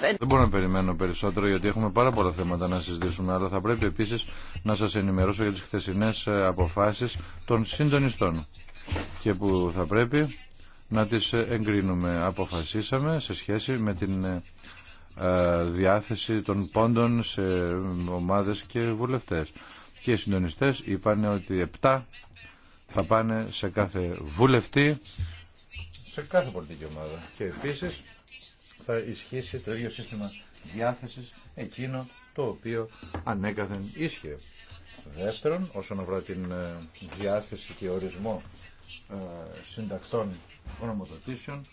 Δεν μπορώ να περιμένω περισσότερο γιατί έχουμε πάρα πολλά θέματα να συζητήσουμε αλλά θα πρέπει επίσης να σας ενημερώσω για τις χθεσινές ε, αποφάσεις των συντονιστών και που θα πρέπει να τις ε, εγκρίνουμε. Αποφασίσαμε σε σχέση με την ε, διάθεση των πόντων σε ομάδες και βουλευτές. Και οι συντονιστές είπαν ότι 7 θα πάνε σε κάθε βουλευτή σε κάθε πολιτική ομάδα. Και επίση θα ισχύσει το ίδιο σύστημα διάθεση εκείνο το οποίο ανέκαθεν ίσχυε. Δεύτερον, όσον αφορά την ε, διάθεση και ορισμό ε, συντακτών γνωμοδοτήσεων,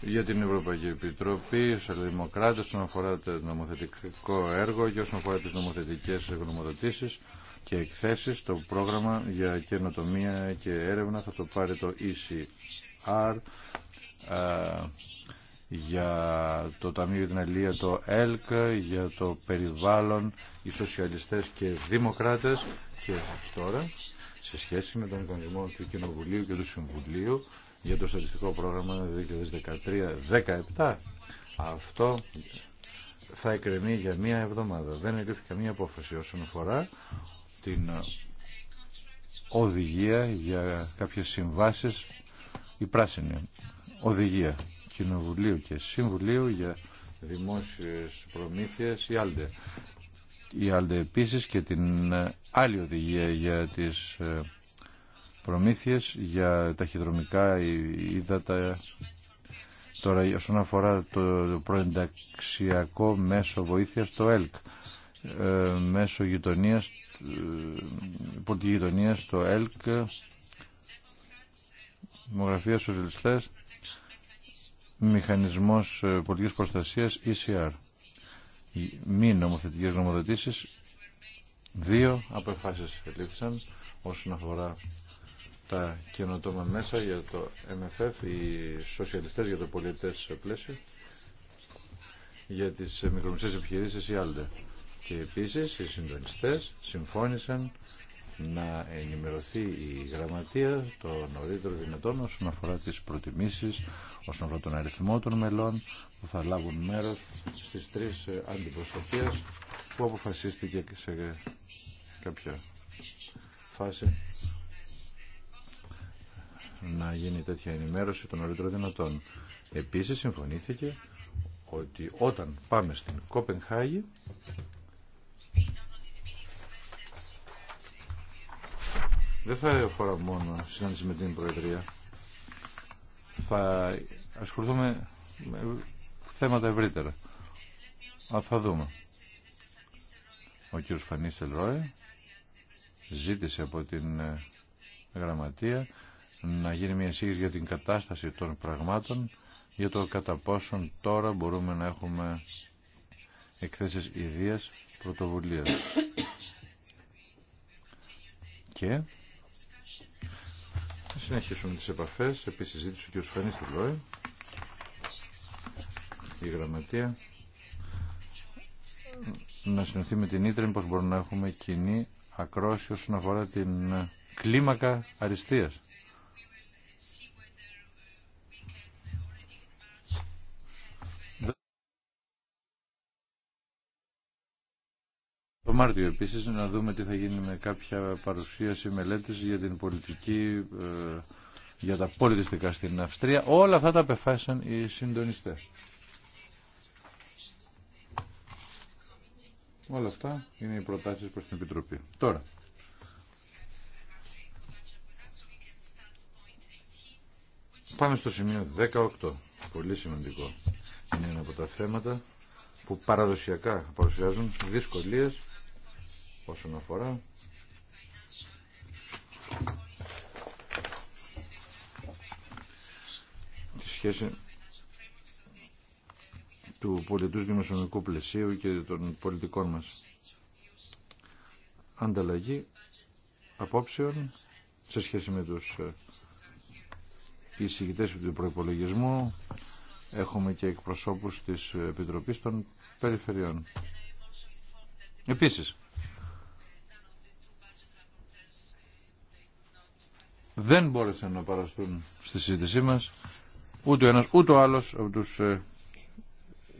για την Ευρωπαϊκή Επιτροπή, δημοκράτε όσον αφορά το νομοθετικό έργο και όσον αφορά τις νομοθετικές γνωμοδοτήσεις, και εκθέσεις. Το πρόγραμμα για καινοτομία και έρευνα θα το πάρει το ECR ε, για το Ταμείο την Αλία το ΕΛΚ, για το περιβάλλον, οι σοσιαλιστές και δημοκράτες και τώρα σε σχέση με τον οργανισμό του Κοινοβουλίου και του Συμβουλίου για το στατιστικό πρόγραμμα 2017 Αυτό θα εκκρεμεί για μία εβδομάδα. Δεν ελήφθη καμία απόφαση όσον αφορά την οδηγία για κάποιες συμβάσεις η πράσινη οδηγία Κοινοβουλίου και Συμβουλίου για δημόσιες προμήθειες η Άλντε. Η Άλντε επίσης και την άλλη οδηγία για τις ε, προμήθειες για ταχυδρομικά ύδατα Τώρα όσον αφορά το προενταξιακό μέσο βοήθειας το ΕΛΚ, ε, μέσω γειτονίας ε, πολιτική γειτονία, το ΕΛΚ, δημογραφία, σοσιαλιστές, μηχανισμός ε, πολιτικής προστασίας, ECR. Μη νομοθετικές νομοθετήσεις, δύο αποφάσεις ελήφθησαν όσον αφορά τα καινοτόμα μέσα για το MFF, οι σοσιαλιστές για το πολιτές πλαίσιο, για τις μικρομεσαίες επιχειρήσεις, η Άλντε. Και επίσης οι συντονιστές συμφώνησαν να ενημερωθεί η γραμματεία το νωρίτερο δυνατόν όσον αφορά τις προτιμήσεις, όσον αφορά τον αριθμό των μελών που θα λάβουν μέρος στις τρεις ε, αντιπροσωπείες που αποφασίστηκε σε κάποια φάση να γίνει τέτοια ενημέρωση το νωρίτερο δυνατόν. Επίσης συμφωνήθηκε ότι όταν πάμε στην Κόπενχάγη δεν θα αφορά μόνο συνάντηση με την Προεδρία. Θα ασχοληθούμε με θέματα ευρύτερα. Α, θα δούμε. Ο κ. Φανίστελ Ρόε ζήτησε από την ε, γραμματεία να γίνει μια εισήγηση για την κατάσταση των πραγμάτων για το κατά πόσον τώρα μπορούμε να έχουμε εκθέσεις ιδίας Πρωτοβουλία. Και θα συνεχίσουμε τις επαφές, επί συζήτηση ο κ. του ΛΟΕ, η Γραμματεία, να συνοθεί με την Ήτρεμ πως μπορούμε να έχουμε κοινή ακρόση όσον αφορά την κλίμακα αριστείας. Το Μάρτιο επίσης να δούμε τι θα γίνει με κάποια παρουσίαση μελέτης για την πολιτική, ε, για τα πολιτιστικά στην Αυστρία. Όλα αυτά τα απεφάσισαν οι συντονιστές. Όλα αυτά είναι οι προτάσεις προς την Επιτροπή. Τώρα, Πάμε στο σημείο 18, πολύ σημαντικό. Είναι ένα από τα θέματα που παραδοσιακά παρουσιάζουν δυσκολίες όσον αφορά τη σχέση του πολιτού δημοσιονομικού πλαισίου και των πολιτικών μας. Ανταλλαγή απόψεων σε σχέση με τους ε, εισηγητές του προϋπολογισμού έχουμε και εκπροσώπους της Επιτροπής των Περιφερειών. Επίσης, δεν μπόρεσαν να παραστούν στη συζήτησή μας ούτε ο ένας ούτε ο άλλος από τους ε,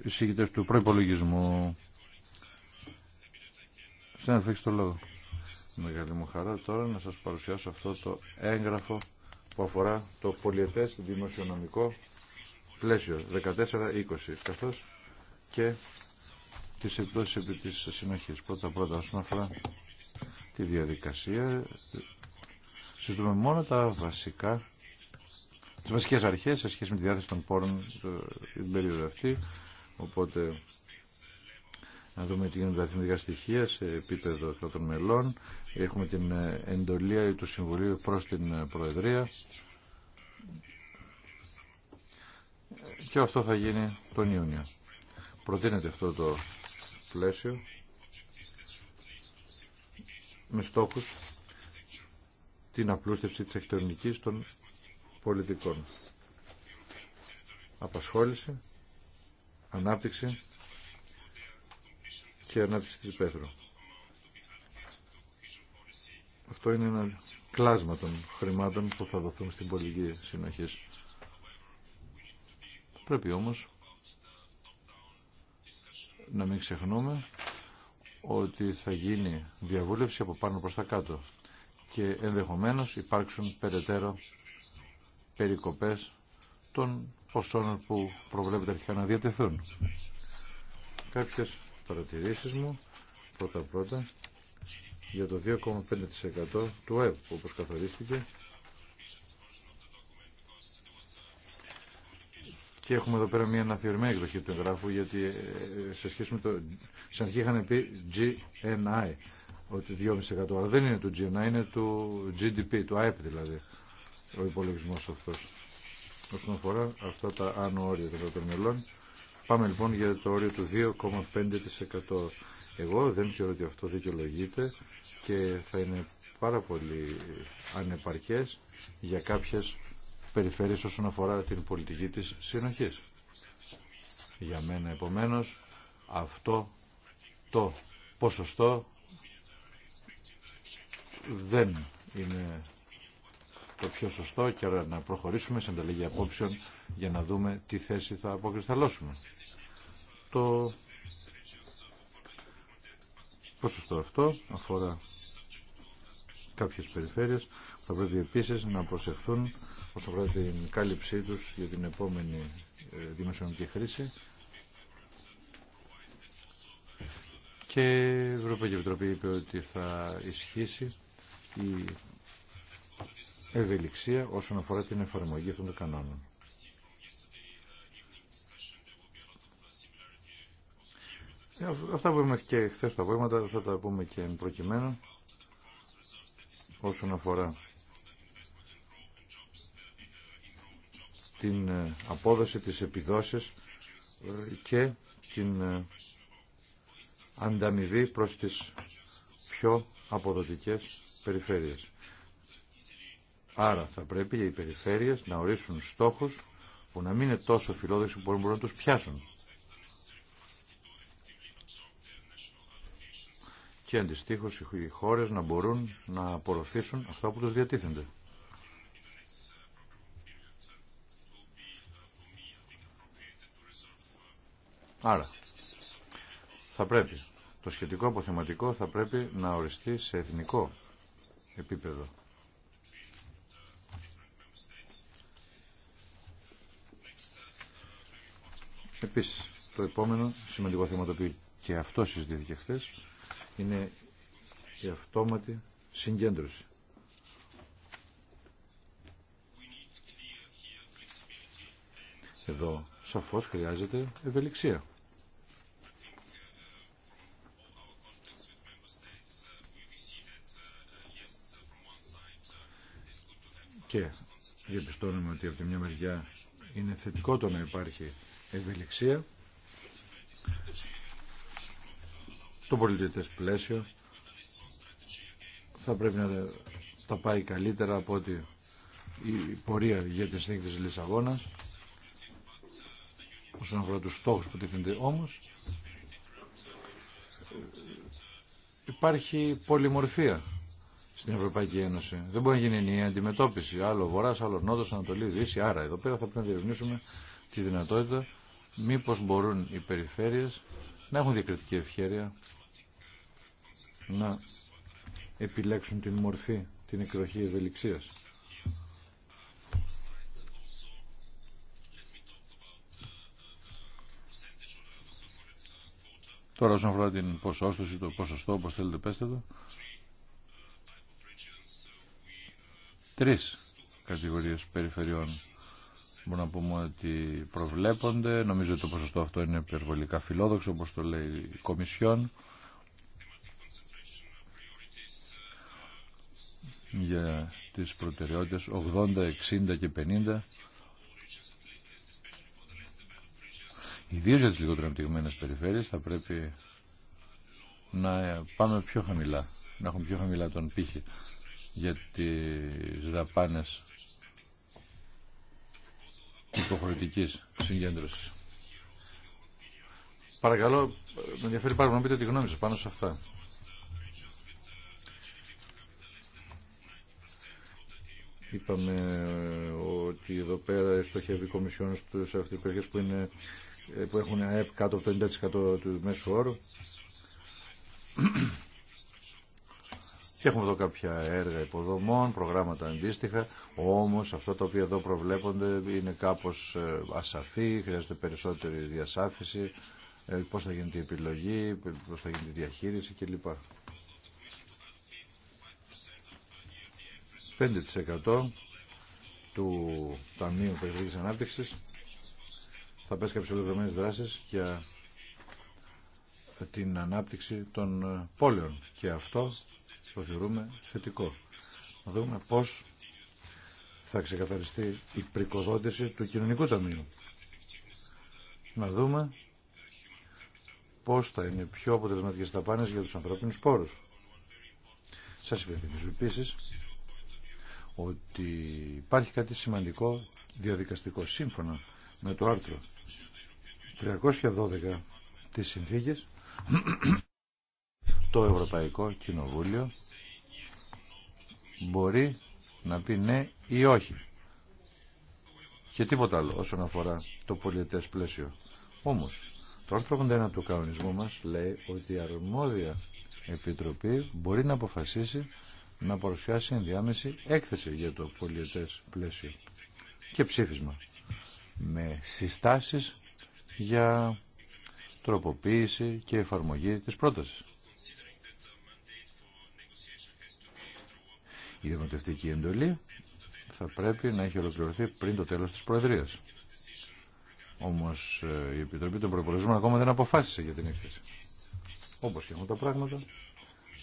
εισηγητές του προϋπολογισμού. Συνέφεξε το λόγο. Μεγάλη μου χαρά τώρα να σας παρουσιάσω αυτό το έγγραφο που αφορά το πολιετές δημοσιονομικό πλαίσιο 14-20 καθώς και τις επιπτώσεις επί της συνοχής. Πρώτα πρώτα όσον αφορά τη διαδικασία συζητούμε μόνο τα βασικά, τις βασικές αρχές σε σχέση με τη διάθεση των πόρων την περίοδο αυτή. Οπότε να δούμε τι γίνονται τα αριθμητικά στοιχεία σε επίπεδο των μελών. Έχουμε την ε, εντολή του Συμβουλίου προς την ε, Προεδρία. Και αυτό θα γίνει τον Ιούνιο. Προτείνεται αυτό το πλαίσιο με στόχους την απλούστευση της εκτονικής των πολιτικών. Απασχόληση, ανάπτυξη και ανάπτυξη της πέθρου. Αυτό είναι ένα κλάσμα των χρημάτων που θα δοθούν στην πολιτική συνοχή. Πρέπει όμως να μην ξεχνούμε ότι θα γίνει διαβούλευση από πάνω προς τα κάτω και ενδεχομένως υπάρξουν περαιτέρω περικοπές των ποσών που προβλέπεται αρχικά να διατεθούν. Κάποιες παρατηρήσει μου πρώτα-πρώτα για το 2,5% του ΕΠ όπως καθορίστηκε Και έχουμε εδώ πέρα μια αναθεωρημένη εκδοχή του εγγράφου, γιατί ε, σε σχέση με το. Σε αρχή είχαν πει GNI, ότι 2,5% αλλά δεν είναι του GNA είναι του GDP, του ΑΕΠ δηλαδή ο υπολογισμό αυτό. Όσον αφορά αυτά τα άνω όρια των μελών, πάμε λοιπόν για το όριο του 2,5%. Εγώ δεν ξέρω ότι αυτό δικαιολογείται και θα είναι πάρα πολύ ανεπαρκέ για κάποιε περιφερειέ όσον αφορά την πολιτική τη συνοχή. Για μένα επομένω, αυτό το ποσοστό δεν είναι το πιο σωστό και ώρα να προχωρήσουμε σε ανταλλαγή απόψεων για να δούμε τι θέση θα αποκρισταλώσουμε. Το ποσοστό αυτό αφορά κάποιες περιφέρειες. Θα πρέπει επίσης να προσεχθούν όσο αφορά την κάλυψή τους για την επόμενη ε, δημοσιονομική χρήση. Και η Ευρωπαϊκή Επιτροπή είπε ότι θα ισχύσει η ευελιξία όσον αφορά την εφαρμογή αυτών των κανόνων. Ε, αυτά που είπαμε και χθε τα βόηματα θα τα πούμε και προκειμένου όσον αφορά την ε, απόδοση της επιδόσεις ε, και την ανταμοιβή προς τις πιο αποδοτικές περιφέρειες. Άρα θα πρέπει οι περιφέρειες να ορίσουν στόχους που να μην είναι τόσο φιλόδοξοι που μπορούν να τους πιάσουν. Και αντιστοίχω οι χώρες να μπορούν να απορροφήσουν αυτό που τους διατίθενται. Άρα, θα πρέπει το σχετικό αποθεματικό θα πρέπει να οριστεί σε εθνικό επίπεδο. Επίσης, το επόμενο σημαντικό θέμα το οποίο και αυτό συζητήθηκε χθε είναι η αυτόματη συγκέντρωση. Εδώ σαφώς χρειάζεται ευελιξία. Και διαπιστώνουμε ότι από τη μια μεριά είναι θετικό το να υπάρχει ευελιξία, το πολιτικές πλαίσιο θα πρέπει να τα πάει καλύτερα από ότι η πορεία για τη συνέχεια της Λισαγώνας όσον αφορά τους στόχους που τίθενται όμως υπάρχει πολυμορφία στην Ευρωπαϊκή Ένωση. Δεν μπορεί να γίνει ενιαία αντιμετώπιση. Άλλο βορρά, άλλο νότο, ανατολή, δύση. Άρα εδώ πέρα θα πρέπει να διευνήσουμε τη δυνατότητα μήπω μπορούν οι περιφέρειες να έχουν διακριτική ευχέρεια να επιλέξουν την μορφή, την εκδοχή ευελιξία. Τώρα όσον αφορά την ποσόστοση, το ποσοστό, όπως θέλετε πέστε το, τρεις κατηγορίες περιφερειών μπορούμε να πούμε ότι προβλέπονται. Νομίζω ότι το ποσοστό αυτό είναι υπερβολικά φιλόδοξο, όπως το λέει η Κομισιόν. για τις προτεραιότητες 80, 60 και 50 Ιδίω για τις λιγότερο αναπτυγμένες περιφέρειες θα πρέπει να πάμε πιο χαμηλά να έχουμε πιο χαμηλά τον πύχη για τις δαπάνες υποχρεωτικής συγκέντρωσης. Παρακαλώ, με ενδιαφέρει πάρα πολύ να πείτε τη γνώμη σας πάνω σε αυτά. Είπαμε ε, ότι εδώ πέρα στοχεύει η Κομισιόν σε αυτές που, είναι, ε, που έχουν ΑΕΠ κάτω από το 90% του μέσου όρου. Και έχουμε εδώ κάποια έργα υποδομών, προγράμματα αντίστοιχα, όμως αυτό το οποία εδώ προβλέπονται είναι κάπως ε, ασαφή, χρειάζεται περισσότερη διασάφηση, ε, πώς θα γίνεται η επιλογή, πώς θα γίνεται η διαχείριση κλπ. 5% του Ταμείου Περιφερειακής Ανάπτυξης θα πέσει κάποιες ολοκληρωμένες δράσεις για την ανάπτυξη των ε, πόλεων και αυτό το θεωρούμε θετικό. Να δούμε πώς θα ξεκαθαριστεί η πρικοδότηση του κοινωνικού ταμείου. Να δούμε πώς θα είναι πιο αποτελεσματικές ταπάνες για τους ανθρώπινους πόρους. Σας υπενθυμίζω επίση ότι υπάρχει κάτι σημαντικό διαδικαστικό σύμφωνα με το άρθρο 312 της συνθήκης το Ευρωπαϊκό Κοινοβούλιο μπορεί να πει ναι ή όχι. Και τίποτα άλλο όσον αφορά το πολιετές πλαίσιο. Όμως, το άρθρο 1 του κανονισμού μας λέει ότι η αρμόδια επιτροπή μπορεί να αποφασίσει να παρουσιάσει ενδιάμεση έκθεση για το πολιετές πλαίσιο και ψήφισμα με συστάσεις για τροποποίηση και εφαρμογή της πρότασης. Η δημοτευτική εντολή θα πρέπει να έχει ολοκληρωθεί πριν το τέλος της Προεδρίας. Όμως ε, η Επιτροπή των Προπολογισμών ακόμα δεν αποφάσισε για την έκθεση. Όπως και έχουν τα πράγματα,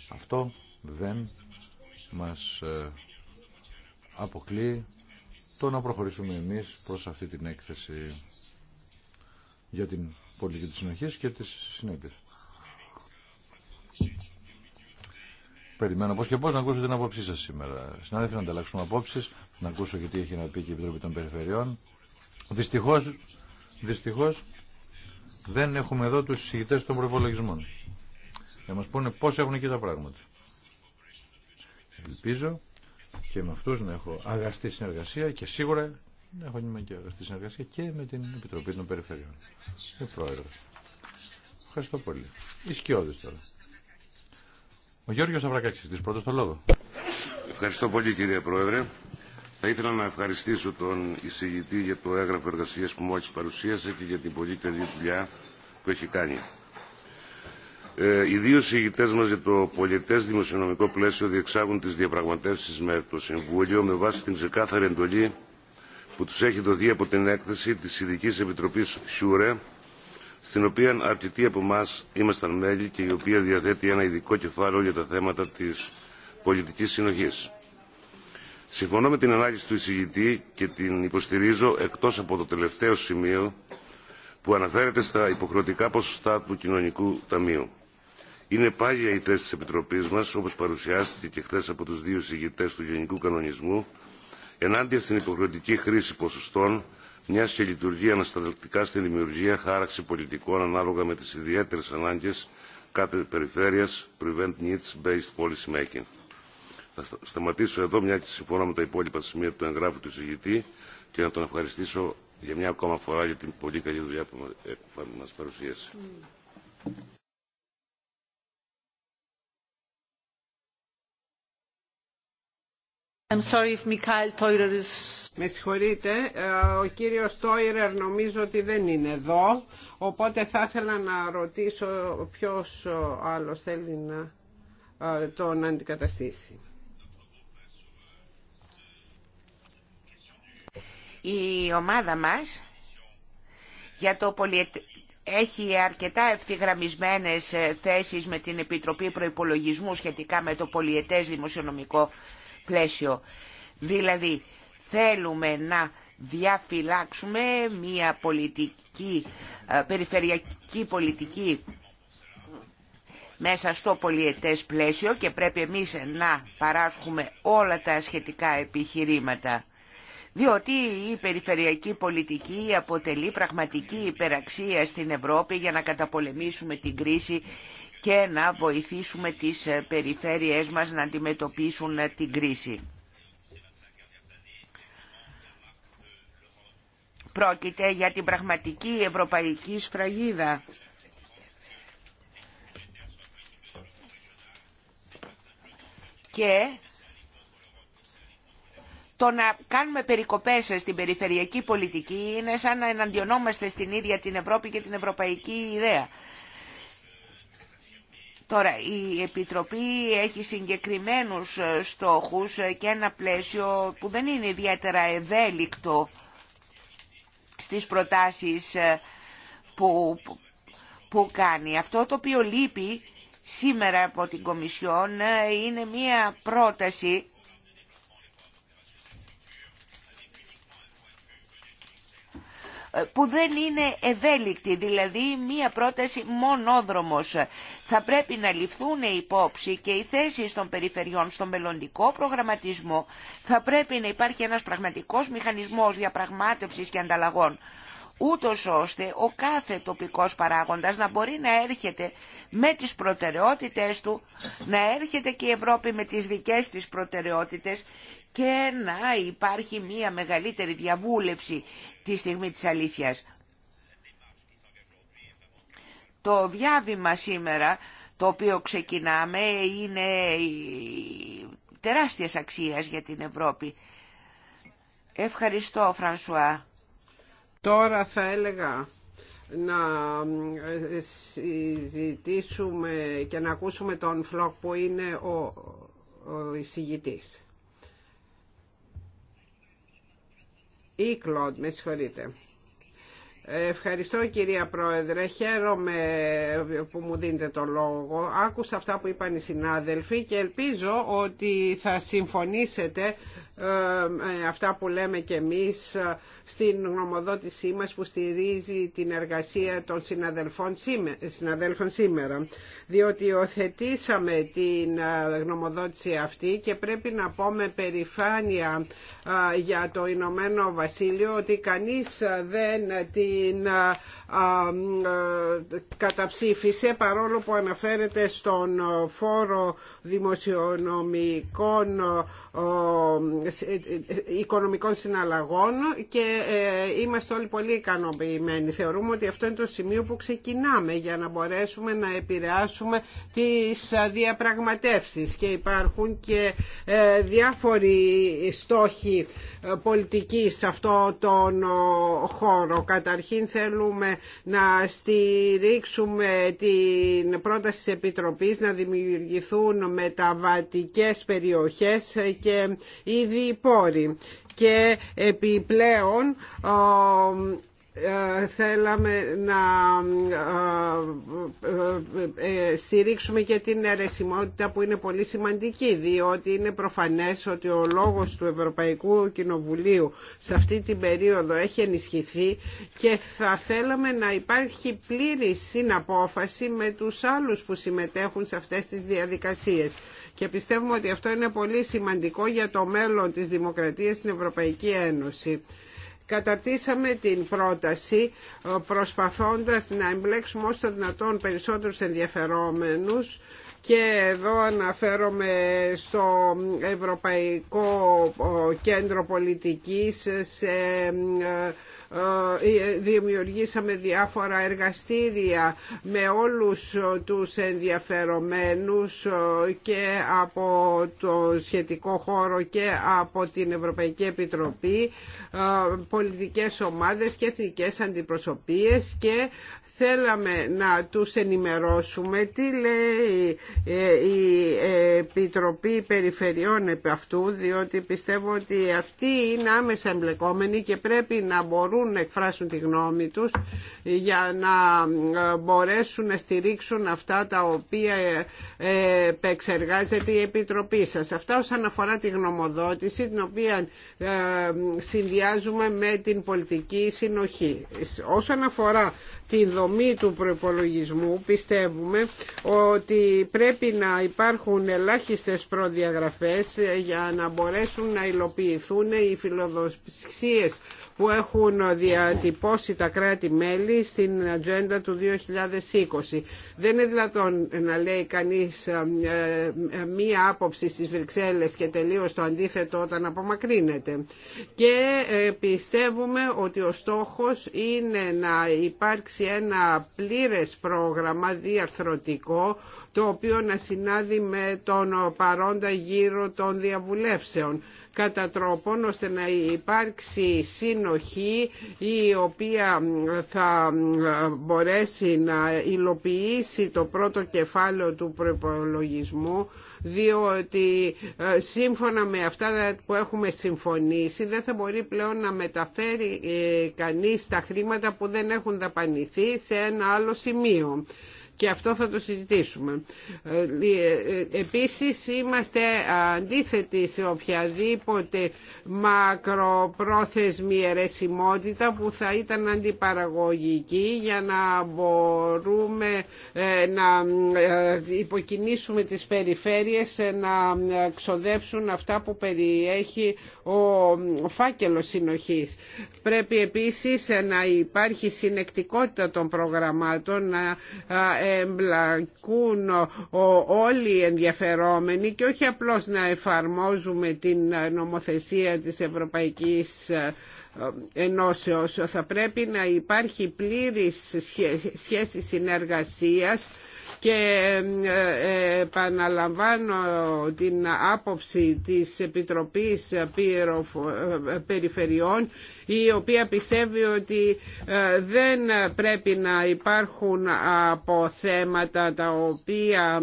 αυτό δεν μας ε, αποκλεί το να προχωρήσουμε εμείς προς αυτή την έκθεση για την πολιτική της συνοχή και τη συνέπειες. Περιμένω πώ και πώ να ακούσω την άποψή σα σήμερα. Συνάδελφοι, να ανταλλάξουμε απόψει, να ακούσω και τι έχει να πει και η Επιτροπή των Περιφερειών. Δυστυχώ, δεν έχουμε εδώ του συζητητέ των προπολογισμών. Να μα πούνε πώ έχουν εκεί τα πράγματα. Ελπίζω και με αυτού να έχω αγαστή συνεργασία και σίγουρα να έχω και αγαστή συνεργασία και με την Επιτροπή των Περιφερειών. Ε, πρόεδρο. Ευχαριστώ πολύ. Οι τώρα. Ο Γιώργος Αβρακάκης, της πρώτος το λόγο. Ευχαριστώ πολύ κύριε Πρόεδρε. Θα ήθελα να ευχαριστήσω τον εισηγητή για το έγγραφο εργασίας που μόλις παρουσίασε και για την πολύ καλή δουλειά που έχει κάνει. Ε, οι δύο εισηγητέ μα για το πολιτέ δημοσιονομικό πλαίσιο διεξάγουν τι διαπραγματεύσει με το Συμβούλιο με βάση την ξεκάθαρη εντολή που του έχει δοθεί από την έκθεση τη Ειδική Επιτροπή ΣΥΟΡΕ στην οποία αρκετοί από εμά ήμασταν μέλη και η οποία διαθέτει ένα ειδικό κεφάλαιο για τα θέματα τη πολιτική συνοχή. Συμφωνώ με την ανάλυση του εισηγητή και την υποστηρίζω εκτός από το τελευταίο σημείο που αναφέρεται στα υποχρεωτικά ποσοστά του Κοινωνικού Ταμείου. Είναι πάγια η θέση της Επιτροπής μας, όπως παρουσιάστηκε και χθες από τους δύο εισηγητές του Γενικού Κανονισμού, ενάντια στην υποχρεωτική χρήση ποσοστών μια και λειτουργεί ανασταλτικά στη δημιουργία χάραξη πολιτικών ανάλογα με τις ιδιαίτερες ανάγκες κάθε περιφέρειας prevent needs based policy making. Θα σταματήσω εδώ μια και συμφωνώ με τα υπόλοιπα σημεία του εγγράφου του συγητή και να τον ευχαριστήσω για μια ακόμα φορά για την πολύ καλή δουλειά που ε, μας παρουσίασε. Mm. Με συγχωρείτε, ε, ο κύριος Τόιρερ νομίζω ότι δεν είναι εδώ, οπότε θα ήθελα να ρωτήσω ποιος ε, άλλος θέλει να ε, τον αντικαταστήσει. Η ομάδα μας για το έχει αρκετά ευθυγραμμισμένες θέσεις με την Επιτροπή Προϋπολογισμού σχετικά με το πολιετές δημοσιονομικό πλαίσιο. Δηλαδή θέλουμε να διαφυλάξουμε μια πολιτική, ε, περιφερειακή πολιτική μέσα στο πολιετές πλαίσιο και πρέπει εμείς να παράσχουμε όλα τα σχετικά επιχειρήματα. Διότι η περιφερειακή πολιτική αποτελεί πραγματική υπεραξία στην Ευρώπη για να καταπολεμήσουμε την κρίση και να βοηθήσουμε τις ε, περιφέρειές μας να αντιμετωπίσουν ε, την κρίση. Πρόκειται για την πραγματική ευρωπαϊκή σφραγίδα. Και το να κάνουμε περικοπές στην περιφερειακή πολιτική είναι σαν να εναντιονόμαστε στην ίδια την Ευρώπη και την ευρωπαϊκή ιδέα. Τώρα, η Επιτροπή έχει συγκεκριμένους ε, στόχους και ένα πλαίσιο που δεν είναι ιδιαίτερα ευέλικτο στις προτάσεις ε, που, που κάνει. Αυτό το οποίο λείπει σήμερα από την Κομισιόν ε, είναι μία πρόταση που δεν είναι ευέλικτη, δηλαδή μία πρόταση μονόδρομος. Θα πρέπει να ληφθούν υπόψη και οι θέσει των περιφερειών στον μελλοντικό προγραμματισμό. Θα πρέπει να υπάρχει ένας πραγματικός μηχανισμός διαπραγμάτευσης και ανταλλαγών ούτως ώστε ο κάθε τοπικός παράγοντας να μπορεί να έρχεται με τις προτεραιότητες του, να έρχεται και η Ευρώπη με τις δικές της προτεραιότητες και να υπάρχει μια μεγαλύτερη διαβούλευση τη στιγμή της αλήθειας. Το διάβημα σήμερα το οποίο ξεκινάμε είναι τεράστιες αξίας για την Ευρώπη. Ευχαριστώ Φρανσουά. Τώρα θα έλεγα να ε, συζητήσουμε και να ακούσουμε τον Φλοκ που είναι ο, ο εισηγητής. Ή Κλοντ, με συγχωρείτε. Ευχαριστώ κυρία Πρόεδρε, χαίρομαι που μου δίνετε το λόγο. Άκουσα αυτά που είπαν οι συνάδελφοι και ελπίζω ότι θα συμφωνήσετε ε, ε, αυτά που λέμε και εμείς ε, στην γνωμοδότησή μας που στηρίζει την εργασία των συναδελφών σήμερα διότι οθετήσαμε την γνωμοδότηση αυτή και πρέπει να πω με περηφάνεια για το Ηνωμένο Βασίλειο ότι κανείς δεν την καταψήφισε παρόλο που αναφέρεται στον φόρο δημοσιονομικών ε, ε, ε, οικονομικών συναλλαγών και είμαστε όλοι πολύ ικανοποιημένοι. Θεωρούμε ότι αυτό είναι το σημείο που ξεκινάμε για να μπορέσουμε να επηρεάσουμε τις διαπραγματεύσεις και υπάρχουν και διάφοροι στόχοι πολιτικοί σε αυτό τον χώρο. Καταρχήν θέλουμε να στηρίξουμε την πρόταση της Επιτροπής να δημιουργηθούν μεταβατικές περιοχές και ήδη οι πόροι και επιπλέον ε, θέλαμε να ε, ε, στηρίξουμε και την αιρεσιμότητα που είναι πολύ σημαντική διότι είναι προφανές ότι ο λόγος του Ευρωπαϊκού Κοινοβουλίου σε αυτή την περίοδο έχει ενισχυθεί και θα θέλαμε να υπάρχει πλήρη συναπόφαση με τους άλλους που συμμετέχουν σε αυτές τις διαδικασίες και πιστεύουμε ότι αυτό είναι πολύ σημαντικό για το μέλλον της δημοκρατίας στην Ευρωπαϊκή Ένωση. Καταρτήσαμε την πρόταση ε, προσπαθώντας να εμπλέξουμε όσο το δυνατόν περισσότερους ενδιαφερόμενους και εδώ αναφέρομαι στο Ευρωπαϊκό ε, Κέντρο Πολιτικής, σε ε, ε, ε, δημιουργήσαμε διάφορα εργαστήρια με όλους ε, τους ενδιαφερομένους και από το σχετικό χώρο και από την Ευρωπαϊκή Επιτροπή πολιτικές ομάδες και εθνικές αντιπροσωπείες και θέλαμε να τους ενημερώσουμε τι λέει ε, η Επιτροπή Περιφερειών επ' αυτού διότι πιστεύω ότι αυτοί είναι άμεσα εμπλεκόμενοι και πρέπει να μπορούν να εκφράσουν τη γνώμη τους για να ε, μπορέσουν να στηρίξουν αυτά τα οποία ε, επεξεργάζεται η Επιτροπή σας. Αυτά όσον αφορά τη γνωμοδότηση την οποία συνδυάζουμε με την πολιτική συνοχή. Όσον αφορά την δομή του προπολογισμού πιστεύουμε ότι πρέπει να υπάρχουν ελάχιστες προδιαγραφές για να μπορέσουν να υλοποιηθούν οι φιλοδοξίες που έχουν διατυπώσει τα κράτη-μέλη στην ατζέντα του 2020. Δεν είναι δυνατόν να λέει κανείς ε, ε, μία άποψη στις Βρυξέλλες και τελείως το αντίθετο όταν απομακρύνεται. Και ε, πιστεύουμε ότι ο στόχος είναι να υπάρξει ένα πλήρες πρόγραμμα διαρθρωτικό το οποίο να συνάδει με τον παρόντα γύρο των διαβουλεύσεων κατά τρόπον ώστε να υπάρξει συνοχή η οποία θα μπορέσει να υλοποιήσει το πρώτο κεφάλαιο του προπολογισμού διότι ε, σύμφωνα με αυτά που έχουμε συμφωνήσει δεν θα μπορεί πλέον να μεταφέρει ε, κανείς τα χρήματα που δεν έχουν δαπανηθεί σε ένα άλλο σημείο και αυτό θα το συζητήσουμε. Ε, ε, ε, επίσης είμαστε αντίθετοι σε οποιαδήποτε μακροπρόθεσμη αιρεσιμότητα που θα ήταν αντιπαραγωγική για να μπορούμε να υποκινήσουμε τις περιφέρειες να ξοδέψουν αυτά που περιέχει ο φάκελος συνοχής. Πρέπει επίσης να υπάρχει συνεκτικότητα των προγραμμάτων, να εμπλακούν όλοι οι ενδιαφερόμενοι και όχι απλώς να εφαρμόζουμε την νομοθεσία της Ευρωπαϊκής ε, Ενώσεως. Θα πρέπει να υπάρχει πλήρης σχέση συνεργασίας και ε, ε, επαναλαμβάνω την άποψη της Επιτροπής ε, Περιφερειών η οποία πιστεύει ότι δεν πρέπει να υπάρχουν αποθέματα τα οποία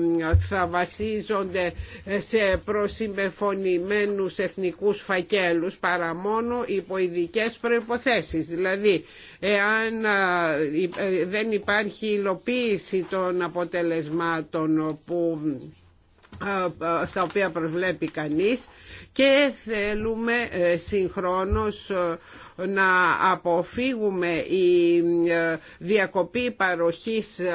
θα βασίζονται σε προσυμπεφωνημένους εθνικούς φακέλους παρά μόνο υπό ειδικέ προϋποθέσεις. Δηλαδή εάν ε, δεν υπάρχει υλοποίηση των αποτελεσμάτων που στα οποία προβλέπει κανείς και θέλουμε ε, συγχρόνως να αποφύγουμε η ε, διακοπή παροχής ε,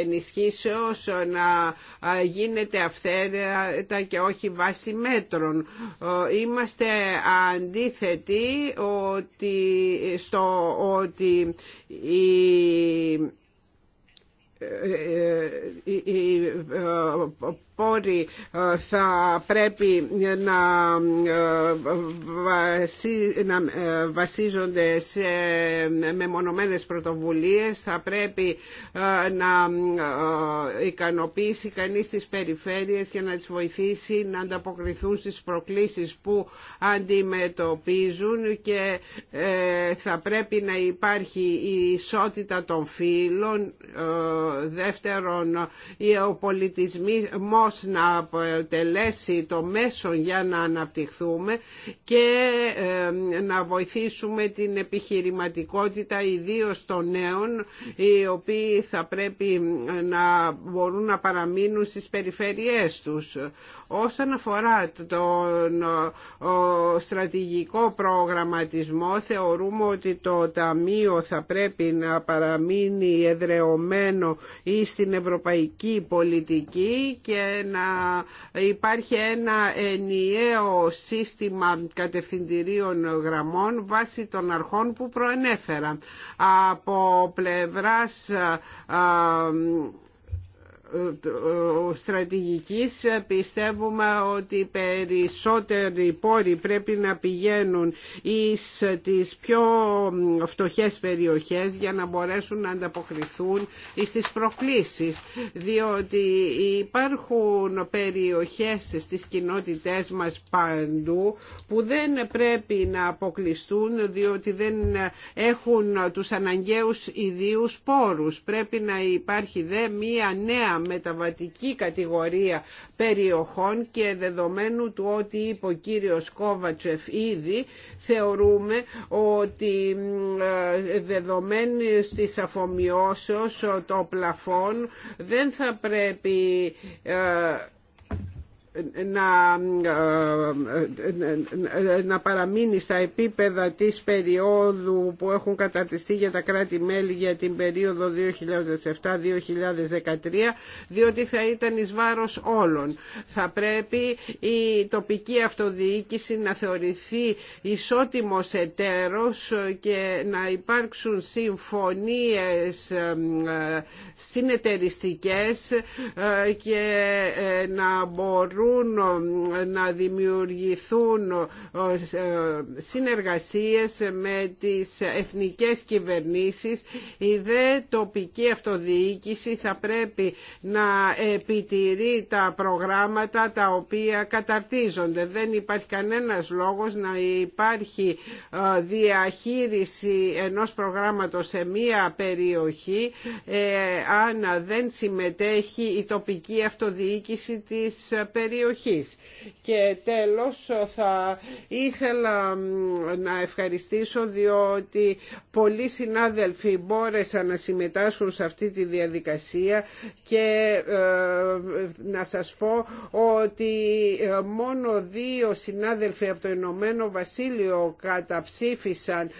ενισχύσεως ε, να γίνεται αυθαίρετα και όχι βάση μέτρων. Είμαστε αντίθετοι ότι, στο ότι πόροι ε, θα πρέπει να, ε, ε, βασίζονται σε μεμονωμένες πρωτοβουλίες, θα πρέπει να ικανοποιήσει κανείς τις περιφέρειες και να τις βοηθήσει να ανταποκριθούν στις προκλήσεις που αντιμετωπίζουν και θα πρέπει να υπάρχει η ισότητα των φύλων, δεύτερον ο πολιτισμός να αποτελέσει το μέσο για να αναπτυχθούμε και ε, να βοηθήσουμε την επιχειρηματικότητα ιδίως των νέων οι οποίοι θα πρέπει να μπορούν να παραμείνουν στις περιφέρειές τους. Όσον αφορά τον στρατηγικό προγραμματισμό θεωρούμε ότι το Ταμείο θα πρέπει να παραμείνει εδρεωμένο ή στην ευρωπαϊκή πολιτική και να υπάρχει ένα ενιαίο σύστημα κατευθυντηρίων γραμμών βάσει των αρχών που προενέφερα. Από πλευράς στρατηγικής πιστεύουμε ότι περισσότεροι πόροι πρέπει να πηγαίνουν εις τις πιο φτωχές περιοχές για να μπορέσουν να ανταποκριθούν εις τις προκλήσεις διότι υπάρχουν περιοχές στις κοινότητές μας παντού που δεν πρέπει να αποκλειστούν διότι δεν έχουν τους αναγκαίους ιδίους πόρους πρέπει να υπάρχει δε μία νέα μεταβατική κατηγορία περιοχών και δεδομένου του ότι είπε ο κύριος Κόβατσεφ ήδη θεωρούμε ότι ε, δεδομένου στις αφομοιώσεις το πλαφόν δεν θα πρέπει ε, να, ε, να παραμείνει στα επίπεδα της περίοδου που έχουν καταρτιστεί για τα κράτη-μέλη για την περίοδο 2007-2013 διότι θα ήταν εις βάρος όλων. Θα πρέπει η τοπική αυτοδιοίκηση να θεωρηθεί ισότιμος εταίρος και να υπάρξουν συμφωνίες ε, συνεταιριστικές ε, και να μπορούν ε, να δημιουργηθούν ε, ε, συνεργασίες με τις εθνικές κυβερνήσεις η δε τοπική αυτοδιοίκηση θα πρέπει να επιτηρεί τα προγράμματα τα οποία καταρτίζονται δεν υπάρχει κανένας λόγος να υπάρχει διαχείριση ενός προγράμματος σε μία περιοχή αν δεν συμμετέχει η τοπική αυτοδιοίκηση της περιοχής περιοχής. Και τέλος θα ήθελα να ευχαριστήσω διότι πολλοί συνάδελφοι μπόρεσαν να συμμετάσχουν σε αυτή τη διαδικασία και ε, να σας πω ότι ε, μόνο δύο συνάδελφοι από το Ηνωμένο Βασίλειο καταψήφισαν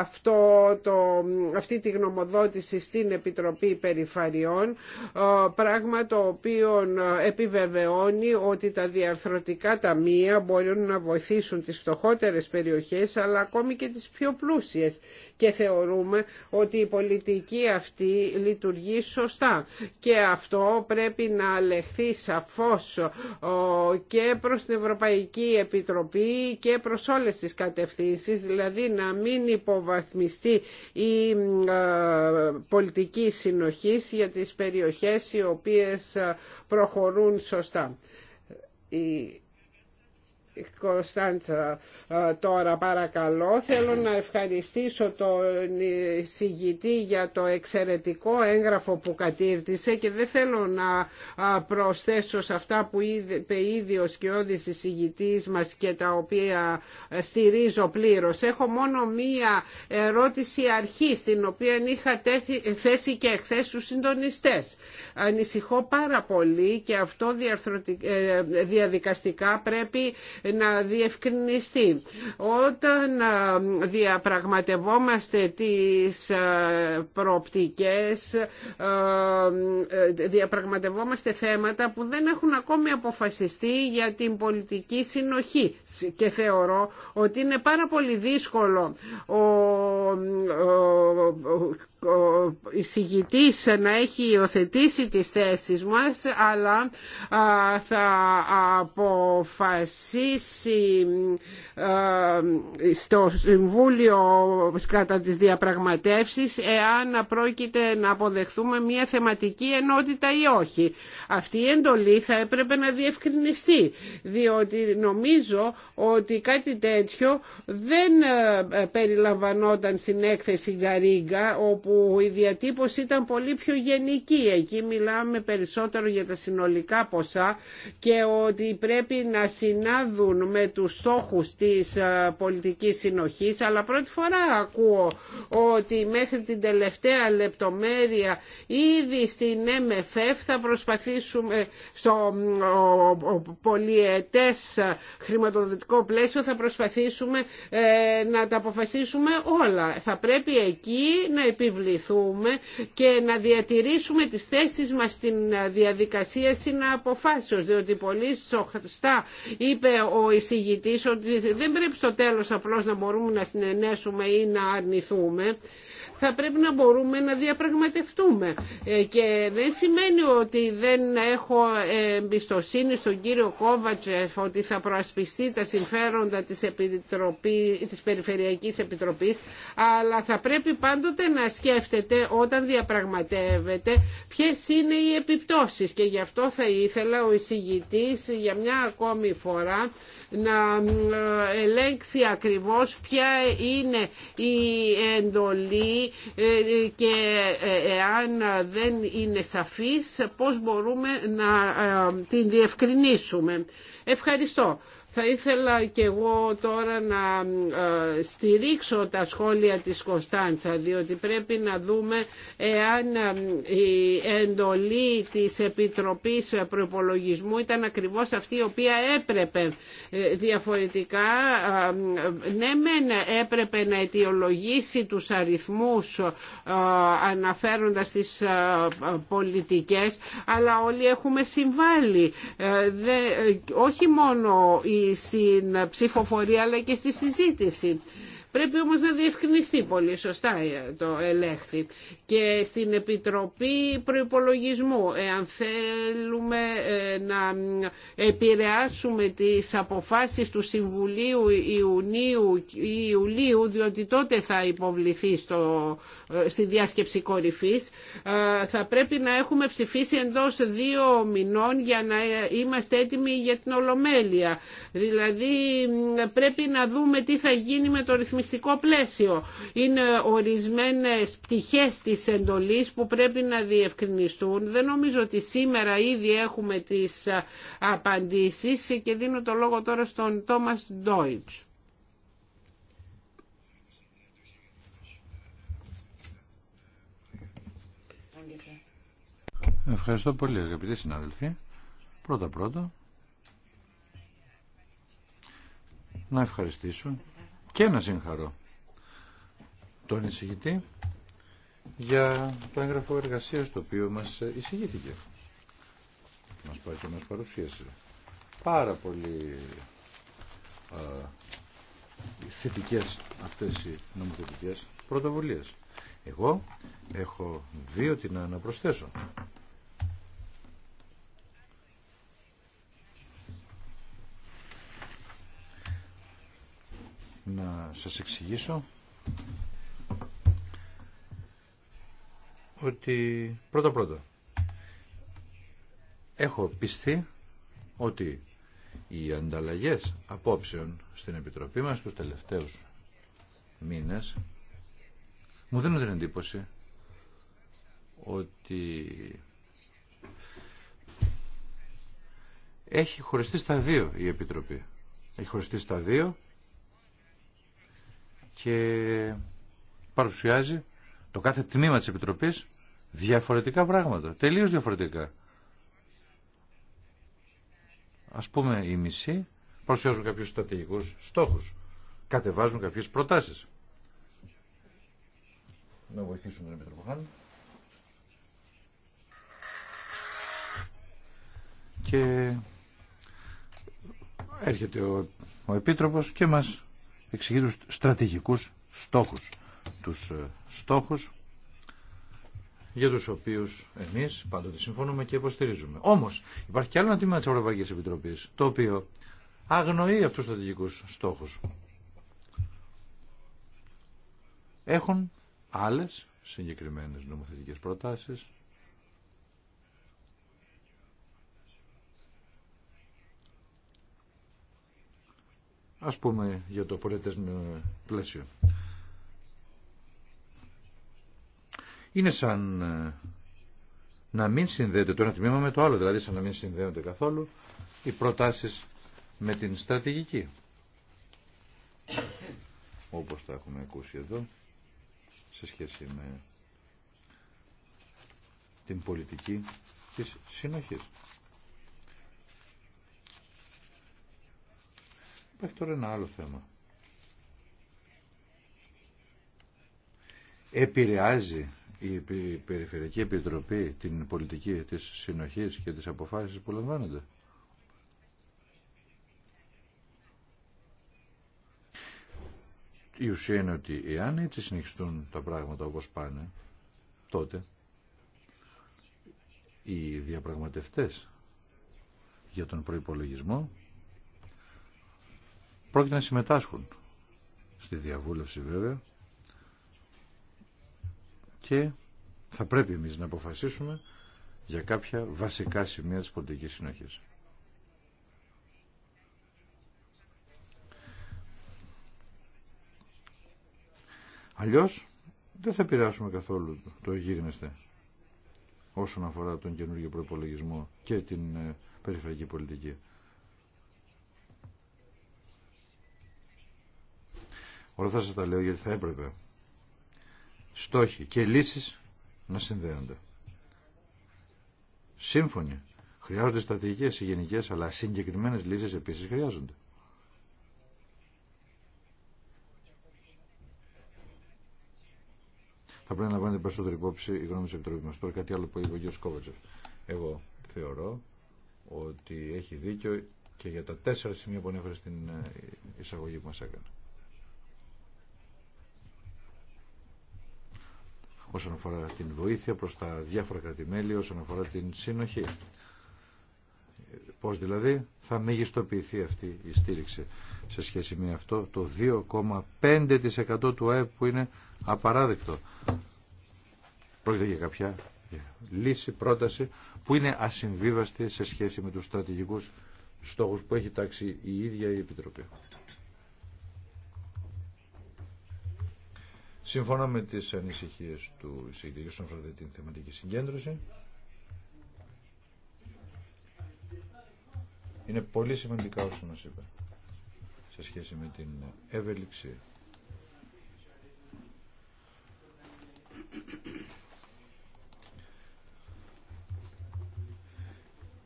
αυτό το, αυτή τη γνωμοδότηση στην Επιτροπή Περιφαριών ε, πράγμα το οποίο επιβεβαιώνει ότι τα διαρθρωτικά ταμεία μπορούν να βοηθήσουν τις φτωχότερες περιοχές αλλά ακόμη και τις πιο πλούσιες και θεωρούμε ότι η πολιτική αυτή λειτουργεί σωστά και αυτό πρέπει να αλεχθεί σαφώς και προς την Ευρωπαϊκή Επιτροπή και προς όλες τις κατευθύνσεις δηλαδή να μην υποβαθμιστεί η ε, πολιτική συνοχής για τις περιοχές οι οποίες ε, προχωρούν σωστά η Κωνσταντσα ε, τώρα παρακαλώ. Θέλω να ευχαριστήσω τον συγητή για το εξαιρετικό έγγραφο που κατήρτισε και δεν θέλω να προσθέσω σε αυτά που είπε ήδη ο σκιώδης συγητής μας και τα οποία στηρίζω πλήρως. Έχω μόνο μία ερώτηση αρχή την οποία είχα θέσει και εχθές στους συντονιστές. Ανησυχώ πάρα πολύ και αυτό ε, διαδικαστικά πρέπει να διευκρινιστεί. Όταν διαπραγματευόμαστε τις προοπτικές, ε, διαπραγματευόμαστε θέματα που δεν έχουν ακόμη αποφασιστεί για την πολιτική συνοχή και θεωρώ ότι είναι πάρα πολύ δύσκολο εισηγητής να έχει υιοθετήσει τις θέσεις μας αλλά θα αποφασίσει στο Συμβούλιο κατά τις διαπραγματεύσεις εάν πρόκειται να αποδεχθούμε μια θεματική ενότητα ή όχι. Αυτή η εντολή θα έπρεπε να διευκρινιστεί διότι νομίζω ότι κάτι τέτοιο δεν ε, περιλαμβανόταν στην έκθεση Γαρίγκα όπου η διατύπωση ήταν πολύ πιο γενική. Εκεί μιλάμε περισσότερο για τα συνολικά ποσά και ότι πρέπει να συνάδουν με τους στόχους της ε, πολιτικής συνοχής. Αλλά πρώτη φορά ακούω ότι μέχρι την τελευταία λεπτομέρεια ήδη στην MFF θα προσπαθήσουμε στο πολιετές χρηματοδοτικό πλαίσιο θα προσπαθήσουμε ε, να τα αποφασίσουμε όλα. Θα πρέπει εκεί να ασχοληθούμε και να διατηρήσουμε τις θέσεις μας στην διαδικασία συναποφάσεως διότι πολύ σωστά είπε ο εισηγητής ότι δεν πρέπει στο τέλος απλώς να μπορούμε να συνενέσουμε ή να αρνηθούμε θα πρέπει να μπορούμε να διαπραγματευτούμε. Ε, και δεν σημαίνει ότι δεν έχω ε, εμπιστοσύνη στον κύριο Κόβατσεφ ότι θα προασπιστεί τα συμφέροντα της, Επιτροπή, της Περιφερειακής Επιτροπής, αλλά θα πρέπει πάντοτε να σκέφτεται όταν διαπραγματεύεται ποιες είναι οι επιπτώσεις. Και γι' αυτό θα ήθελα ο εισηγητής για μια ακόμη φορά να ε, ελέγξει ακριβώς ποια είναι η εντολή και εάν δεν είναι σαφής πώς μπορούμε να ε, την διευκρινίσουμε. Ευχαριστώ. Θα ήθελα και εγώ τώρα να ε, στηρίξω τα σχόλια της Κωνσταντσα διότι πρέπει να δούμε εάν ε, η εντολή της Επιτροπής Προπολογισμού ήταν ακριβώς αυτή η οποία έπρεπε ε, διαφορετικά. Ναι μεν έπρεπε να αιτιολογήσει τους αριθμούς αναφέροντας τις πολιτικές αλλά όλοι έχουμε συμβάλει. Όχι μόνο η στην ψηφοφορία αλλά και στη συζήτηση. Πρέπει όμως να διευκρινιστεί πολύ σωστά ε, το ελέγχθη. Και στην Επιτροπή Προϋπολογισμού, εάν θέλουμε ε, να επηρεάσουμε τις αποφάσεις του Συμβουλίου Ιουνίου ή Ιουλίου, διότι τότε θα υποβληθεί στο, ε, στη διάσκεψη κορυφής, θα πρέπει να έχουμε ψηφίσει εντός δύο μηνών για να είμαστε έτοιμοι για την Ολομέλεια. Δηλαδή πρέπει να δούμε τι θα γίνει με το ρυθμιστικό είναι ορισμένες πτυχές της εντολής που πρέπει να διευκρινιστούν. Δεν νομίζω ότι σήμερα ήδη έχουμε τις απαντήσεις και δίνω το λόγο τώρα στον Τόμας Ντόιτς. Ευχαριστώ πολύ αγαπητοί συνάδελφοι. Πρώτα πρώτα να ευχαριστήσω και να συγχαρώ τον εισηγητή για το έγγραφο εργασία το οποίο μας εισηγήθηκε. Μας πάει και μας παρουσίασε. Πάρα πολύ α, θετικές αυτές οι νομοθετικές πρωτοβουλίες. Εγώ έχω δύο την να προσθέσω. να σας εξηγήσω ότι πρώτα πρώτα έχω πιστεί ότι οι ανταλλαγές απόψεων στην Επιτροπή μας τους τελευταίους μήνες μου δίνουν την εντύπωση ότι έχει χωριστεί στα δύο η Επιτροπή. Έχει χωριστεί στα δύο και παρουσιάζει το κάθε τμήμα της Επιτροπής διαφορετικά πράγματα, τελείως διαφορετικά. Ας πούμε οι μισοί παρουσιάζουν κάποιους στρατηγικούς στόχους, κατεβάζουν κάποιες προτάσεις. Να βοηθήσουν τον Επιτροποχάν. Και έρχεται ο, ο Επίτροπος και μας εξηγεί τους στρατηγικούς στόχους. Τους ε, στόχους για τους οποίους εμείς πάντοτε συμφωνούμε και υποστηρίζουμε. Όμως υπάρχει και άλλο ένα τμήμα της Ευρωπαϊκής Επιτροπής το οποίο αγνοεί αυτούς τους στρατηγικούς στόχους. Έχουν άλλες συγκεκριμένες νομοθετικές προτάσεις ας πούμε για το πολιτές ε, πλαίσιο. Είναι σαν ε, να μην συνδέεται το ένα τμήμα με το άλλο, δηλαδή σαν να μην συνδέονται καθόλου οι προτάσεις με την στρατηγική. Όπως τα έχουμε ακούσει εδώ, σε σχέση με την πολιτική της συνοχής. Υπάρχει τώρα ένα άλλο θέμα. Επηρεάζει η Περιφερειακή Επιτροπή την πολιτική της συνοχής και της αποφάσεις που λαμβάνεται. Η ουσία είναι ότι εάν έτσι συνεχιστούν τα πράγματα όπως πάνε, τότε οι διαπραγματευτές για τον προϋπολογισμό πρόκειται να συμμετάσχουν στη διαβούλευση βέβαια και θα πρέπει εμείς να αποφασίσουμε για κάποια βασικά σημεία της πολιτικής συνοχής. Αλλιώς δεν θα επηρεάσουμε καθόλου το γίγνεσθε όσον αφορά τον καινούργιο προπολογισμό και την ε, περιφερειακή πολιτική. Όλα αυτά σα τα λέω γιατί θα έπρεπε στόχοι και λύσεις να συνδέονται. Σύμφωνοι. Χρειάζονται στρατηγικές ή γενικές, αλλά συγκεκριμένες λύσεις επίσης χρειάζονται. Θα πρέπει να λαμβάνετε περισσότερη υπόψη η γενικες αλλα συγκεκριμένε λυσεις επισης χρειαζονται θα πρεπει να βαλετε περισσοτερη υποψη η γνωμη τη Επιτροπή μα. Τώρα κάτι άλλο που είπε ο κ. Κόβατσεφ. Εγώ θεωρώ ότι έχει δίκιο και για τα τέσσερα σημεία που ανέφερε στην ε, εισαγωγή που μα έκανε. όσον αφορά την βοήθεια προς τα διάφορα κρατημέλη, όσον αφορά την συνοχή. Πώς δηλαδή θα μεγιστοποιηθεί αυτή η στήριξη σε σχέση με αυτό το 2,5% του ΑΕΠ που είναι απαράδεκτο. Πρόκειται για κάποια λύση, πρόταση που είναι ασυμβίβαστη σε σχέση με τους στρατηγικούς στόχους που έχει τάξει η ίδια η Επιτροπή. Σύμφωνα με τις ανησυχίες του εισηγητήριου στον αφορά την θεματική συγκέντρωση, είναι πολύ σημαντικά όσο μας είπε σε σχέση με την ευελιξία.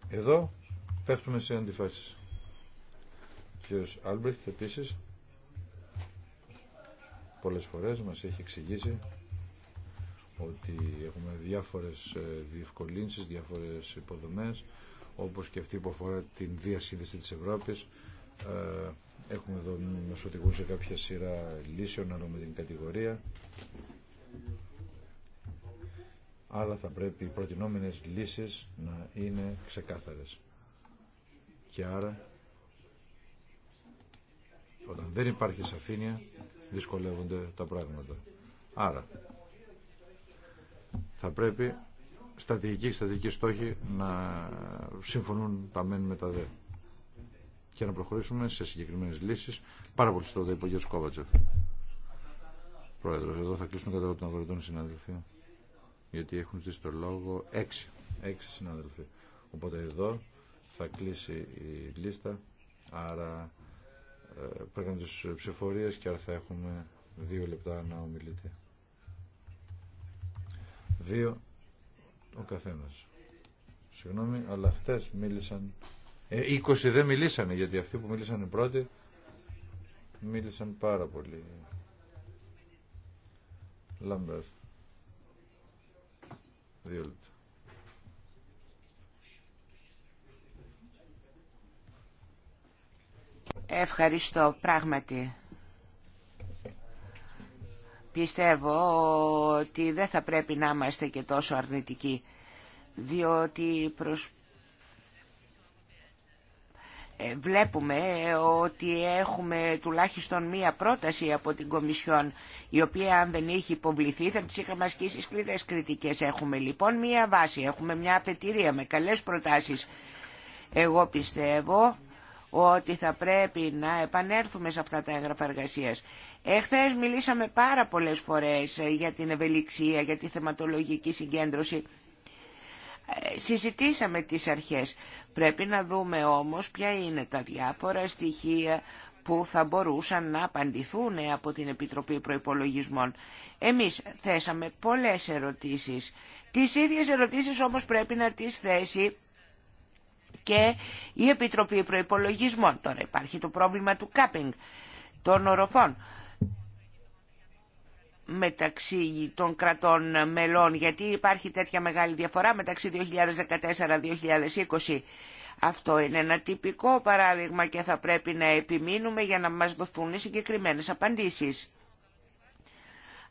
Εδώ πέφτουμε σε αντιφάσεις. Ο κ. Άλμπρεχτ επίσης πολλές φορές μας έχει εξηγήσει ότι έχουμε διάφορες ε, διευκολύνσεις, διάφορες υποδομές όπως και αυτή που αφορά την διασύνδεση της Ευρώπης ε, έχουμε εδώ να οδηγούν σε κάποια σειρά λύσεων ανάλογα με την κατηγορία αλλά θα πρέπει οι προτινόμενες λύσεις να είναι ξεκάθαρες και άρα όταν δεν υπάρχει σαφήνεια δυσκολεύονται τα πράγματα. Άρα, θα πρέπει στατικοί και στατικοί στόχοι να συμφωνούν τα μεν με τα δε. Και να προχωρήσουμε σε συγκεκριμένες λύσεις. Πάρα πολύ στο είπε ο Γιώργος Κόβατσεφ. Πρόεδρος, εδώ θα κλείσουν κατά τον αγροτών συναδελφοί. Γιατί έχουν ζητήσει το λόγο έξι. Έξι συναδελφοί. Οπότε εδώ θα κλείσει η λίστα. Άρα πρέπει να ψηφορίες και άρα θα έχουμε δύο λεπτά να ομιλείτε. Δύο ο καθένας. Συγγνώμη, αλλά χτες μίλησαν... Ε, 20 δεν μιλήσανε, γιατί αυτοί που μίλησαν οι πρώτοι μίλησαν πάρα πολύ. Λάμπερ. Δύο λεπτά. Ευχαριστώ πράγματι. Πιστεύω ότι δεν θα πρέπει να είμαστε και τόσο αρνητικοί, διότι ε, βλέπουμε ότι έχουμε τουλάχιστον μία πρόταση από την Κομισιόν, η οποία αν δεν είχε υποβληθεί θα τις είχαμε ασκήσει σκληρές κριτικές. Έχουμε λοιπόν μία βάση, έχουμε μια αφετηρία με καλές προτάσεις. Εγώ πιστεύω ότι θα πρέπει να επανέλθουμε σε αυτά τα έγγραφα εργασίας. Εχθές μιλήσαμε πάρα πολλές φορές ε, για την ευελιξία, για τη θεματολογική συγκέντρωση. Ε, συζητήσαμε τις αρχές. Πρέπει να δούμε όμως ποια είναι τα διάφορα στοιχεία που θα μπορούσαν να απαντηθούν από την Επιτροπή Προϋπολογισμών. Εμείς θέσαμε πολλές ερωτήσεις. Τι ίδιες ερωτήσεις όμως πρέπει να τις θέσει και η Επιτροπή Προϋπολογισμών. Τώρα υπάρχει το πρόβλημα του κάπινγκ των οροφών μεταξύ των κρατών μελών, γιατί υπάρχει τέτοια μεγάλη διαφορά μεταξύ 2014-2020. Αυτό είναι ένα τυπικό παράδειγμα και θα πρέπει να επιμείνουμε για να μας δοθούν οι συγκεκριμένες απαντήσεις.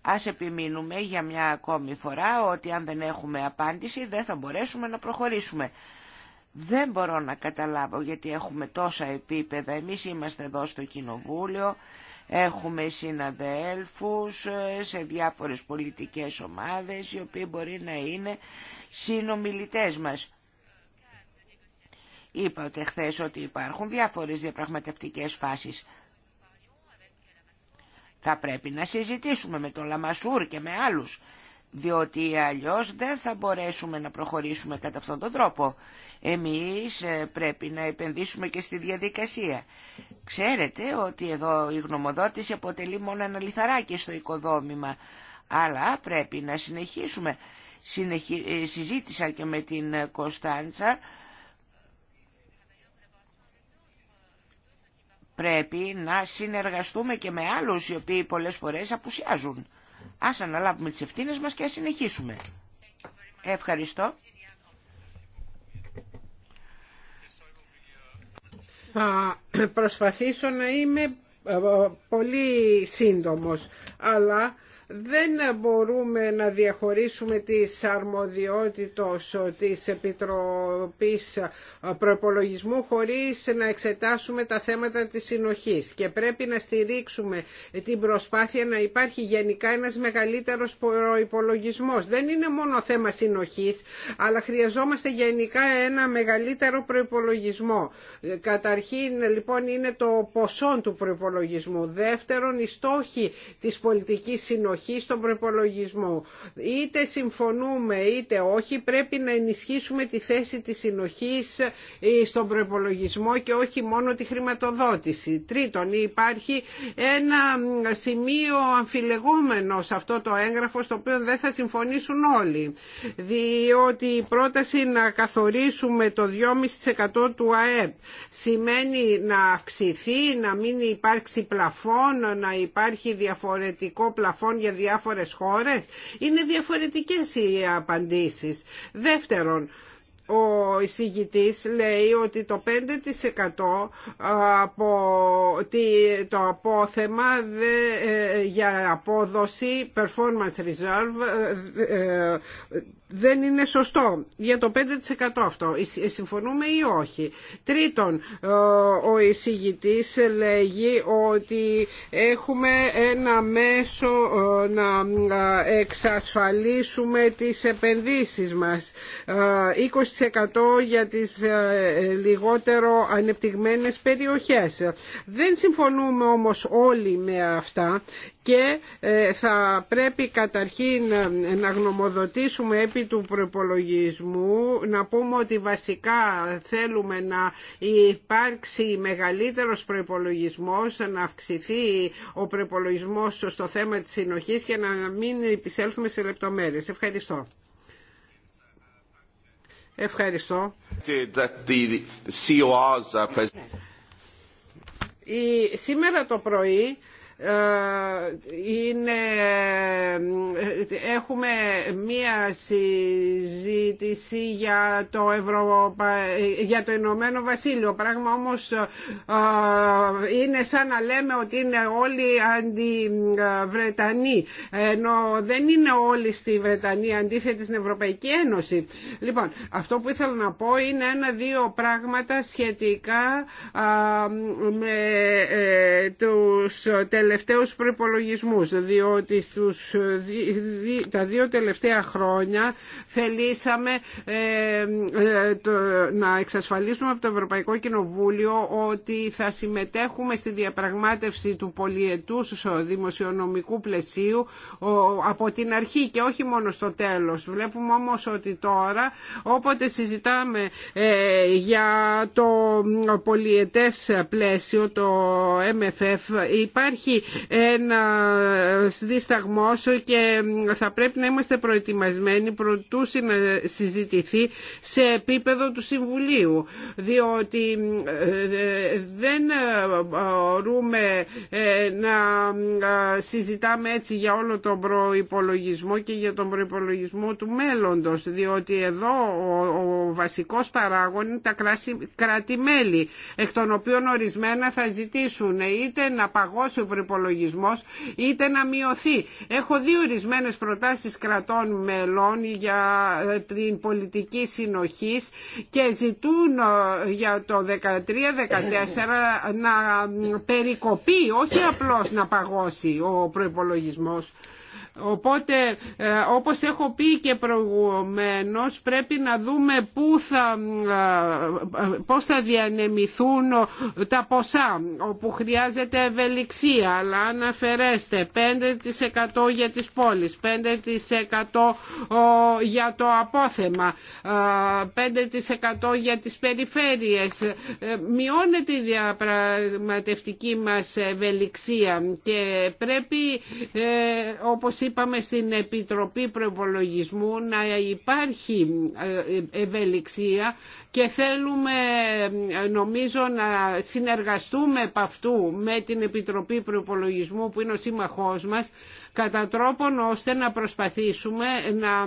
Ας επιμείνουμε για μια ακόμη φορά ότι αν δεν έχουμε απάντηση δεν θα μπορέσουμε να προχωρήσουμε. Δεν μπορώ να καταλάβω γιατί έχουμε τόσα επίπεδα. Εμείς είμαστε εδώ στο Κοινοβούλιο, έχουμε συναδέλφους ε, σε διάφορες πολιτικές ομάδες οι οποίοι μπορεί να είναι συνομιλητές μας. Είπα ότι χθε ότι υπάρχουν διάφορες διαπραγματευτικές φάσεις. Θα πρέπει να συζητήσουμε με τον Λαμασούρ και με άλλους διότι αλλιώς δεν θα μπορέσουμε να προχωρήσουμε κατά αυτόν τον τρόπο. Εμείς ε, πρέπει να επενδύσουμε και στη διαδικασία. Ξέρετε ότι εδώ η γνωμοδότηση αποτελεί μόνο ένα λιθαράκι στο οικοδόμημα, αλλά πρέπει να συνεχίσουμε. Ε, συζήτησα και με την Κωνσταντσα, πρέπει να συνεργαστούμε και με άλλους οι οποίοι πολλές φορές απουσιάζουν. Ας αναλάβουμε τις ευθύνες μας και ας συνεχίσουμε. Ευχαριστώ. Θα προσπαθήσω να είμαι ε, πολύ σύντομος, αλλά δεν μπορούμε να διαχωρίσουμε τη αρμοδιότητες της Επιτροπής Προπολογισμού χωρίς να εξετάσουμε τα θέματα της συνοχής και πρέπει να στηρίξουμε την προσπάθεια να υπάρχει γενικά ένας μεγαλύτερος προϋπολογισμός. Δεν είναι μόνο θέμα συνοχής, αλλά χρειαζόμαστε γενικά ένα μεγαλύτερο προϋπολογισμό. Καταρχήν λοιπόν είναι το ποσό του προϋπολογισμού. Δεύτερον, οι στόχοι της πολιτικής συνοχής στον προπολογισμό. Είτε συμφωνούμε είτε όχι πρέπει να ενισχύσουμε τη θέση της συνοχής ε, στον προπολογισμό και όχι μόνο τη χρηματοδότηση. Τρίτον, υπάρχει ένα σημείο αμφιλεγόμενο σε αυτό το έγγραφο στο οποίο δεν θα συμφωνήσουν όλοι. Διότι η πρόταση να καθορίσουμε το 2,5% του ΑΕΠ σημαίνει να αυξηθεί, να μην υπάρξει πλαφόν, να υπάρχει διαφορετικό πλαφόν για διάφορες χώρες. Είναι διαφορετικές οι απαντήσεις. Δεύτερον, ο εισηγητής λέει ότι το 5% από το απόθεμα ε, για απόδοση performance reserve ε, ε, δεν είναι σωστό για το 5% αυτό. Συμφωνούμε ή όχι. Τρίτον, ο εισηγητής λέγει ότι έχουμε ένα μέσο να εξασφαλίσουμε τις επενδύσεις μας. 20% για τις λιγότερο ανεπτυγμένες περιοχές. Δεν συμφωνούμε όμως όλοι με αυτά και ε, θα πρέπει καταρχήν ε, να γνωμοδοτήσουμε επί του προπολογισμού να πούμε ότι βασικά θέλουμε να υπάρξει μεγαλύτερος προϋπολογισμός να αυξηθεί ο προϋπολογισμός στο θέμα της συνοχής και να μην επισέλθουμε σε λεπτομέρειες. Ευχαριστώ. Ευχαριστώ. Η, σήμερα το πρωί ε, είναι, έχουμε μία συζήτηση για το, Ευρωπα... για το Ηνωμένο Βασίλειο πράγμα όμως ε, είναι σαν να λέμε ότι είναι όλοι αντιβρετανοί ενώ δεν είναι όλοι στη Βρετανία αντίθετη στην Ευρωπαϊκή Ένωση λοιπόν αυτό που ήθελα να πω είναι ένα-δύο πράγματα σχετικά ε, με τους τελευταίους τελευταίους προϋπολογισμούς διότι στους, τα δύο τελευταία χρόνια θελήσαμε ε, ε, να εξασφαλίσουμε από το Ευρωπαϊκό Κοινοβούλιο ότι θα συμμετέχουμε στη διαπραγμάτευση του πολιετού δημοσιονομικού πλαισίου από την αρχή και όχι μόνο στο τέλος. Βλέπουμε όμως ότι τώρα όποτε συζητάμε ε, για το πολιετές πλαίσιο, το MFF, υπάρχει ένα δισταγμός και θα πρέπει να είμαστε προετοιμασμένοι προτού συζητηθεί σε επίπεδο του Συμβουλίου διότι ε, δεν μπορούμε ε, να ε, συζητάμε έτσι για όλο τον προϋπολογισμό και για τον προϋπολογισμό του μέλλοντος διότι εδώ ο βασικός παράγων είναι τα κράτη-μέλη εκ των οποίων ορισμένα θα ζητήσουν είτε να παγώσουν προϋπολογισμός είτε να μειωθεί. Έχω δύο ορισμένε προτάσεις κρατών μελών για ε, την πολιτική συνοχή και ζητούν ε, για το 2013-2014 να περικοπεί, όχι απλώς να παγώσει ο προπολογισμό. Οπότε ε, όπως έχω πει και προηγουμένως πρέπει να δούμε πού θα, ε, ε, πώς θα διανεμηθούν τα ποσά όπου χρειάζεται ευελιξία αλλά αναφερέστε 5% για τις πόλεις, 5% για το απόθεμα, 5% για τις περιφέρειες μειώνεται η διαπραγματευτική μας ευελιξία και πρέπει όπως είπαμε στην Επιτροπή Προπολογισμού να υπάρχει ε, ε, ευελιξία και θέλουμε ε, νομίζω να συνεργαστούμε επ' αυτού με την Επιτροπή Προπολογισμού που είναι ο σύμμαχός μας κατά τρόπον ώστε να προσπαθήσουμε να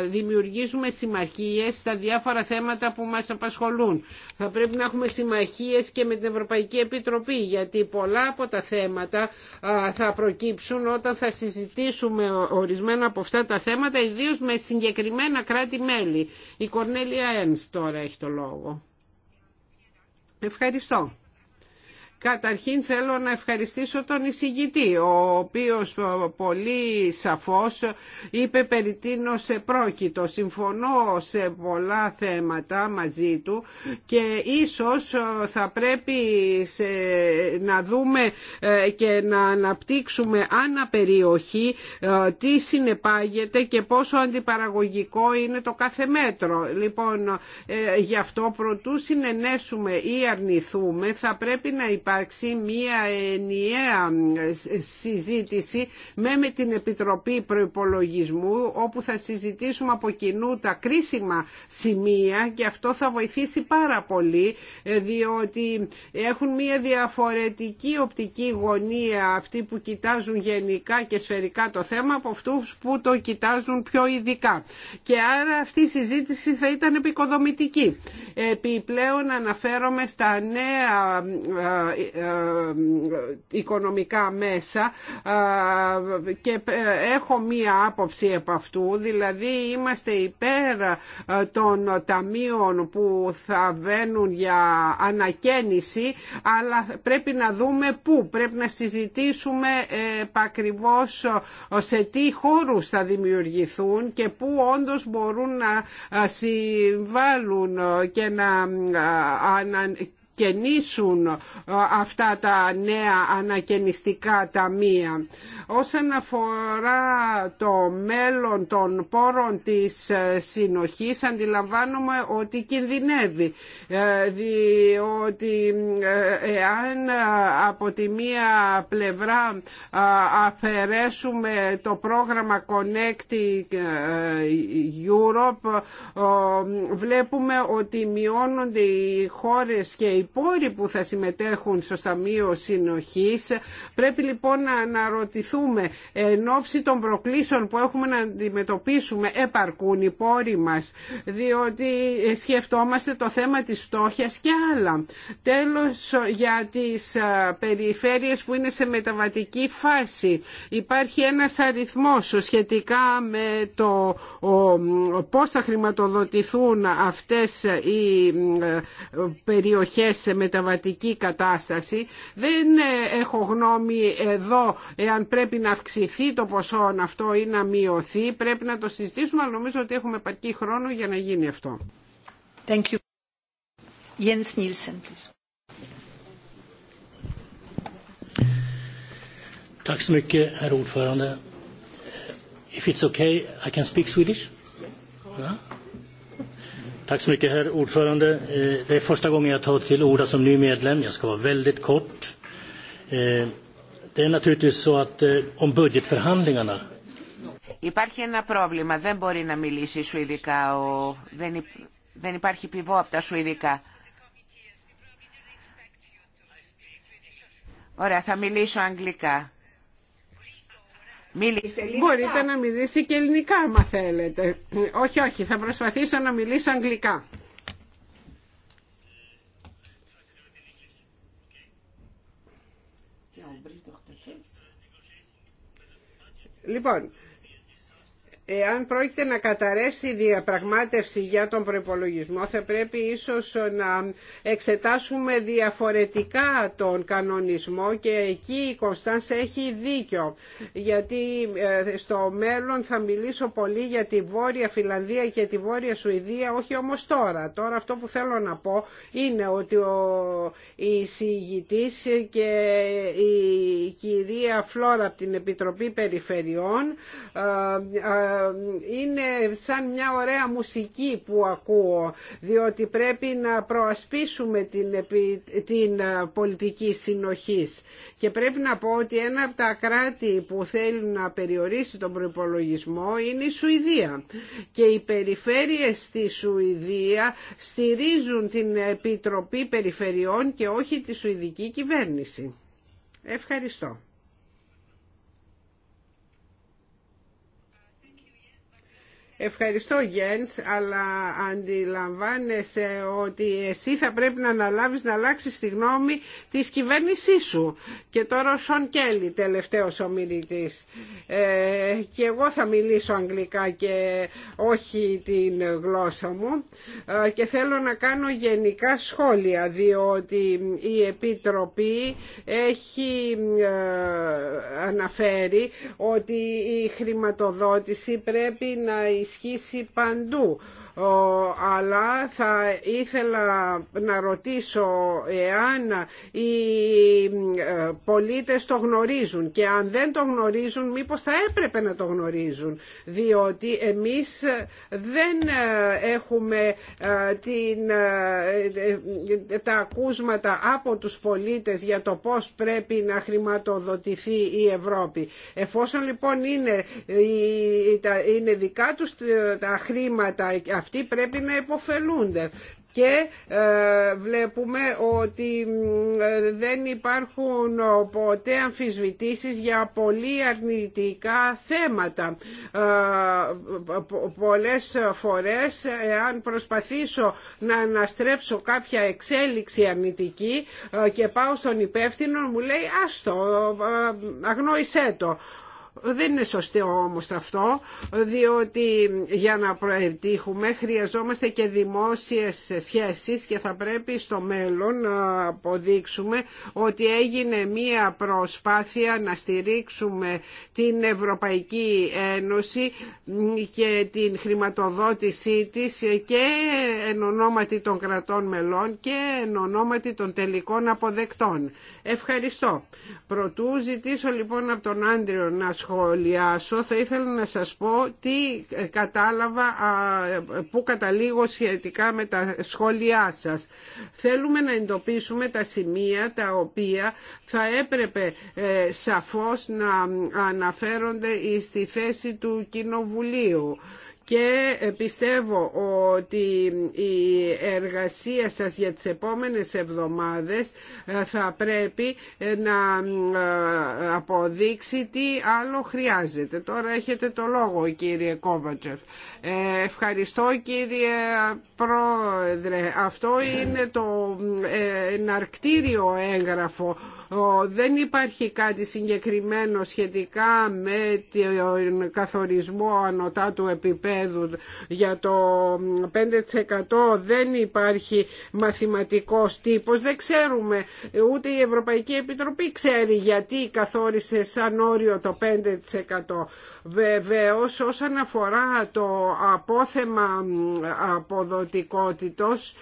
δημιουργήσουμε συμμαχίες στα διάφορα θέματα που μας απασχολούν. Θα πρέπει να έχουμε συμμαχίες και με την Ευρωπαϊκή Επιτροπή γιατί πολλά από τα θέματα θα προκύψουν όταν θα συζητήσουμε ορισμένα από αυτά τα θέματα ιδίως με συγκεκριμένα κράτη-μέλη. Η Κορνέλια Ένς τώρα έχει το λόγο. Ευχαριστώ. Καταρχήν θέλω να ευχαριστήσω τον εισηγητή, ο οποίος πολύ σαφώς είπε περί τίνος πρόκειτο. Συμφωνώ σε πολλά θέματα μαζί του και ίσως θα πρέπει να δούμε ε, και να αναπτύξουμε ανά περιοχή ε, τι συνεπάγεται και πόσο αντιπαραγωγικό είναι το κάθε μέτρο. Λοιπόν, ε, γι' αυτό προτού συνενέσουμε ή αρνηθούμε θα πρέπει να υπάρχει υπάρξει μία ενιαία συζήτηση με, με την Επιτροπή Προϋπολογισμού όπου θα συζητήσουμε από κοινού τα κρίσιμα σημεία και αυτό θα βοηθήσει πάρα πολύ ε, διότι έχουν μία διαφορετική οπτική γωνία αυτοί που κοιτάζουν γενικά και σφαιρικά το θέμα από αυτούς που το κοιτάζουν πιο ειδικά. Και άρα αυτή η συζήτηση θα ήταν επικοδομητική. Επιπλέον αναφέρομαι στα νέα ε, ε, ε, οικονομικά μέσα ε, και έχω μία άποψη από αυτού, δηλαδή είμαστε υπέρ των ταμείων που θα βαίνουν για ανακαίνιση αλλά πρέπει να δούμε πού, πρέπει να συζητήσουμε ακριβώς σε τι χώρους θα δημιουργηθούν και πού όντως μπορούν να συμβάλλουν και να ανακαινήσουν ε, αυτά τα νέα ανακαινιστικά ταμεία. Όσον αφορά το μέλλον των πόρων της ε, συνοχής αντιλαμβάνομαι ότι κινδυνεύει ε, διότι εάν από τη μία πλευρά αφαιρέσουμε το πρόγραμμα Connecting Europe βλέπουμε ότι μειώνονται οι χώρες και οι πόροι που θα συμμετέχουν στο Σταμείο Συνοχής. Πρέπει λοιπόν να αναρωτηθούμε εν ώψη των προκλήσεων που έχουμε να αντιμετωπίσουμε επαρκούν οι πόροι μας, διότι σκεφτόμαστε το θέμα τη φτώχεια και άλλα. Τέλο για τις περιφέρειες που είναι σε μεταβατική φάση. Υπάρχει ένας αριθμός σχετικά με το πώ θα χρηματοδοτηθούν αυτές οι ε, περιοχές σε μεταβατική κατάσταση. Δεν ε, έχω γνώμη εδώ εάν πρέπει να αυξηθεί το ποσό αυτό ή να μειωθεί. Πρέπει να το συζητήσουμε, αλλά νομίζω ότι έχουμε επαρκή χρόνο για να γίνει αυτό. Thank you. Jens Nielsen, please. Tack så mycket, herr ordförande. If it's okay, I can speak Swedish? Yes, of course. Yeah? Herr ordförande. Det är första gången jag tar till orda som ny medlem. Jag ska vara väldigt kort. Det är naturligtvis så att om budgetförhandlingarna Υπάρχει ένα πρόβλημα. Δεν μπορεί να μιλήσει σουηδικά. Ο... Δεν, δεν υπάρχει πιβό από τα σουηδικά. Ωραία, θα μιλήσω αγγλικά. Μιλήστε ελληνικά. Μπορείτε να μιλήσετε και ελληνικά, άμα θέλετε. Όχι, όχι, θα προσπαθήσω να μιλήσω αγγλικά. Λοιπόν, Εάν πρόκειται να καταρρεύσει η διαπραγμάτευση για τον προπολογισμό, θα πρέπει ίσως να εξετάσουμε διαφορετικά τον κανονισμό και εκεί η Κωνσταντς έχει δίκιο. Γιατί ε, στο μέλλον θα μιλήσω πολύ για τη Βόρεια Φιλανδία και τη Βόρεια Σουηδία, όχι όμως τώρα. Τώρα αυτό που θέλω να πω είναι ότι ο εισηγητής και η κυρία Φλόρα από την Επιτροπή Περιφερειών ε, ε, είναι σαν μια ωραία μουσική που ακούω διότι πρέπει να προασπίσουμε την, την ε, πολιτική συνοχής και πρέπει να πω ότι ένα από τα κράτη που θέλει να περιορίσει τον προπολογισμό είναι η Σουηδία και οι περιφέρειες στη Σουηδία στηρίζουν την Επιτροπή Περιφερειών και όχι τη Σουηδική Κυβέρνηση. Ευχαριστώ. Ευχαριστώ Γιένς, αλλά αντιλαμβάνεσαι ότι εσύ θα πρέπει να αναλάβεις να αλλάξεις τη γνώμη της κυβέρνησή σου. Και τώρα ο Σον Κέλλη, τελευταίος ομιλητής. Ε, και εγώ θα μιλήσω αγγλικά και όχι την γλώσσα μου. Ε, και θέλω να κάνω γενικά σχόλια, διότι η Επιτροπή έχει ε, αναφέρει ότι η χρηματοδότηση πρέπει να ισχύσει παντού αλλά θα ήθελα να ρωτήσω εάν οι ε, πολίτες το γνωρίζουν και αν δεν το γνωρίζουν μήπως θα έπρεπε να το γνωρίζουν διότι εμείς δεν ε, έχουμε ε, την, τα ακούσματα από τους πολίτες για το πώς πρέπει να χρηματοδοτηθεί η Ευρώπη. Εφόσον λοιπόν είναι, είναι δικά τους τα χρήματα αυτοί πρέπει να υποφελούνται και ε, βλέπουμε ότι ε, δεν υπάρχουν ποτέ αμφισβητήσεις για πολύ αρνητικά θέματα. Ε, πολλές φορές, αν προσπαθήσω να αναστρέψω κάποια εξέλιξη αρνητική και πάω στον υπεύθυνο, μου λέει «Άστο, αγνόησέ το». Δεν είναι σωστό όμως αυτό, διότι για να προετύχουμε χρειαζόμαστε και δημόσιες σχέσεις και θα πρέπει στο μέλλον να αποδείξουμε ότι έγινε μία προσπάθεια να στηρίξουμε την Ευρωπαϊκή Ένωση και την χρηματοδότησή της και εν ονόματι των κρατών μελών και εν ονόματι των τελικών αποδεκτών. Ευχαριστώ. Προτού ζητήσω λοιπόν από τον Άντριο να σχολιάσω, θα ήθελα να σας πω τι κατάλαβα, που καταλήγω σχετικά με τα σχόλιά σας. Θέλουμε να εντοπίσουμε τα σημεία τα οποία θα έπρεπε ε, σαφώς να αναφέρονται στη θέση του Κοινοβουλίου και ε, πιστεύω ότι η εργασία σας για τις επόμενες εβδομάδες ε, θα πρέπει ε, να αποδείξει τι άλλο χρειάζεται. Τώρα έχετε το λόγο κύριε Κόβατσεφ. Ευχαριστώ κύριε Πρόεδρε. Αυτό είναι το εναρκτήριο έγγραφο δεν υπάρχει κάτι συγκεκριμένο σχετικά με τον καθορισμό του επίπεδου για το 5% δεν υπάρχει μαθηματικός τύπος. Δεν ξέρουμε, ούτε η Ευρωπαϊκή Επιτροπή ξέρει γιατί καθόρισε σαν όριο το 5%. Βεβαίως όσον αφορά το απόθεμα αποδοτικότητος,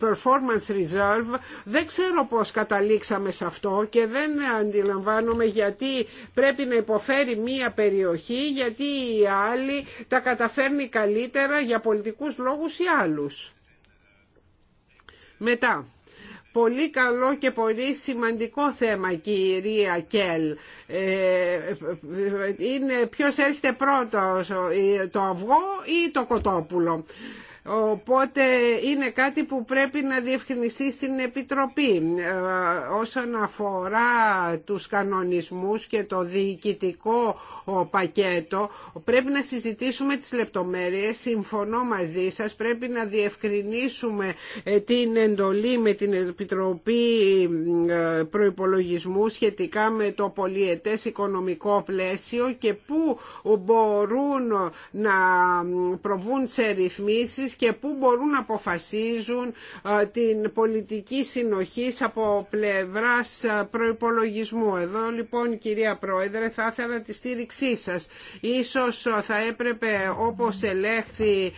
performance reserve, δεν ξέρω πώς καταλήξαμε σε αυτό και δεν αντιλαμβάνομαι γιατί πρέπει να υποφέρει μία περιοχή, γιατί η άλλη τα καταφέρνει καλύτερα για πολιτικούς λόγους ή άλλους. Μετά, πολύ καλό και πολύ σημαντικό θέμα κυρία Κέλ. Ε, είναι ποιος έρχεται πρώτος, ε, το αυγό ή το κοτόπουλο. Οπότε είναι κάτι που πρέπει να διευκρινιστεί στην Επιτροπή. Ε, όσον αφορά τους κανονισμούς και το διοικητικό πακέτο, πρέπει να συζητήσουμε τις λεπτομέρειες. Συμφωνώ μαζί σας, πρέπει να διευκρινίσουμε ε, την εντολή με την Επιτροπή ε, Προϋπολογισμού σχετικά με το πολιετές οικονομικό πλαίσιο και πού μπορούν να προβούν σε ρυθμίσεις και πού μπορούν να αποφασίζουν ε, την πολιτική συνοχή από πλευράς ε, προϋπολογισμού. Εδώ λοιπόν κυρία Πρόεδρε θα ήθελα τη στήριξή σας. Ίσως ε, θα έπρεπε όπως ελέγχθη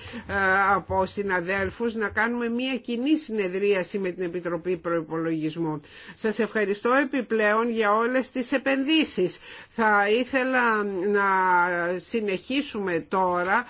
από συναδέλφους να κάνουμε μια κοινή συνεδρίαση με την Επιτροπή Προϋπολογισμού. Σας ευχαριστώ επιπλέον για όλες τις επενδύσεις θα ήθελα να συνεχίσουμε τώρα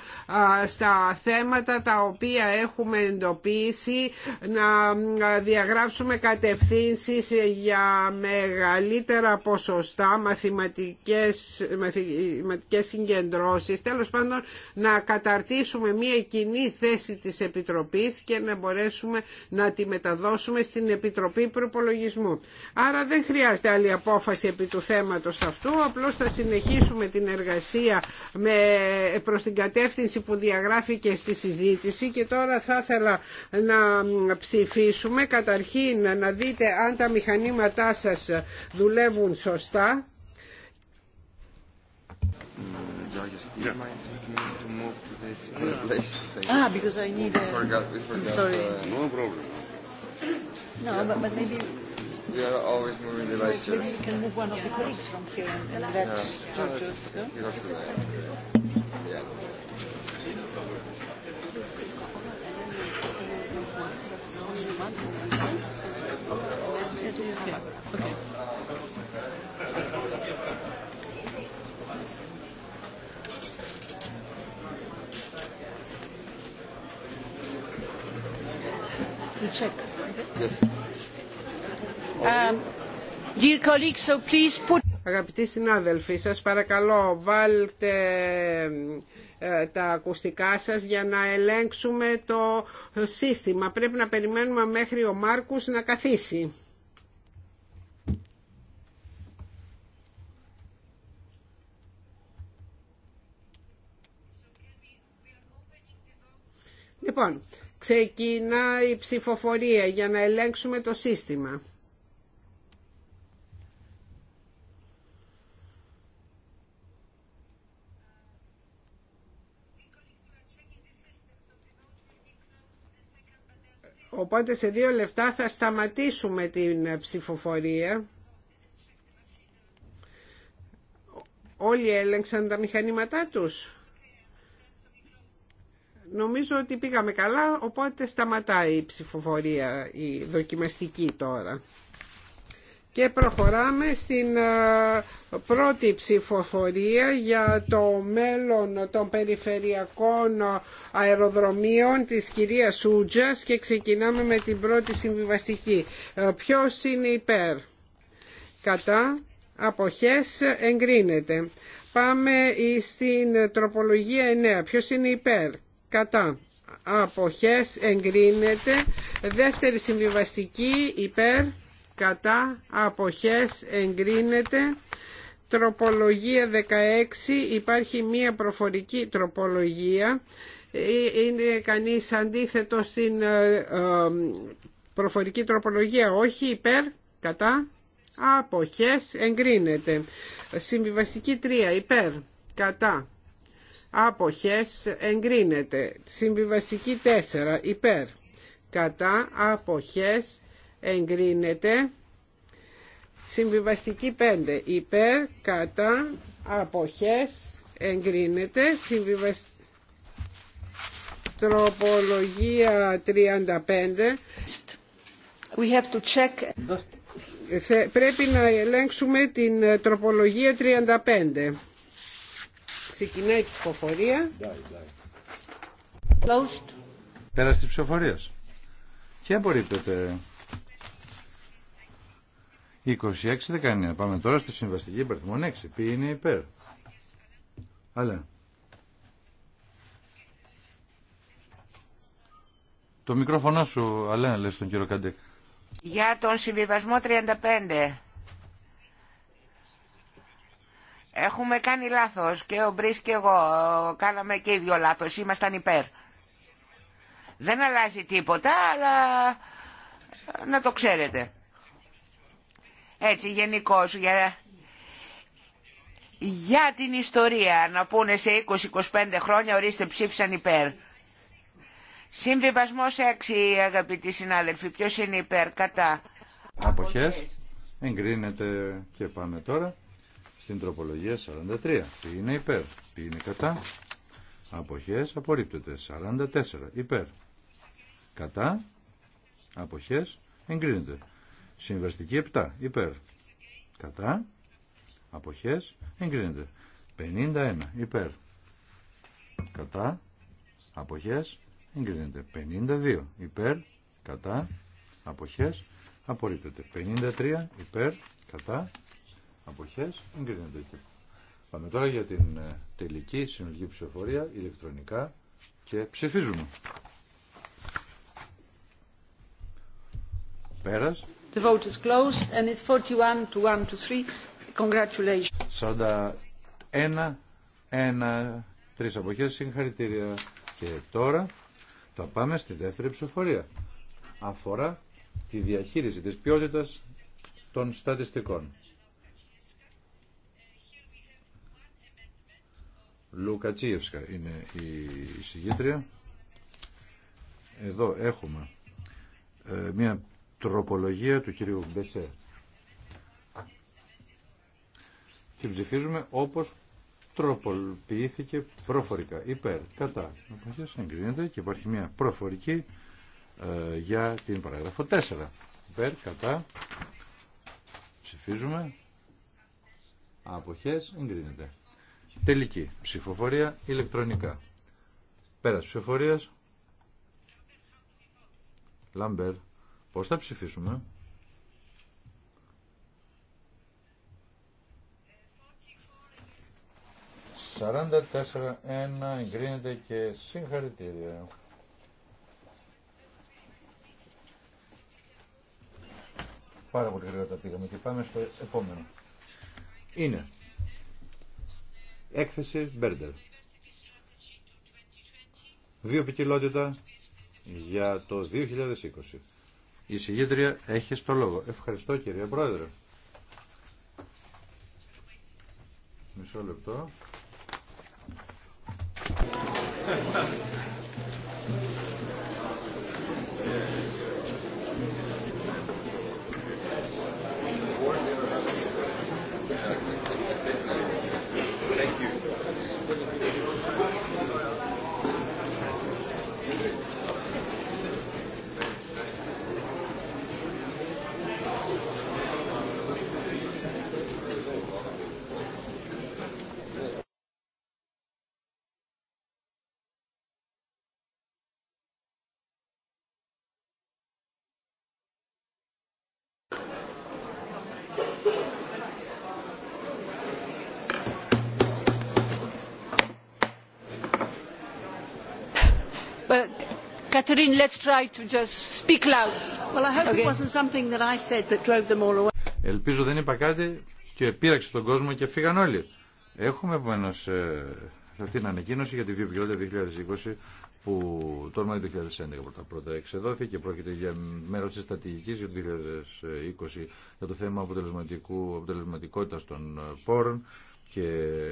στα θέματα τα οποία έχουμε εντοπίσει, να διαγράψουμε κατευθύνσεις για μεγαλύτερα ποσοστά, μαθηματικές, μαθηματικές συγκεντρώσεις, τέλος πάντων να καταρτήσουμε μία κοινή θέση της Επιτροπής και να μπορέσουμε να τη μεταδώσουμε στην Επιτροπή Προπολογισμού. Άρα δεν χρειάζεται άλλη απόφαση επί του θέματος αυτού, απλώς θα συνεχίσουμε την εργασία με, προς την κατεύθυνση που διαγράφηκε στη συζήτηση και τώρα θα ήθελα να ψηφίσουμε καταρχήν να δείτε αν τα μηχανήματά σας δουλεύουν σωστά. Ah, We are always moving the vice can move one of the colleagues from here and let Georgios Yes. Um, Αγαπητοί συνάδελφοι, σας παρακαλώ βάλτε ε, τα ακουστικά σας για να ελέγξουμε το σύστημα. Πρέπει να περιμένουμε μέχρι ο Μάρκους να καθίσει. Λοιπόν, ξεκινάει η ψηφοφορία για να ελέγξουμε το σύστημα. Οπότε σε δύο λεπτά θα σταματήσουμε την ψηφοφορία. Όλοι έλεγξαν τα μηχανήματά τους. Νομίζω ότι πήγαμε καλά, οπότε σταματάει η ψηφοφορία, η δοκιμαστική τώρα. Και προχωράμε στην ε, πρώτη ψηφοφορία για το μέλλον των περιφερειακών αεροδρομίων της κυρίας Σούτζας και ξεκινάμε με την πρώτη συμβιβαστική. Ε, ποιος είναι υπέρ. Κατά αποχές εγκρίνεται. Πάμε στην τροπολογία 9. Ποιος είναι υπέρ. Κατά αποχές εγκρίνεται. Δεύτερη συμβιβαστική υπέρ κατά αποχές εγκρίνεται τροπολογία 16 υπάρχει μία προφορική τροπολογία ε, είναι κανείς αντίθετο στην ε, ε, προφορική τροπολογία όχι υπέρ κατά αποχές εγκρίνεται συμβιβαστική 3 υπέρ κατά αποχές εγκρίνεται συμβιβαστική 4 υπέρ κατά αποχές εγκρίνεται συμβιβαστική 5 υπέρ κατά αποχές εγκρίνεται τροπολογία 35 We have to check. πρέπει να ελέγξουμε την ε, τροπολογία 35 ξεκινάει η ψηφοφορία Closed. πέρας της και απορρίπτεται 26-19. Πάμε τώρα στη συμβαστική υπερθυμών 6. Ποιοι είναι υπέρ. Αλλά. Το μικρόφωνο σου, Αλένα, λες τον κύριο Καντέκ. Για τον συμβιβασμό 35. Έχουμε κάνει λάθος και ο Μπρίς και εγώ κάναμε και οι δυο λάθος, ήμασταν υπέρ. Δεν αλλάζει τίποτα, αλλά να το ξέρετε έτσι γενικώ για, την ιστορία να πούνε σε 20-25 χρόνια ορίστε ψήφισαν υπέρ. Συμβιβασμό 6 αγαπητοί συνάδελφοι, Ποιο είναι υπέρ κατά. Αποχές, εγκρίνεται και πάμε τώρα στην τροπολογία 43. Ποιο είναι υπέρ, ποιο είναι κατά. Αποχές απορρίπτεται. 44. Υπέρ. Κατά. Αποχές εγκρίνεται. Συμβαστική 7 υπέρ. Κατά. Αποχές. Εγκρίνεται. 51 υπέρ. Κατά. Αποχές. Εγκρίνεται. 52 υπέρ. Κατά. Αποχές. Απορρίπτεται. 53 υπέρ. Κατά. Αποχές. Εγκρίνεται. Πάμε τώρα για την ε, τελική συνολική ψηφοφορία ηλεκτρονικά και ψηφίζουμε. Πέρας. 41 1 3. Congratulations. ένα, αποχές. Συγχαρητήρια. Και τώρα θα πάμε στη δεύτερη ψηφοφορία. Αφορά τη διαχείριση της ποιότητας των στατιστικών. Λουκατσίευσκα είναι η συγγήτρια. Εδώ έχουμε ε, μια τροπολογία του κυρίου Μπεσέ. Και ψηφίζουμε όπως τροποποιήθηκε προφορικά. Υπέρ, κατά. Οπότε συγκρίνεται και υπάρχει μια προφορική ε, για την παράγραφο 4. Υπέρ, κατά. Ψηφίζουμε. Αποχές, εγκρίνεται. Τελική ψηφοφορία ηλεκτρονικά. Πέρας ψηφοφορίας. Λαμπέρ. Πώς θα ψηφίσουμε. 44-1 εγκρίνεται και συγχαρητήρια. Πάρα πολύ γρήγορα τα πήγαμε και πάμε στο επόμενο. Είναι έκθεση Μπέρντερ. Δύο ποικιλότητα για το 2020. Η συγγήτρια έχει στο λόγο. Ευχαριστώ κυρία Πρόεδρε. Μισό λεπτό. Ελπίζω δεν είπα κάτι και πείραξε τον κόσμο και φύγαν όλοι. Έχουμε επομένω ε, αυτή την ανακοίνωση για τη βιοπικιλότητα 2020 που το όνομα 2011 πρώτα πρώτα εξεδόθηκε. Πρόκειται για μέρο τη στρατηγική για το 2020 για το θέμα αποτελεσματικού, αποτελεσματικότητα των ε, πόρων και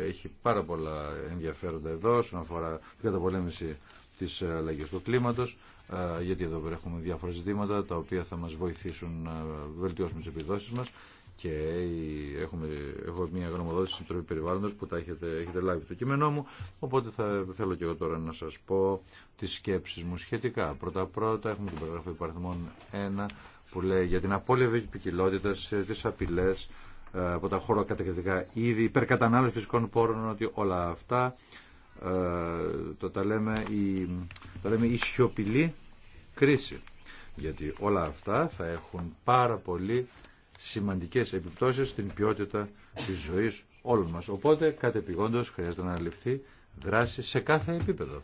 έχει πάρα πολλά ενδιαφέροντα εδώ όσον αφορά την καταπολέμηση τη αλλαγή του κλίματος, ε, γιατί εδώ έχουμε διάφορα ζητήματα τα οποία θα μας βοηθήσουν να βελτιώσουμε τις επιδόσεις μας και έχουμε, έχω μια γνωμοδότηση στην Τροπή Περιβάλλοντος που τα έχετε, έχετε λάβει το κείμενό μου οπότε θα θέλω και εγώ τώρα να σας πω τις σκέψεις μου σχετικά πρώτα πρώτα έχουμε την παραγραφή υπαριθμών 1 που λέει για την απόλυτη ποικιλότητα τι απειλέ, ε, από τα χώρα κατακριτικά είδη, υπερκατανάλωση φυσικών πόρων, ότι όλα αυτά το τα λέμε η, λέμε η σιωπηλή κρίση. Γιατί όλα αυτά θα έχουν πάρα πολύ σημαντικές επιπτώσεις στην ποιότητα της ζωής όλων μας. Οπότε κατεπηγόντως χρειάζεται να ληφθεί δράση σε κάθε επίπεδο.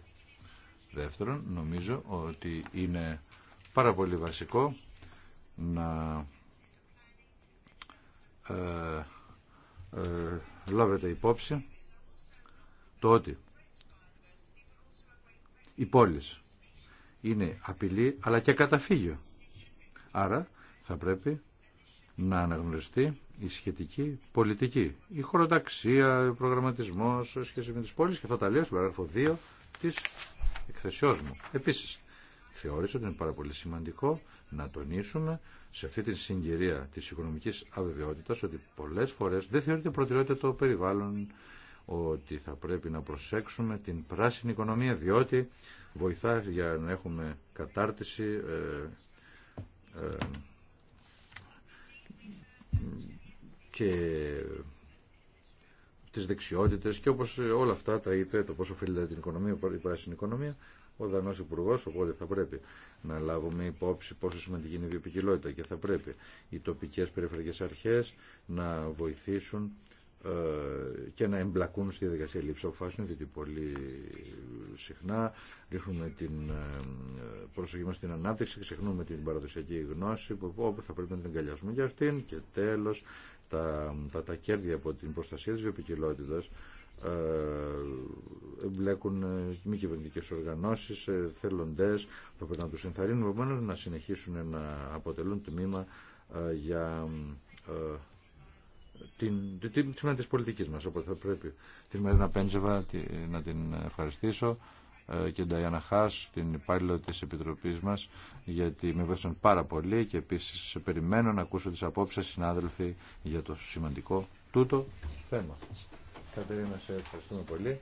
Δεύτερον, νομίζω ότι είναι πάρα πολύ βασικό να ε, ε, λάβετε υπόψη το ότι οι πόλεις. Είναι απειλή αλλά και καταφύγιο. Άρα θα πρέπει να αναγνωριστεί η σχετική πολιτική. Η χωροταξία, ο προγραμματισμός σε σχέση με τις πόλεις και αυτά τα λέω στην παράγραφο 2 της εκθεσιός μου. Επίσης, θεώρησα ότι είναι πάρα πολύ σημαντικό να τονίσουμε σε αυτή τη συγκυρία της οικονομικής αβεβαιότητας ότι πολλές φορές δεν θεωρείται προτεραιότητα το περιβάλλον, ότι θα πρέπει να προσέξουμε την πράσινη οικονομία διότι βοηθά για να έχουμε κατάρτιση ε, ε, και τις δεξιότητες και όπως όλα αυτά τα είπε το πόσο οφείλεται την οικονομία, η πράσινη οικονομία ο Δανός υπουργό, οπότε θα πρέπει να λάβουμε υπόψη πόσο σημαντική είναι η βιοπικιλότητα και θα πρέπει οι τοπικές περιφερειακές αρχές να βοηθήσουν ε, και να εμπλακούν στη διαδικασία λήψη αποφάσεων, γιατί πολύ συχνά ρίχνουμε την ε, προσοχή μα στην ανάπτυξη και ξεχνούμε την παραδοσιακή γνώση που, όπου θα πρέπει να την εγκαλιάσουμε για αυτήν και τέλο τα, τα, τα κέρδη από την προστασία τη βιοπικιλότητα ε, εμπλέκουν μη κυβερνητικέ οργανώσει, θέλοντέ, θα πρέπει να του ενθαρρύνουν να συνεχίσουν να αποτελούν τμήμα για την, την, την, την της πολιτικής μας, όπως θα πρέπει την Μαρίνα Πέντζεβα να την ευχαριστήσω ε, και την Ταϊάννα Χάς, την υπάλληλο της Επιτροπής μας, γιατί με βοήθησαν πάρα πολύ και επίσης περιμένω να ακούσω τις απόψεις συνάδελφοι για το σημαντικό τούτο θέμα. Κατερίνα, σε ευχαριστούμε πολύ.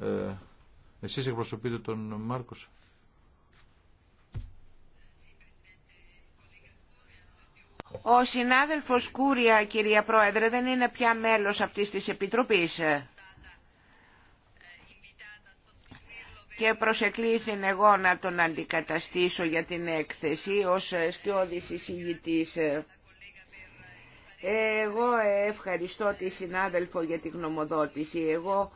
Ε, εσείς εκπροσωπείτε τον Μάρκος. Ο συνάδελφος Κούρια, κυρία Πρόεδρε, δεν είναι πια μέλος αυτής της Επιτροπής. Και προσεκλήθην εγώ να τον αντικαταστήσω για την έκθεση ως σκιώδης εισηγητής. Εγώ ευχαριστώ τη συνάδελφο για την γνωμοδότηση. Εγώ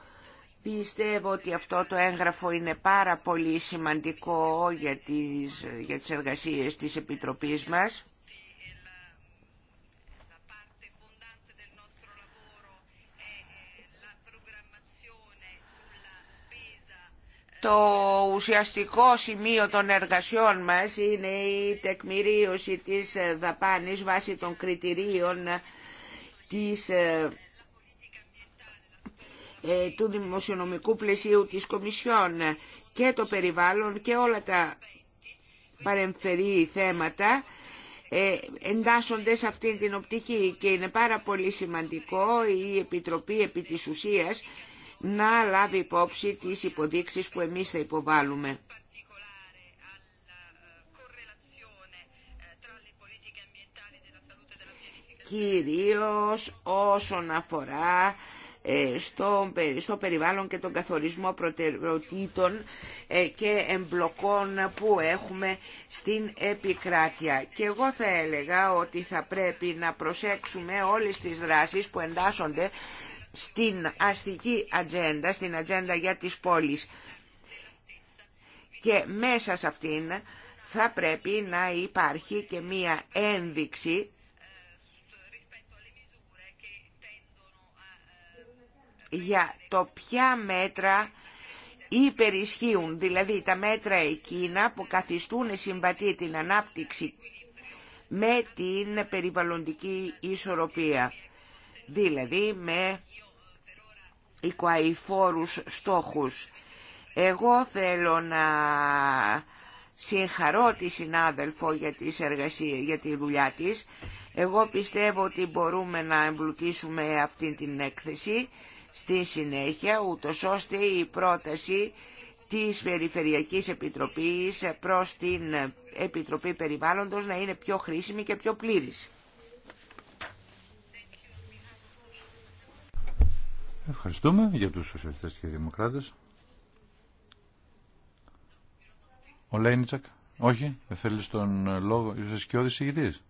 πιστεύω ότι αυτό το έγγραφο είναι πάρα πολύ σημαντικό για τις, για τις εργασίες της Επιτροπής μας. Το ουσιαστικό σημείο των εργασιών μας είναι η τεκμηρίωση της δαπάνης βάσει των κριτηρίων της, ε, ε, του δημοσιονομικού πλαισίου της Κομισιόν και το περιβάλλον και όλα τα παρεμφερή θέματα ε, εντάσσονται σε αυτήν την οπτική και είναι πάρα πολύ σημαντικό η Επιτροπή επί της ουσίας να λάβει υπόψη τις υποδείξεις που εμείς θα υποβάλουμε. Κυρίως όσον αφορά ε, στο περιβάλλον και τον καθορισμό προτεραιοτήτων ε, και εμπλοκών που έχουμε στην επικράτεια. Και εγώ θα έλεγα ότι θα πρέπει να προσέξουμε όλες τις δράσεις που εντάσσονται στην αστική ατζέντα, στην ατζέντα για τις πόλεις. Και μέσα σε αυτήν θα πρέπει να υπάρχει και μία ένδειξη για το ποια μέτρα υπερισχύουν, δηλαδή τα μέτρα εκείνα που καθιστούν συμβατή την ανάπτυξη με την περιβαλλοντική ισορροπία, δηλαδή με οικοαϊφόρους στόχους. Εγώ θέλω να συγχαρώ τη συνάδελφο για, τις εργασίες, για τη δουλειά της. Εγώ πιστεύω ότι μπορούμε να εμπλουτίσουμε αυτή την έκθεση στη συνέχεια, ούτω ώστε η πρόταση της Περιφερειακής Επιτροπής προς την Επιτροπή Περιβάλλοντος να είναι πιο χρήσιμη και πιο πλήρης. Ευχαριστούμε για τους σοσιαλιστές και δημοκράτες. Ο Λέινιτσακ, όχι, δεν θέλεις τον λόγο, είσαι σκιώδης ηγητής.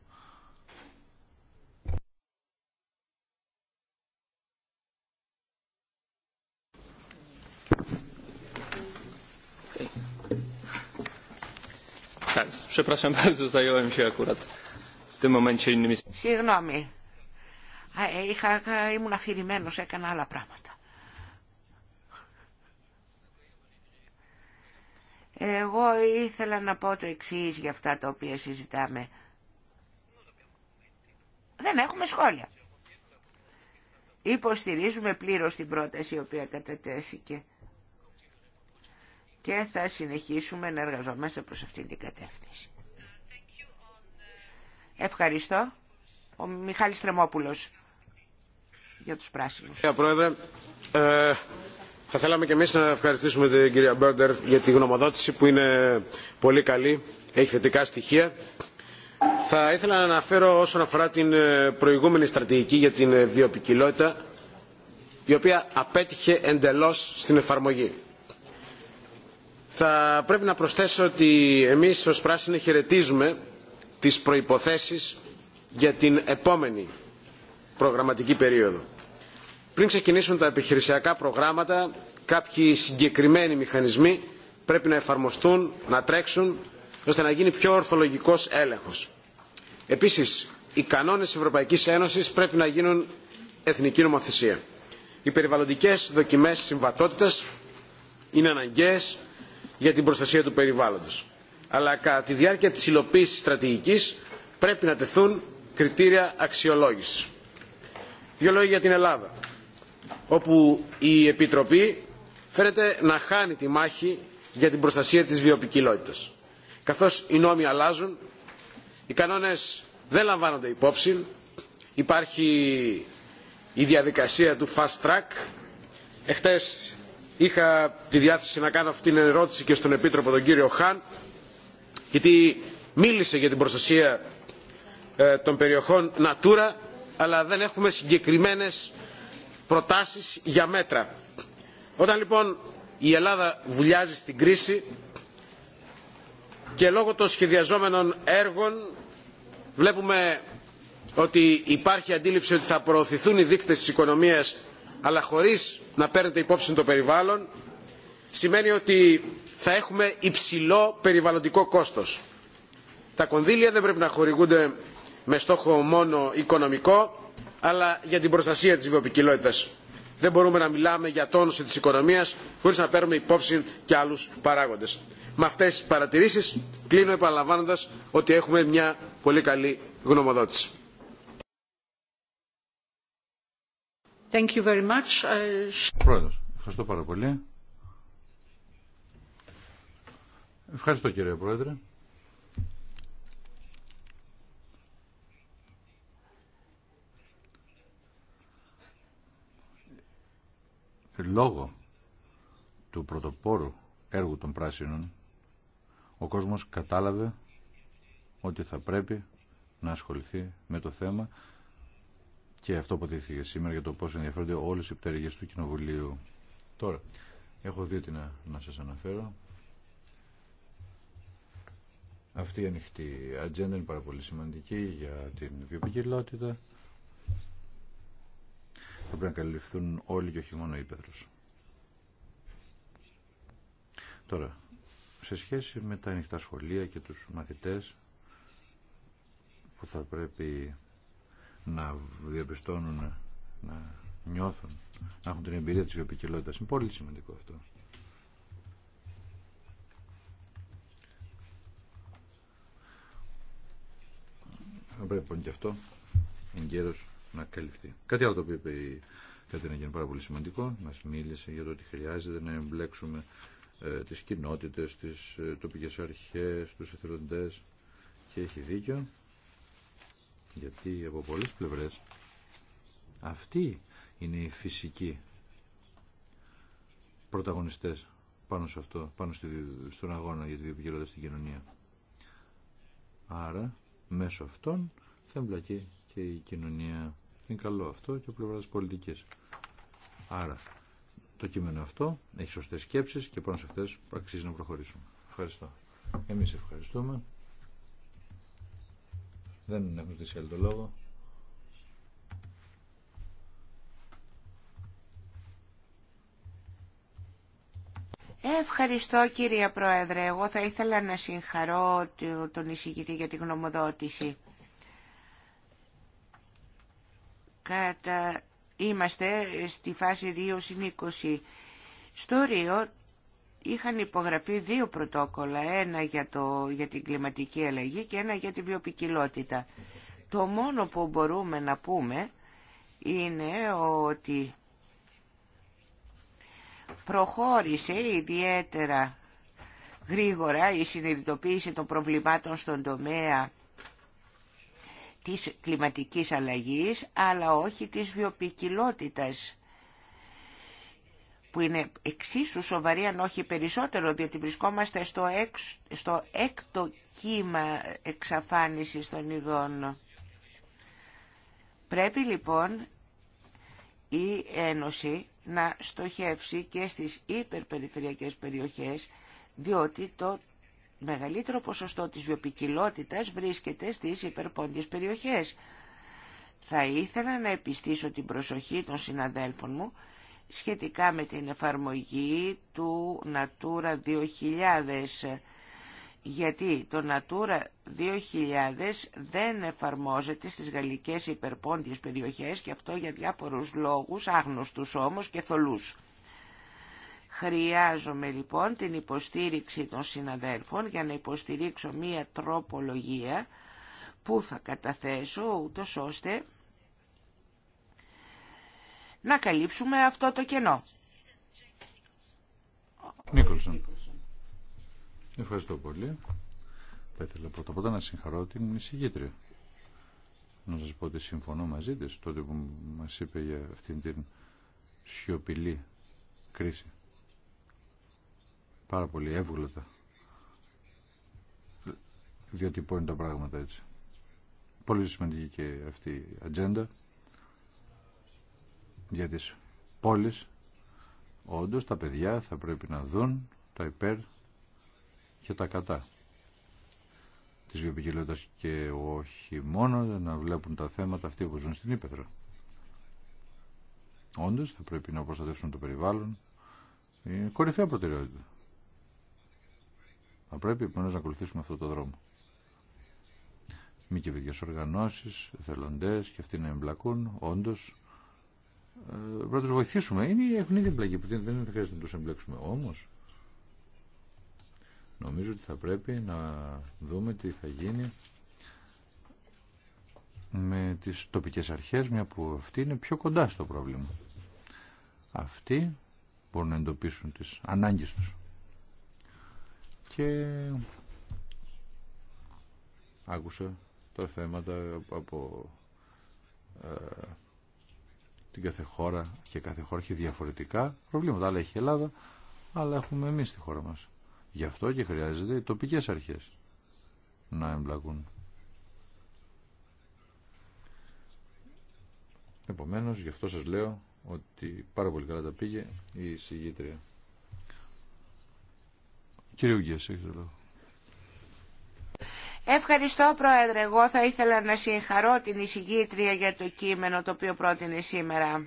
Συγγνώμη, ε, είχα, ε, ήμουν αφηρημένος, έκανα άλλα πράγματα. Εγώ ήθελα να πω το εξής για αυτά τα οποία συζητάμε. Δεν έχουμε σχόλια. Υποστηρίζουμε πλήρως την πρόταση η οποία κατατέθηκε και θα συνεχίσουμε να εργαζόμαστε προς αυτήν την κατεύθυνση. Ευχαριστώ. Ο Μιχάλης Τρεμόπουλος για Κύριε Πρόεδρε, ε, θα θέλαμε και εμείς να ευχαριστήσουμε την κυρία Μπέρντερ για τη γνωμοδότηση που είναι πολύ καλή, έχει θετικά στοιχεία. Θα ήθελα να αναφέρω όσον αφορά την ε, προηγούμενη στρατηγική για την ε, βιοπικιλότητα, η οποία απέτυχε εντελώς στην εφαρμογή. Θα πρέπει να προσθέσω ότι εμείς ως πράσινοι χαιρετίζουμε τις προϋποθέσεις για την επόμενη προγραμματική περίοδο πριν ξεκινήσουν τα επιχειρησιακά προγράμματα κάποιοι συγκεκριμένοι μηχανισμοί πρέπει να εφαρμοστούν να τρέξουν ώστε να γίνει πιο ορθολογικός έλεγχος. Επίσης, οι κανόνες της Ευρωπαϊκής Ένωσης πρέπει να γίνουν εθνική νομοθεσία. Οι περιβαλλοντικές δοκιμές συμβατότητας είναι αναγκαίες για την προστασία του περιβάλλοντος. Αλλά κατά τη διάρκεια της υλοποίησης στρατηγικής πρέπει να τεθούν κριτήρια αξιολόγηση Δύο λόγια για την Ελλάδα όπου η Επιτροπή φαίνεται να χάνει τη μάχη για την προστασία της βιοποικιλότητας, Καθώς οι νόμοι αλλάζουν, οι κανόνες δεν λαμβάνονται υπόψη, υπάρχει η διαδικασία του fast track. Εχθές είχα τη διάθεση να κάνω αυτή την ερώτηση και στον Επίτροπο τον κύριο Χάν, γιατί μίλησε για την προστασία ε, των περιοχών Natura, αλλά δεν έχουμε συγκεκριμένες προτάσεις για μέτρα. Όταν λοιπόν η Ελλάδα βουλιάζει στην κρίση και λόγω των σχεδιαζόμενων έργων βλέπουμε ότι υπάρχει αντίληψη ότι θα προωθηθούν οι δείκτες της οικονομίας αλλά χωρίς να παίρνετε υπόψη το περιβάλλον σημαίνει ότι θα έχουμε υψηλό περιβαλλοντικό κόστος. Τα κονδύλια δεν πρέπει να χορηγούνται με στόχο μόνο οικονομικό αλλά για την προστασία της βιοπικιλότητας. Δεν μπορούμε να μιλάμε για τόνωση της οικονομίας χωρίς να παίρνουμε υπόψη και άλλους παράγοντες. Με αυτές τις παρατηρήσεις κλείνω επαναλαμβάνοντας ότι έχουμε μια πολύ καλή γνωμοδότηση. Ε, ευχαριστώ πάρα πολύ. Ευχαριστώ κύριε Πρόεδρε. λόγω του πρωτοπόρου έργου των πράσινων ο κόσμος κατάλαβε ότι θα πρέπει να ασχοληθεί με το θέμα και αυτό αποδείχθηκε σήμερα για το πώς ενδιαφέρονται όλες οι πτέρυγες του Κοινοβουλίου. Τώρα, έχω δύο τι να, να σας αναφέρω. Αυτή η ανοιχτή ατζέντα είναι πάρα πολύ σημαντική για την βιοποικιλότητα θα πρέπει να καλυφθούν όλοι και όχι μόνο οι Πέτρος. Τώρα, σε σχέση με τα ανοιχτά σχολεία και τους μαθητές που θα πρέπει να διαπιστώνουν, να νιώθουν, να έχουν την εμπειρία της βιοποικιλότητας. Είναι πολύ σημαντικό αυτό. Θα πρέπει λοιπόν και αυτό εγκαίρως να καλυφθεί. Κάτι άλλο το οποίο είπε η Κατερίνα είναι πάρα πολύ σημαντικό. Μας μίλησε για το ότι χρειάζεται να εμπλέξουμε ε, τις κοινότητες, τις ε, τοπικές αρχές, τους εθελοντές και έχει δίκιο γιατί από πολλέ πλευρές αυτοί είναι οι φυσικοί πρωταγωνιστές πάνω σε αυτό, πάνω στον αγώνα για τη βιοπικιλότητα στην κοινωνία. Άρα μέσω αυτών θα εμπλακεί και η κοινωνία είναι καλό αυτό και ο πλευρά τη πολιτική. Άρα, το κείμενο αυτό έχει σωστέ σκέψει και πάνω σε αυτέ αξίζει να προχωρήσουμε. Ευχαριστώ. Εμεί ευχαριστούμε. Δεν έχουν ζητήσει άλλο το λόγο. Ευχαριστώ κύριε Πρόεδρε. Εγώ θα ήθελα να συγχαρώ τον εισηγητή για την γνωμοδότηση. Κατα... Είμαστε στη φάση 2 συν 20. Στο Ρίο είχαν υπογραφεί δύο πρωτόκολλα, ένα για, το, για την κλιματική αλλαγή και ένα για τη βιοπικιλότητα. Το μόνο που μπορούμε να πούμε είναι ότι προχώρησε ιδιαίτερα γρήγορα η συνειδητοποίηση των προβλημάτων στον τομέα της κλιματικής αλλαγής αλλά όχι της βιοποικιλότητας, που είναι εξίσου σοβαρή αν όχι περισσότερο διότι βρισκόμαστε στο, εξ, στο έκτο κύμα εξαφάνισης των ειδών. Πρέπει λοιπόν η Ένωση να στοχεύσει και στις υπερπεριφερειακές περιοχές διότι το μεγαλύτερο ποσοστό της βιοπικιλότητας βρίσκεται στις υπερπόντιες περιοχές. Θα ήθελα να επιστήσω την προσοχή των συναδέλφων μου σχετικά με την εφαρμογή του Natura 2000 γιατί το Natura 2000 δεν εφαρμόζεται στις γαλλικές υπερπόντιες περιοχές και αυτό για διάφορους λόγους άγνωστους όμως και θολούς. Χρειάζομαι λοιπόν την υποστήριξη των συναδέλφων για να υποστηρίξω μία τροπολογία που θα καταθέσω ούτως ώστε να καλύψουμε αυτό το κενό. Νίκολσον. Ευχαριστώ πολύ. Θα ήθελα πρώτα απ' να συγχαρώ την εισηγήτρια. Να σας πω ότι συμφωνώ μαζί της τότε που μας είπε για αυτήν την σιωπηλή κρίση πάρα πολύ εύγλωτα διατυπώνει τα πράγματα έτσι. Πολύ σημαντική και αυτή η ατζέντα για τις πόλεις. Όντως τα παιδιά θα πρέπει να δουν τα υπέρ και τα κατά της βιοποικιλότητας και όχι μόνο να βλέπουν τα θέματα αυτοί που ζουν στην Ήπεθρο. Όντως θα πρέπει να προστατεύσουν το περιβάλλον. Είναι κορυφαία προτεραιότητα. Θα πρέπει επομένω να ακολουθήσουμε αυτό το δρόμο. Μη και κυβερνητικέ οργανώσει, εθελοντέ και αυτοί να εμπλακούν, όντω. Ε, πρέπει να του βοηθήσουμε. Είναι, έχουν ήδη που δεν χρειάζεται να του εμπλέξουμε. Όμω, νομίζω ότι θα πρέπει να δούμε τι θα γίνει με τις τοπικές αρχές, μια που αυτή είναι πιο κοντά στο πρόβλημα. Αυτοί μπορούν να εντοπίσουν τις ανάγκες τους και άκουσα τα θέματα από ε, την κάθε χώρα και κάθε χώρα έχει διαφορετικά προβλήματα. Άλλα έχει η Ελλάδα, αλλά έχουμε εμείς τη χώρα μας. Γι' αυτό και χρειάζεται οι τοπικές αρχές να εμπλακούν. Επομένως, γι' αυτό σας λέω ότι πάρα πολύ καλά τα πήγε η συγγήτρια. Κύριε έχετε Ευχαριστώ Πρόεδρε. Εγώ θα ήθελα να συγχαρώ την εισηγήτρια για το κείμενο το οποίο πρότεινε σήμερα.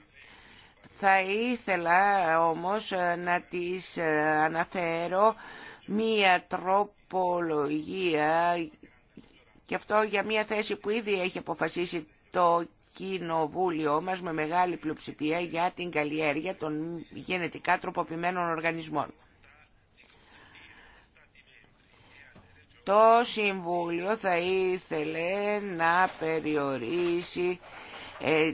Θα ήθελα όμως να της ε, αναφέρω μία τροπολογία και αυτό για μία θέση που ήδη έχει αποφασίσει το κοινοβούλιο μας με μεγάλη πλειοψηφία για την καλλιέργεια των γενετικά τροποποιημένων οργανισμών. Το Συμβούλιο θα ήθελε να περιορίσει ε,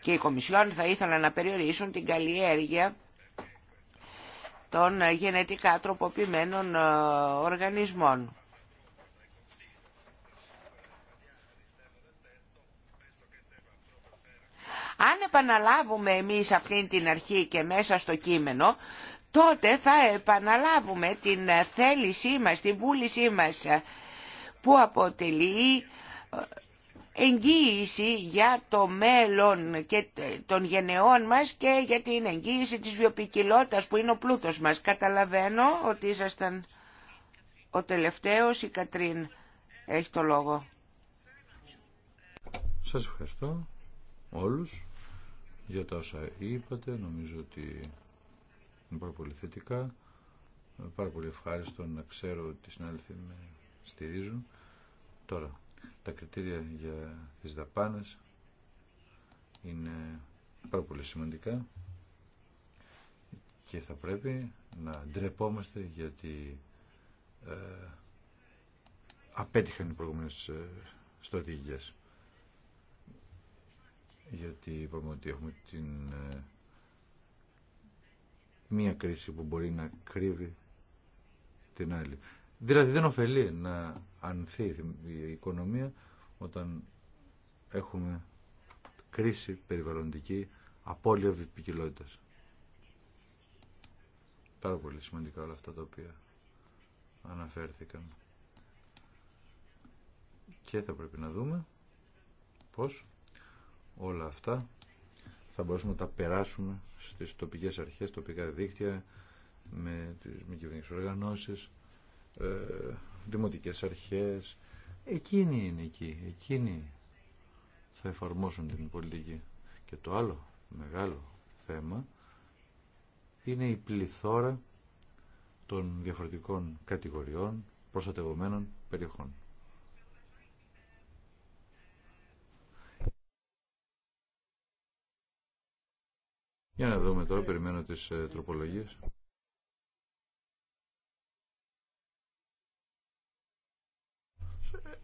και οι Κομισιόν θα ήθελαν να περιορίσουν την καλλιέργεια των γενετικά τροποποιημένων ε, οργανισμών. Αν επαναλάβουμε εμείς αυτή την αρχή και μέσα στο κείμενο, τότε θα επαναλάβουμε την θέλησή μας, τη βούλησή μας που αποτελεί ε, εγγύηση για το μέλλον και των γενεών μας και για την εγγύηση της βιοπικιλότητας που είναι ο πλούτος μας. Καταλαβαίνω ότι ήσασταν ο τελευταίος, η Κατρίν έχει το λόγο. Σας ευχαριστώ όλους για τα όσα είπατε. Νομίζω ότι πάρα πολύ θετικά. Ε, πάρα πολύ ευχάριστο να ξέρω ότι οι συνάδελφοι με στηρίζουν. Τώρα, τα κριτήρια για τις δαπάνες είναι πάρα πολύ σημαντικά και θα πρέπει να ντρεπόμαστε γιατί ε, απέτυχαν οι προηγούμενες ε, στρατηγικές. Γιατί είπαμε ότι έχουμε την ε, μία κρίση που μπορεί να κρύβει την άλλη. Δηλαδή δεν ωφελεί να ανθεί η οικονομία όταν έχουμε κρίση περιβαλλοντική απώλεια ποικιλότητα. Πάρα πολύ σημαντικά όλα αυτά τα οποία αναφέρθηκαν. Και θα πρέπει να δούμε πώς όλα αυτά θα μπορέσουμε να τα περάσουμε στις τοπικές αρχές, τοπικά δίκτυα, με τις μη κυβερνικές οργανώσεις, ε, δημοτικές αρχές. Εκείνοι είναι εκεί, εκείνοι θα εφαρμόσουν την πολιτική. Και το άλλο μεγάλο θέμα είναι η πληθώρα των διαφορετικών κατηγοριών προστατευμένων περιοχών. Για να δούμε τώρα, περιμένω τις ε, τροπολογίες. Ε,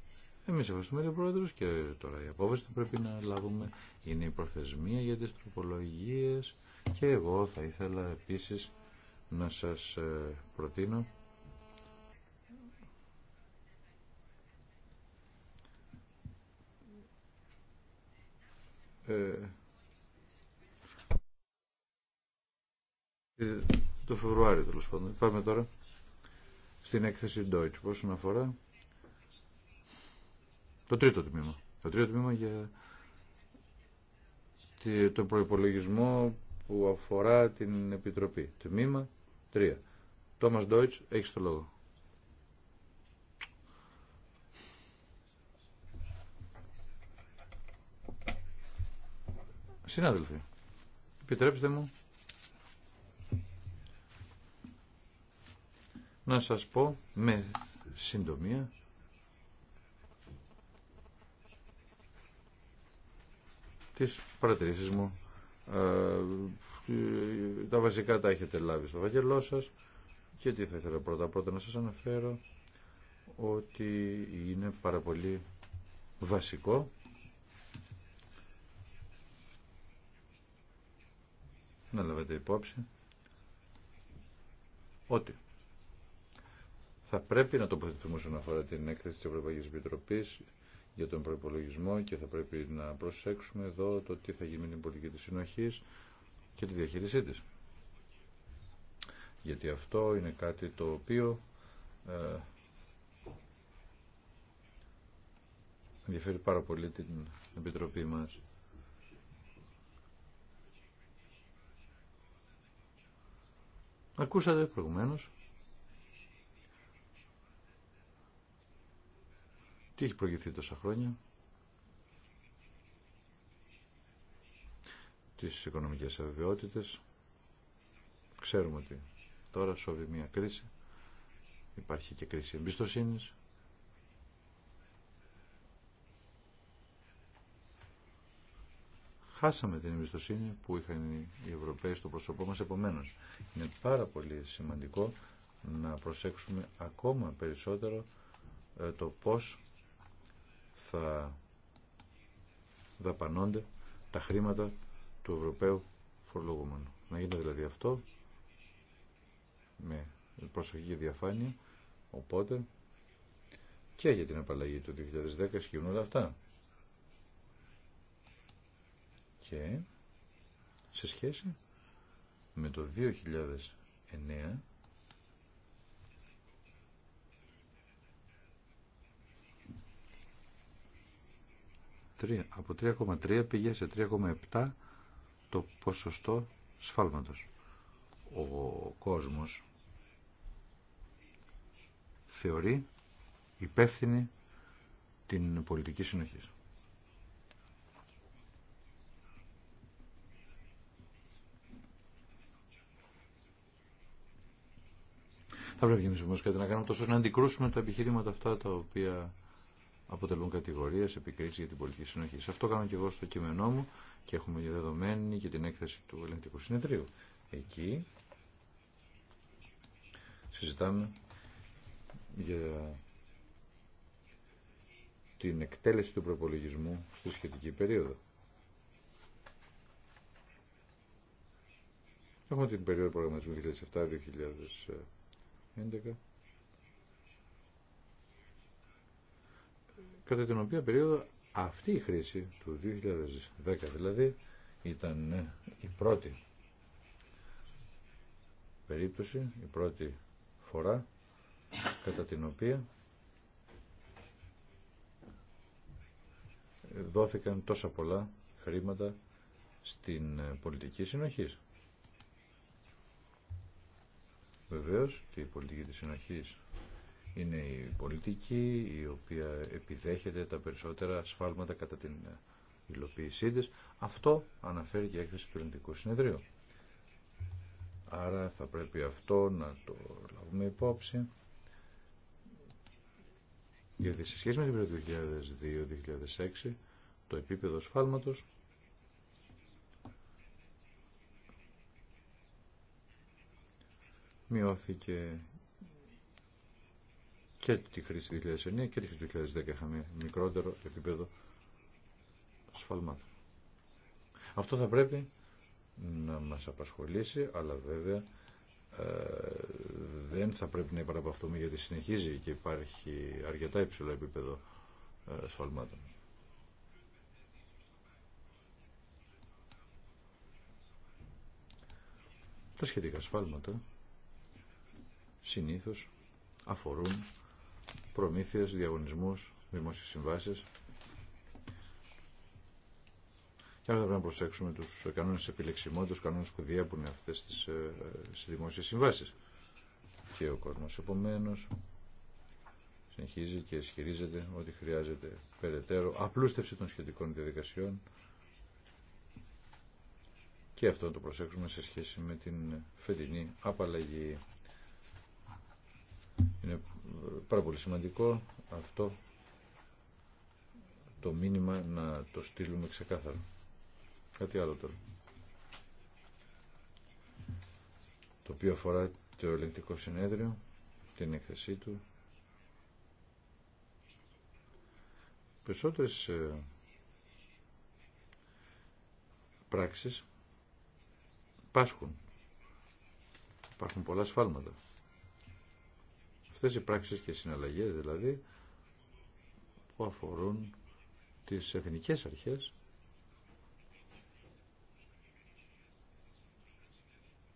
εμείς ευχαριστούμε τον πρόεδρο και τώρα η απόφαση που πρέπει να λάβουμε είναι η προθεσμία για τις τροπολογίες και εγώ θα ήθελα επίσης να σας ε, προτείνω ε, Ε, το Φεβρουάριο τέλο πάντων. Πάμε τώρα στην έκθεση Deutsch όσον αφορά το τρίτο τμήμα. Το τρίτο τμήμα για τον προπολογισμό που αφορά την Επιτροπή. Τμήμα 3. Τόμας Deutsch, έχει το λόγο. Συνάδελφοι, επιτρέψτε μου να σας πω με συντομία τις παρατηρήσεις μου. Ε, τα βασικά τα έχετε λάβει στο φαγγελό σας και τι θα ήθελα πρώτα πρώτα να σας αναφέρω ότι είναι πάρα πολύ βασικό να λάβετε υπόψη ότι θα πρέπει να τοποθετηθούμε όσον αφορά την έκθεση της Ευρωπαϊκής Επιτροπής για τον προπολογισμό και θα πρέπει να προσέξουμε εδώ το τι θα γίνει με την πολιτική της συνοχής και τη διαχείρισή της. Γιατί αυτό είναι κάτι το οποίο ε, ενδιαφέρει πάρα πολύ την Επιτροπή μας. Ακούσατε προηγουμένως Τι έχει προηγηθεί τόσα χρόνια. Τις οικονομικές αβεβαιότητες. Ξέρουμε ότι τώρα σώβει μια κρίση. Υπάρχει και κρίση εμπιστοσύνης. χάσαμε την εμπιστοσύνη που είχαν οι Ευρωπαίοι στο πρόσωπό μας επομένως. Είναι πάρα πολύ σημαντικό να προσέξουμε ακόμα περισσότερο ε, το πώς θα δαπανώνται τα χρήματα του Ευρωπαίου φορολογούμενου. Να γίνεται δηλαδή αυτό με προσοχή διαφάνεια, οπότε και για την απαλλαγή του 2010 ισχύουν όλα αυτά. Και σε σχέση με το 2009 3, από 3,3 πήγε σε 3,7 το ποσοστό σφάλματος. Ο κόσμος θεωρεί υπεύθυνη την πολιτική συνοχή. Θα πρέπει εμείς όμως κάτι να κάνουμε τόσο να αντικρούσουμε τα επιχειρήματα αυτά τα οποία αποτελούν κατηγορίε επικρίση για την πολιτική συνοχή. Σε αυτό κάνω και εγώ στο κείμενό μου και έχουμε δεδομένη και την έκθεση του Ελληνικού Συνεδρίου. Εκεί συζητάμε για την εκτέλεση του προπολογισμού στη σχετική περίοδο. Έχουμε την περίοδο προγραμματισμού 2007-2011 κατά την οποία περίοδο αυτή η χρήση του 2010 δηλαδή ήταν ε, η πρώτη περίπτωση, η πρώτη φορά κατά την οποία δόθηκαν τόσα πολλά χρήματα στην ε, πολιτική συνοχή. Βεβαίως και η πολιτική της συνοχής είναι η πολιτική η οποία επιδέχεται τα περισσότερα σφάλματα κατά την υλοποίησή της. Αυτό αναφέρει και η έκθεση του Ελληνικού Συνεδρίου. Άρα θα πρέπει αυτό να το λάβουμε υπόψη. Γιατί σε σχέση με την περίοδο 2002-2006 το επίπεδο σφάλματος μειώθηκε και τη χρήση 2009 και τη χρήση 2010 είχαμε μικρότερο επίπεδο σφαλμάτων. Αυτό θα πρέπει να μας απασχολήσει, αλλά βέβαια ε, δεν θα πρέπει να υπαραπαυτούμε γιατί συνεχίζει και υπάρχει αρκετά υψηλό επίπεδο ασφαλμάτων. Ε, Τα σχετικά σφάλματα συνήθως αφορούν προμήθειες, διαγωνισμούς, δημόσιες συμβάσεις. Και άρα θα πρέπει να προσέξουμε τους κανόνες επιλεξιμότητας, τους κανόνες που διέπουν αυτές ε, τις δημόσιες συμβάσεις. Και ο κόσμος επομένως συνεχίζει και ισχυρίζεται ότι χρειάζεται περαιτέρω απλούστευση των σχετικών διαδικασιών και αυτό το προσέξουμε σε σχέση με την φετινή απαλλαγή πάρα πολύ σημαντικό αυτό το μήνυμα να το στείλουμε ξεκάθαρα. Κάτι άλλο τώρα. Το οποίο αφορά το ελεγκτικό συνέδριο, την έκθεσή του. Περισσότερες ε, πράξεις πάσχουν. Υπάρχουν πολλά σφάλματα αυτές οι πράξεις και συναλλαγές δηλαδή που αφορούν τις εθνικές αρχές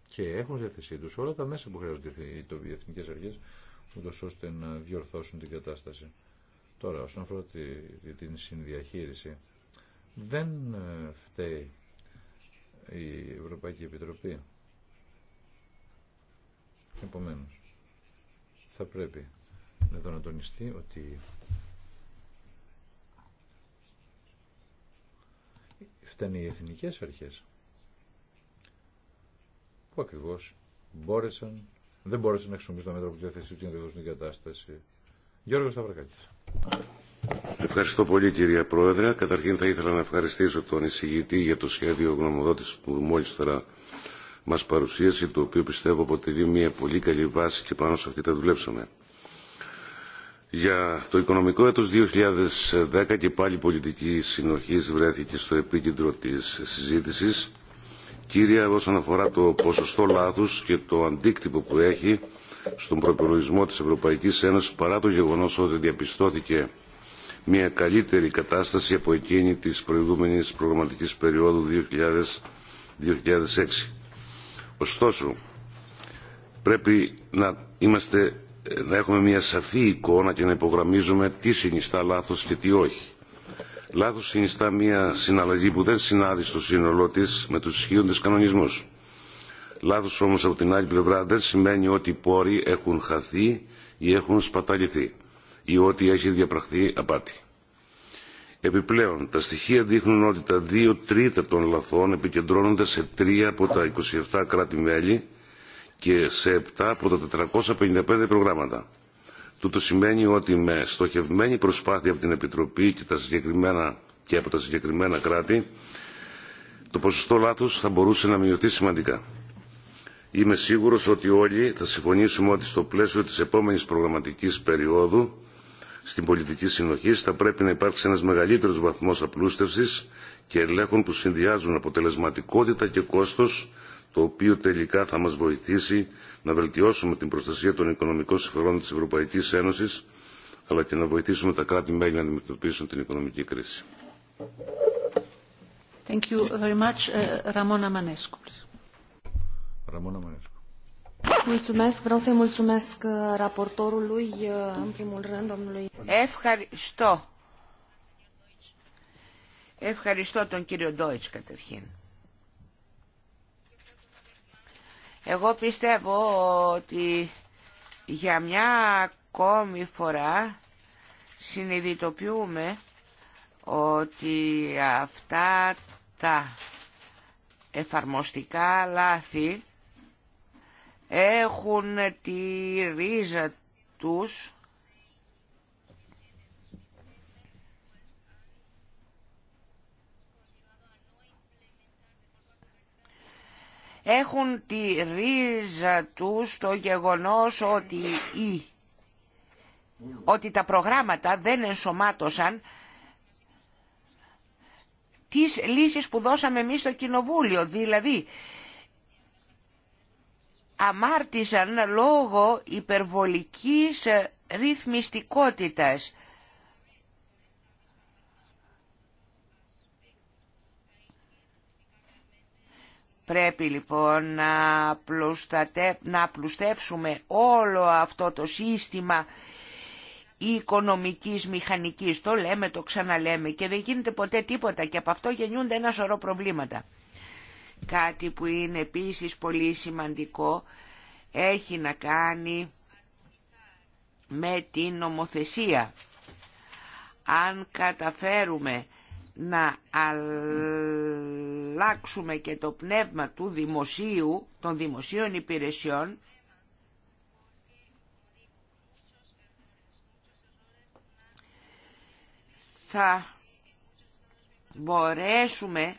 και έχουν ζητήσει τους όλα τα μέσα που χρειάζονται οι εθνικές αρχές ούτως ώστε να διορθώσουν την κατάσταση. Τώρα, όσον αφορά την συνδιαχείριση, δεν ε, φταίει η Ευρωπαϊκή Επιτροπή. Επομένως, θα πρέπει εδώ να τονιστεί ότι φτάνει οι εθνικές αρχές που ακριβώς μπόρεσαν, δεν μπόρεσαν να χρησιμοποιήσουν τα μέτρα που διαθέσει την διευθυντική κατάσταση. Γιώργος Σταυρακάκη. Ευχαριστώ πολύ κυρία Πρόεδρε. Καταρχήν θα ήθελα να ευχαριστήσω τον εισηγητή για το σχέδιο γνωμοδότηση που μόλις τώρα μας παρουσίασε, το οποίο πιστεύω αποτελεί μια πολύ καλή βάση και πάνω σε αυτή τα δουλέψαμε. Για το οικονομικό έτος 2010 και πάλι η πολιτική συνοχή βρέθηκε στο επίκεντρο της συζήτησης, κύρια όσον αφορά το ποσοστό λάθους και το αντίκτυπο που έχει στον προπολογισμό της Ευρωπαϊκής Ένωσης παρά το γεγονός ότι διαπιστώθηκε μια καλύτερη κατάσταση από εκείνη της προηγούμενης προγραμματικής περίοδου 2000 2006. Ωστόσο, πρέπει να, είμαστε, να έχουμε μια σαφή εικόνα και να υπογραμμίζουμε τι συνιστά λάθος και τι όχι. Λάθος συνιστά μια συναλλαγή που δεν συνάδει στο σύνολό της με τους ισχύοντες κανονισμούς. Λάθος όμως από την άλλη πλευρά δεν σημαίνει ότι οι πόροι έχουν χαθεί ή έχουν σπαταληθεί ή ότι έχει διαπραχθεί απάτη. Επιπλέον, τα στοιχεία δείχνουν ότι τα δύο τρίτα των λαθών επικεντρώνονται σε τρία από τα 27 κράτη-μέλη και σε 7 από τα 455 προγράμματα. Τούτο σημαίνει ότι με στοχευμένη προσπάθεια από την Επιτροπή και, τα συγκεκριμένα, και από τα συγκεκριμένα κράτη, το ποσοστό λάθους θα μπορούσε να μειωθεί σημαντικά. Είμαι σίγουρος ότι όλοι θα συμφωνήσουμε ότι στο πλαίσιο της επόμενης προγραμματικής περίοδου στην πολιτική συνοχή θα πρέπει να υπάρξει ένας μεγαλύτερος βαθμός απλούστευσης και ελέγχων που συνδυάζουν αποτελεσματικότητα και κόστος το οποίο τελικά θα μας βοηθήσει να βελτιώσουμε την προστασία των οικονομικών συμφερόντων της Ευρωπαϊκής Ένωσης αλλά και να βοηθήσουμε τα κράτη-μέλη να αντιμετωπίσουν την οικονομική κρίση. Thank you very much. Ramona Manescu, Ramona Manescu. Ευχαριστώ. Ευχαριστώ τον κύριο Ντόιτς καταρχήν. Εγώ πιστεύω ότι για μια ακόμη φορά συνειδητοποιούμε ότι αυτά τα εφαρμοστικά λάθη έχουν τη ρίζα τους έχουν τη ρίζα τους το γεγονός ότι, ότι τα προγράμματα δεν ενσωμάτωσαν τις λύσεις που δώσαμε εμείς στο Κοινοβούλιο. Δηλαδή, αμάρτησαν λόγω υπερβολικής ε, ρυθμιστικότητας. Πρέπει λοιπόν να, να πλουστεύσουμε όλο αυτό το σύστημα οικονομικής μηχανικής. Το λέμε, το ξαναλέμε και δεν γίνεται ποτέ τίποτα και από αυτό γεννιούνται ένα σωρό προβλήματα. Κάτι που είναι επίσης πολύ σημαντικό έχει να κάνει με την νομοθεσία. Αν καταφέρουμε να αλλάξουμε και το πνεύμα του δημοσίου, των δημοσίων υπηρεσιών, θα μπορέσουμε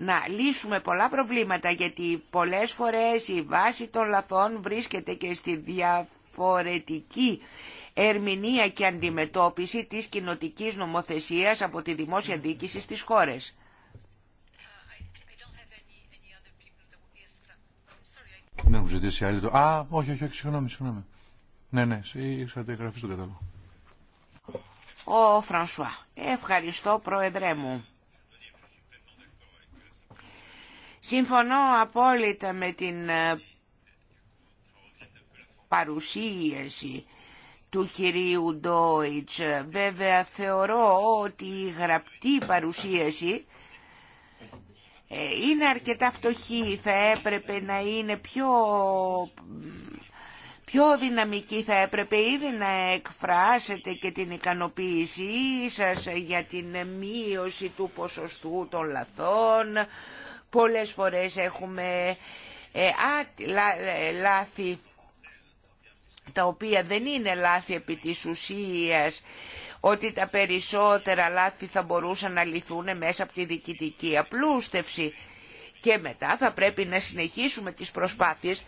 να λύσουμε πολλά προβλήματα γιατί πολλές φορές η βάση των λαθών βρίσκεται και στη διαφορετική ερμηνεία και αντιμετώπιση της κοινοτική νομοθεσίας από τη δημόσια διοίκηση στις χώρες. Δεν ζητήσει άλλη το... Α, όχι, όχι, όχι, συγγνώμη, Ναι, ναι, τη εγγραφή στον κατάλογο. Ο Φρανσουά, ευχαριστώ πρόεδρέ μου. Συμφωνώ απόλυτα με την ε, παρουσίαση του κυρίου Ντόιτς. Βέβαια θεωρώ ότι η γραπτή παρουσίαση ε, είναι αρκετά φτωχή, θα έπρεπε να είναι πιο, πιο δυναμική, θα έπρεπε ήδη να εκφράσετε και την ικανοποίησή σας για την μείωση του ποσοστού των λαθών, Πολλές φορές έχουμε ε, λάθη τα οποία δεν είναι λάθη επί της ουσίας, ότι τα περισσότερα λάθη θα μπορούσαν να λυθούν μέσα από τη διοικητική απλούστευση και μετά θα πρέπει να συνεχίσουμε τις προσπάθειες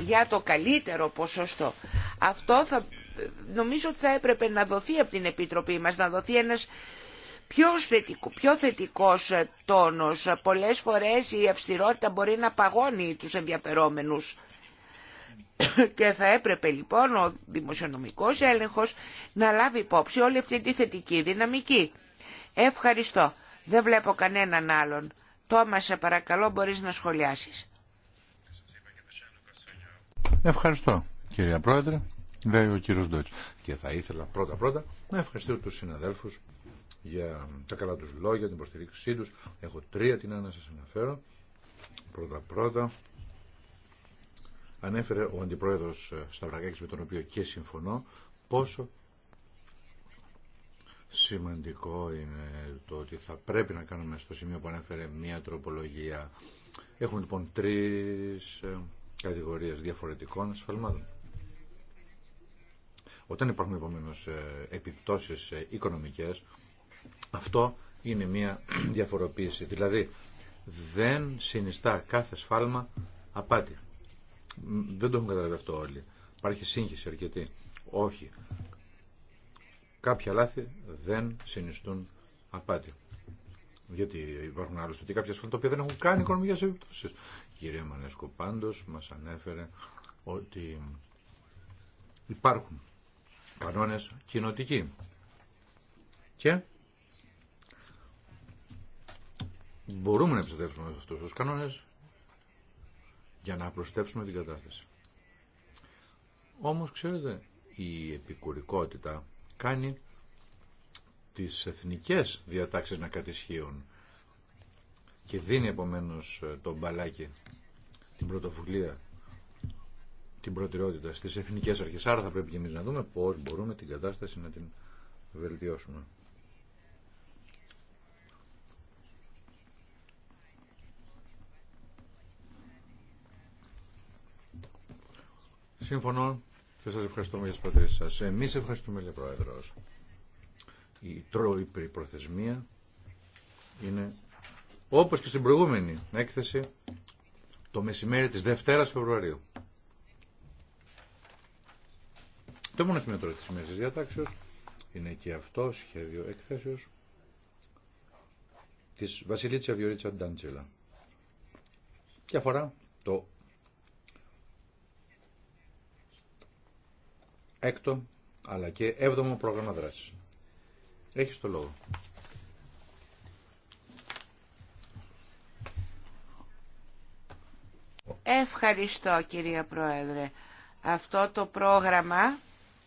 για το καλύτερο ποσοστό. Αυτό θα, νομίζω ότι θα έπρεπε να δοθεί από την Επιτροπή μας, να δοθεί ένας πιο, θετικό, πιο θετικός ε, τόνος. Ε, πολλές φορές η αυστηρότητα μπορεί να παγώνει τους ενδιαφερόμενους. Και θα έπρεπε λοιπόν ο δημοσιονομικός έλεγχος να λάβει υπόψη όλη αυτή τη θετική δυναμική. Ευχαριστώ. Δεν βλέπω κανέναν άλλον. Τόμα, σε παρακαλώ μπορείς να σχολιάσεις. Ευχαριστώ κυρία Πρόεδρε, λέει ο κύριος Ντότς. Και θα ήθελα πρώτα πρώτα να ευχαριστήσω τους συναδέλφους για τα καλά τους λόγια, την προστηρίξή τους. Έχω τρία την να σας αναφέρω. Πρώτα-πρώτα ανέφερε ο Αντιπρόεδρος ε, Σταυρακάκης με τον οποίο και συμφωνώ πόσο σημαντικό είναι το ότι θα πρέπει να κάνουμε στο σημείο που ανέφερε μία τροπολογία. Έχουμε λοιπόν τρεις ε, κατηγορίες διαφορετικών ασφαλμάτων. Όταν υπάρχουν επομένω ε, επιπτώσεις οικονομικές, αυτό είναι μια διαφοροποίηση. Δηλαδή δεν συνιστά κάθε σφάλμα απάτη. Δεν το έχουν καταλάβει αυτό όλοι. Υπάρχει σύγχυση αρκετή. Όχι. Κάποια λάθη δεν συνιστούν απάτη. Γιατί υπάρχουν άλλωστε και κάποια σφάλματα που δεν έχουν κάνει οικονομικέ επιπτώσει. Κύριε Μανέσκο, πάντω μα ανέφερε ότι υπάρχουν κανόνε κοινοτικοί. Και μπορούμε να επιστρέψουμε αυτούς τους κανόνες για να προστέψουμε την κατάσταση. Όμως, ξέρετε, η επικουρικότητα κάνει τις εθνικές διατάξεις να κατησχύουν και δίνει επομένως τον μπαλάκι την πρωτοβουλία την προτεραιότητα στις εθνικές αρχές. Άρα θα πρέπει και εμείς να δούμε πώς μπορούμε την κατάσταση να την βελτιώσουμε. Συμφωνώ και σας ευχαριστούμε για τις πατρίες σας. Εμείς ευχαριστούμε, λέει Πρόεδρος. Η τροή προθεσμία είναι, όπως και στην προηγούμενη έκθεση, το μεσημέρι της Δευτέρας Φεβρουαρίου. Το μόνο σημείο τώρα της μέσης διατάξεως είναι και αυτό σχέδιο εκθέσεως της Βασιλίτσια Βιωρίτσα Ντάντσελα και αφορά το έκτο αλλά και έβδομο πρόγραμμα δράσης. Έχεις το λόγο. Ευχαριστώ κυρία Πρόεδρε. Αυτό το πρόγραμμα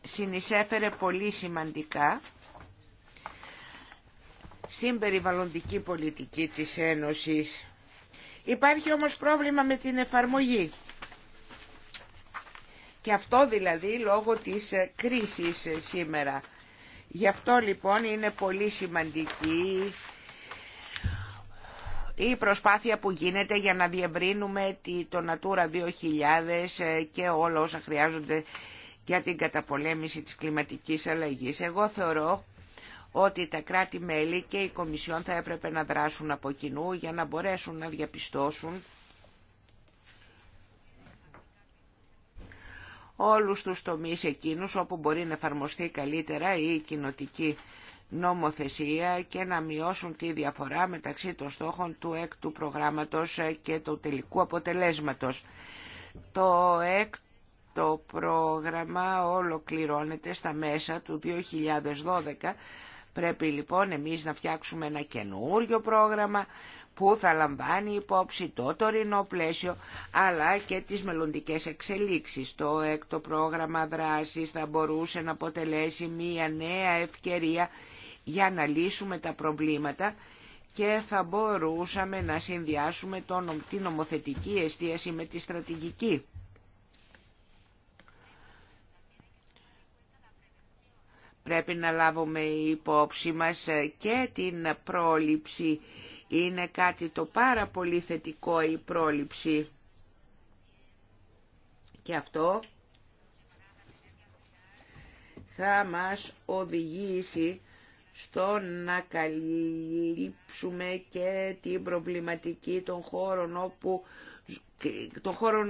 συνεισέφερε πολύ σημαντικά στην περιβαλλοντική πολιτική της Ένωσης. Υπάρχει όμως πρόβλημα με την εφαρμογή. Και αυτό δηλαδή λόγω της ε, κρίσης ε, σήμερα. Γι' αυτό λοιπόν είναι πολύ σημαντική η προσπάθεια που γίνεται για να διευρύνουμε το Natura 2000 ε, και όλα όσα χρειάζονται για την καταπολέμηση της κλιματικής αλλαγής. Εγώ θεωρώ ότι τα κράτη-μέλη και η Κομισιόν θα έπρεπε να δράσουν από κοινού για να μπορέσουν να διαπιστώσουν όλους τους τομείς εκείνους όπου μπορεί να εφαρμοστεί καλύτερα η κοινοτική νομοθεσία και να μειώσουν τη διαφορά μεταξύ των στόχων του έκτου προγράμματος και του τελικού αποτελέσματος. Το έκτο πρόγραμμα ολοκληρώνεται στα μέσα του 2012. Πρέπει λοιπόν εμείς να φτιάξουμε ένα καινούριο πρόγραμμα που θα λαμβάνει υπόψη το τωρινό πλαίσιο αλλά και τις μελλοντικές εξελίξεις. Το έκτο πρόγραμμα δράσης θα μπορούσε να αποτελέσει μία νέα ευκαιρία για να λύσουμε τα προβλήματα και θα μπορούσαμε να συνδυάσουμε τον, την νομοθετική εστίαση με τη στρατηγική. Πρέπει να λάβουμε υπόψη μας ε, και την πρόληψη είναι κάτι το πάρα πολύ θετικό η πρόληψη και αυτό θα μας οδηγήσει στο να καλύψουμε και την προβληματική των χώρων όπου το χώρο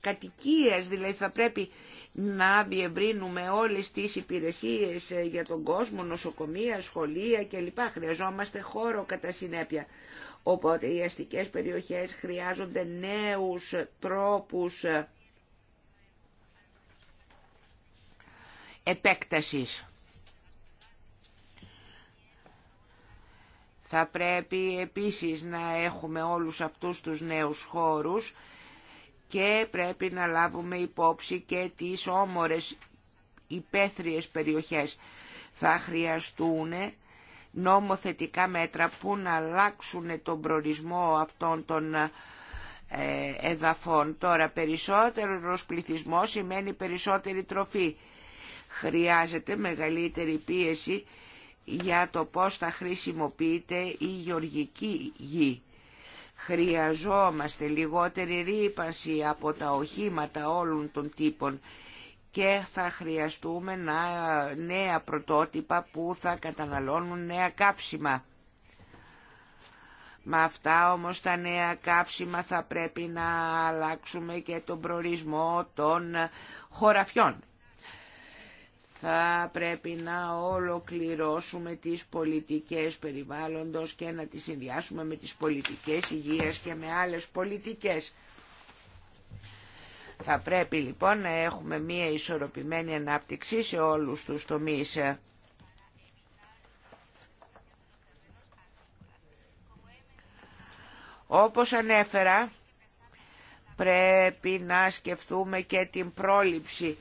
κατοικίας, δηλαδή θα πρέπει να διευρύνουμε όλες τις υπηρεσίες ε, για τον κόσμο, νοσοκομεία, σχολεία κλπ. Χρειαζόμαστε χώρο κατά συνέπεια. Οπότε οι αστικές περιοχές χρειάζονται νέους τρόπους ε, επέκτασης. Θα πρέπει επίσης να έχουμε όλους αυτούς τους νέους χώρους και πρέπει να λάβουμε υπόψη και τις όμορες υπαίθριες περιοχές. Θα χρειαστούν νομοθετικά μέτρα που να αλλάξουν τον προορισμό αυτών των ε, εδαφών. Τώρα περισσότερος πληθυσμός σημαίνει περισσότερη τροφή. Χρειάζεται μεγαλύτερη πίεση για το πώς θα χρησιμοποιείται η γεωργική γη. Χρειαζόμαστε λιγότερη ρήπανση από τα οχήματα όλων των τύπων και θα χρειαστούμε νέα πρωτότυπα που θα καταναλώνουν νέα καύσιμα. Με αυτά όμως τα νέα καύσιμα θα πρέπει να αλλάξουμε και τον προορισμό των χωραφιών θα πρέπει να ολοκληρώσουμε τις πολιτικές περιβάλλοντος και να τις συνδυάσουμε με τις πολιτικές υγείας και με άλλες πολιτικές. Θα πρέπει λοιπόν να έχουμε μία ισορροπημένη ανάπτυξη σε όλους τους τομείς. Όπως ανέφερα, πρέπει να σκεφτούμε και την πρόληψη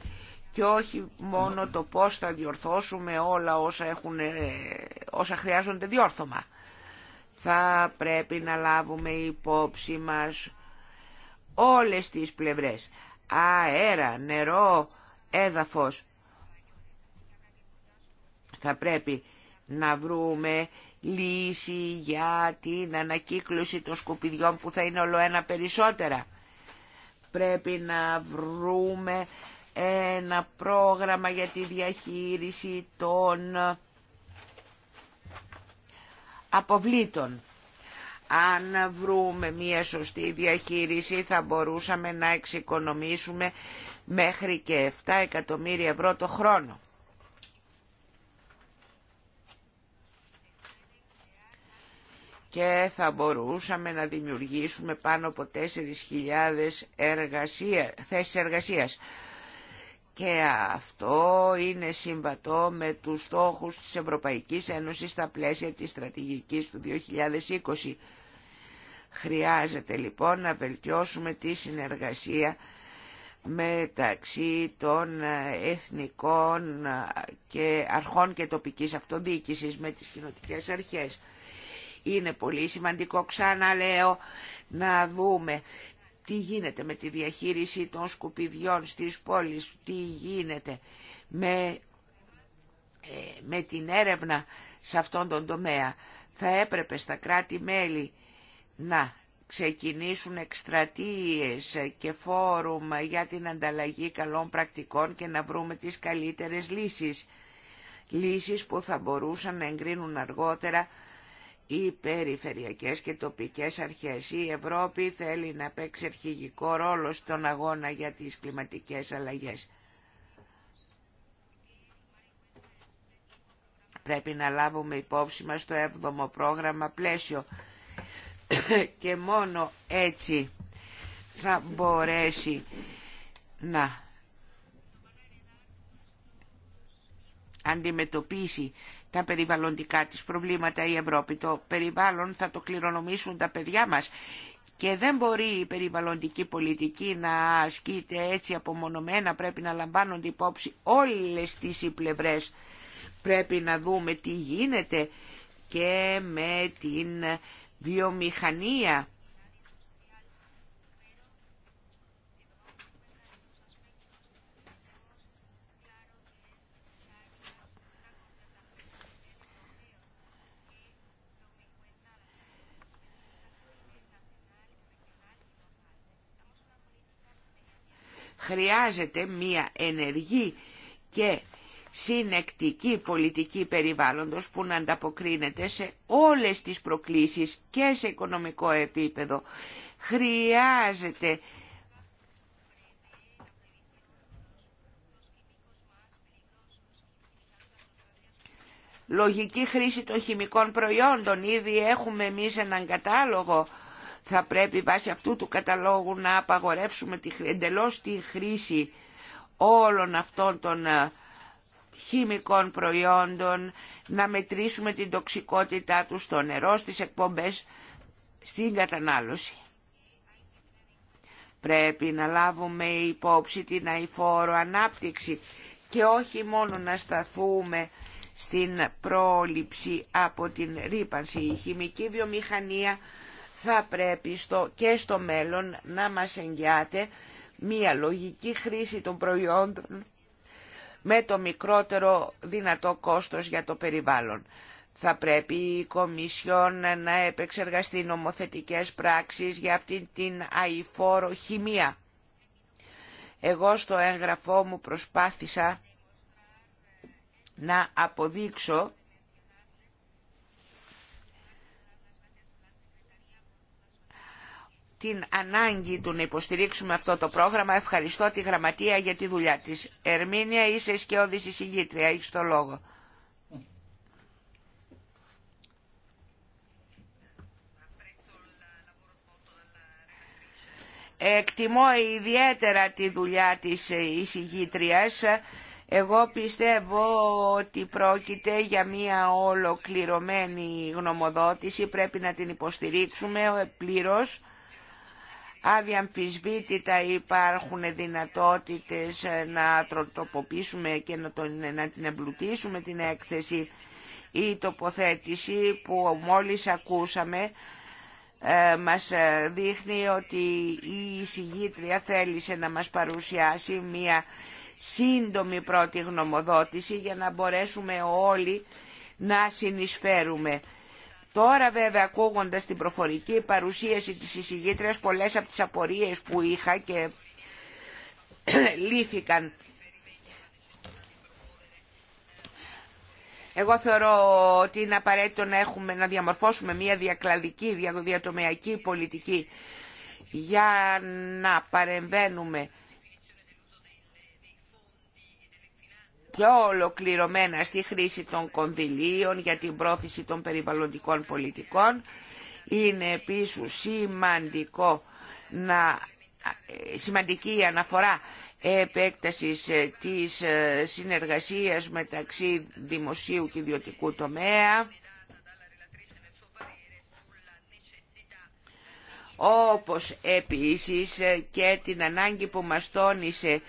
και όχι μόνο το πώς θα διορθώσουμε όλα όσα, έχουν, ε, όσα χρειάζονται διόρθωμα. Θα πρέπει να λάβουμε υπόψη μας όλες τις πλευρές. Αέρα, νερό, έδαφος. Θα πρέπει να βρούμε λύση για την ανακύκλωση των σκουπιδιών που θα είναι όλο ένα περισσότερα. Πρέπει να βρούμε ένα πρόγραμμα για τη διαχείριση των αποβλήτων. Αν βρούμε μία σωστή διαχείριση θα μπορούσαμε να εξοικονομήσουμε μέχρι και 7 εκατομμύρια ευρώ το χρόνο. και θα μπορούσαμε να δημιουργήσουμε πάνω από 4.000 εργασία, θέσεις εργασίας και αυτό είναι συμβατό με τους στόχους της Ευρωπαϊκής Ένωσης στα πλαίσια της στρατηγικής του 2020. Χρειάζεται λοιπόν να βελτιώσουμε τη συνεργασία μεταξύ των εθνικών και αρχών και τοπικής αυτοδιοίκησης με τις κοινοτικές αρχές. Είναι πολύ σημαντικό, ξαναλέω, να δούμε τι γίνεται με τη διαχείριση των σκουπιδιών στις πόλεις, τι γίνεται με, ε, με την έρευνα σε αυτόν τον τομέα. Θα έπρεπε στα κράτη-μέλη να ξεκινήσουν εκστρατείες και φόρουμ για την ανταλλαγή καλών πρακτικών και να βρούμε τις καλύτερες λύσεις. Λύσεις που θα μπορούσαν να εγκρίνουν αργότερα οι περιφερειακές και τοπικές αρχές. Η Ευρώπη θέλει να παίξει αρχηγικό ρόλο στον αγώνα για τις κλιματικές αλλαγές. Πρέπει να λάβουμε υπόψη μας το 7ο πρόγραμμα πλαίσιο και μόνο έτσι θα μπορέσει να αντιμετωπίσει τα περιβαλλοντικά της προβλήματα η Ευρώπη. Το περιβάλλον θα το κληρονομήσουν τα παιδιά μας και δεν μπορεί η περιβαλλοντική πολιτική να ασκείται έτσι απομονωμένα, πρέπει να λαμβάνονται υπόψη όλες τις οι Πρέπει να δούμε τι γίνεται και με την βιομηχανία Χρειάζεται μία ενεργή και συνεκτική πολιτική περιβάλλοντος που να ανταποκρίνεται σε όλες τις προκλήσεις και σε οικονομικό επίπεδο. Χρειάζεται λογική χρήση των χημικών προϊόντων. Ήδη έχουμε εμείς έναν κατάλογο θα πρέπει βάσει αυτού του καταλόγου να απαγορεύσουμε τη, εντελώς τη χρήση όλων αυτών των ε, χημικών προϊόντων, να μετρήσουμε την τοξικότητά τους στο νερό, στις εκπομπές, στην κατανάλωση. Πρέπει να λάβουμε υπόψη την αηφόρο ανάπτυξη και όχι μόνο να σταθούμε στην πρόληψη από την ρήπανση. Η χημική βιομηχανία θα πρέπει στο, και στο μέλλον να μας εγγυάται μία λογική χρήση των προϊόντων με το μικρότερο δυνατό κόστος για το περιβάλλον. Θα πρέπει η Κομισιόν να επεξεργαστεί νομοθετικές πράξεις για αυτήν την αηφόρο χημεία. Εγώ στο έγγραφό μου προσπάθησα να αποδείξω την ανάγκη του να υποστηρίξουμε αυτό το πρόγραμμα. Ευχαριστώ τη Γραμματεία για τη δουλειά της. Ερμήνια, είσαι σκιώδης εισηγήτρια, έχεις το λόγο. Εκτιμώ ιδιαίτερα τη δουλειά της εισηγήτριας. Εγώ πιστεύω ότι πρόκειται για μια ολοκληρωμένη γνωμοδότηση, πρέπει να την υποστηρίξουμε πλήρως. Αδιαμφισβήτητα υπάρχουν δυνατότητες ε, να τροτοποποιήσουμε και να, την εμπλουτίσουμε την έκθεση η τοποθέτηση που μόλις ακούσαμε ε, μας ε, δείχνει ότι η συγγήτρια θέλησε να μας παρουσιάσει μία σύντομη πρώτη γνωμοδότηση για να μπορέσουμε όλοι να συνεισφέρουμε. Τώρα βέβαια ακούγοντας την προφορική παρουσίαση της εισηγήτριας πολλές από τις απορίες που είχα και λύθηκαν. Εγώ θεωρώ ότι είναι απαραίτητο να, έχουμε, να διαμορφώσουμε μια διακλαδική, διατομεακή πολιτική για να παρεμβαίνουμε πιο ολοκληρωμένα στη χρήση των κονδυλίων για την πρόθεση των περιβαλλοντικών πολιτικών. Είναι επίσης σημαντικό να, σημαντική η αναφορά επέκτασης ε, της ε, συνεργασίας μεταξύ δημοσίου και ιδιωτικού τομέα. όπως επίσης ε, και την ανάγκη που μας τόνισε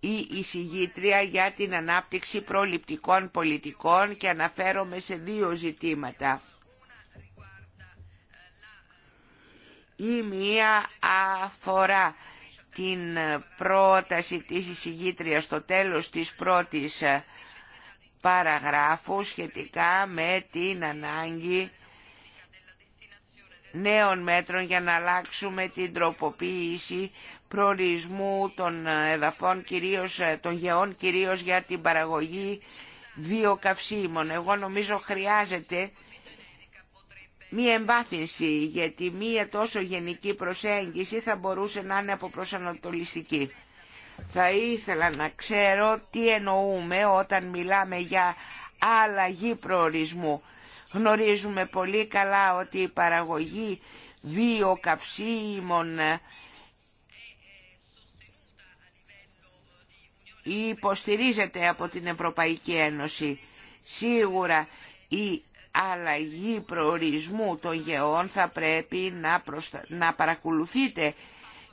η εισηγήτρια για την ανάπτυξη προληπτικών πολιτικών και αναφέρομαι σε δύο ζητήματα. Η μία αφορά την πρόταση της εισηγήτριας στο τέλος της πρώτης παραγράφου σχετικά με την ανάγκη νέων μέτρων για να αλλάξουμε την τροποποίηση προορισμού των εδαφών, κυρίως, ε, των γεών, κυρίως για την παραγωγή βιοκαυσίμων. Εγώ νομίζω χρειάζεται μία εμβάθυνση, γιατί μία τόσο γενική προσέγγιση θα μπορούσε να είναι αποπροσανατολιστική. Θα ήθελα να ξέρω τι εννοούμε όταν μιλάμε για αλλαγή προορισμού. Γνωρίζουμε πολύ καλά ότι η παραγωγή βιοκαυσίμων υποστηρίζεται από την Ευρωπαϊκή Ένωση. Σίγουρα η αλλαγή προορισμού των γεών θα πρέπει να, προστα... παρακολουθείτε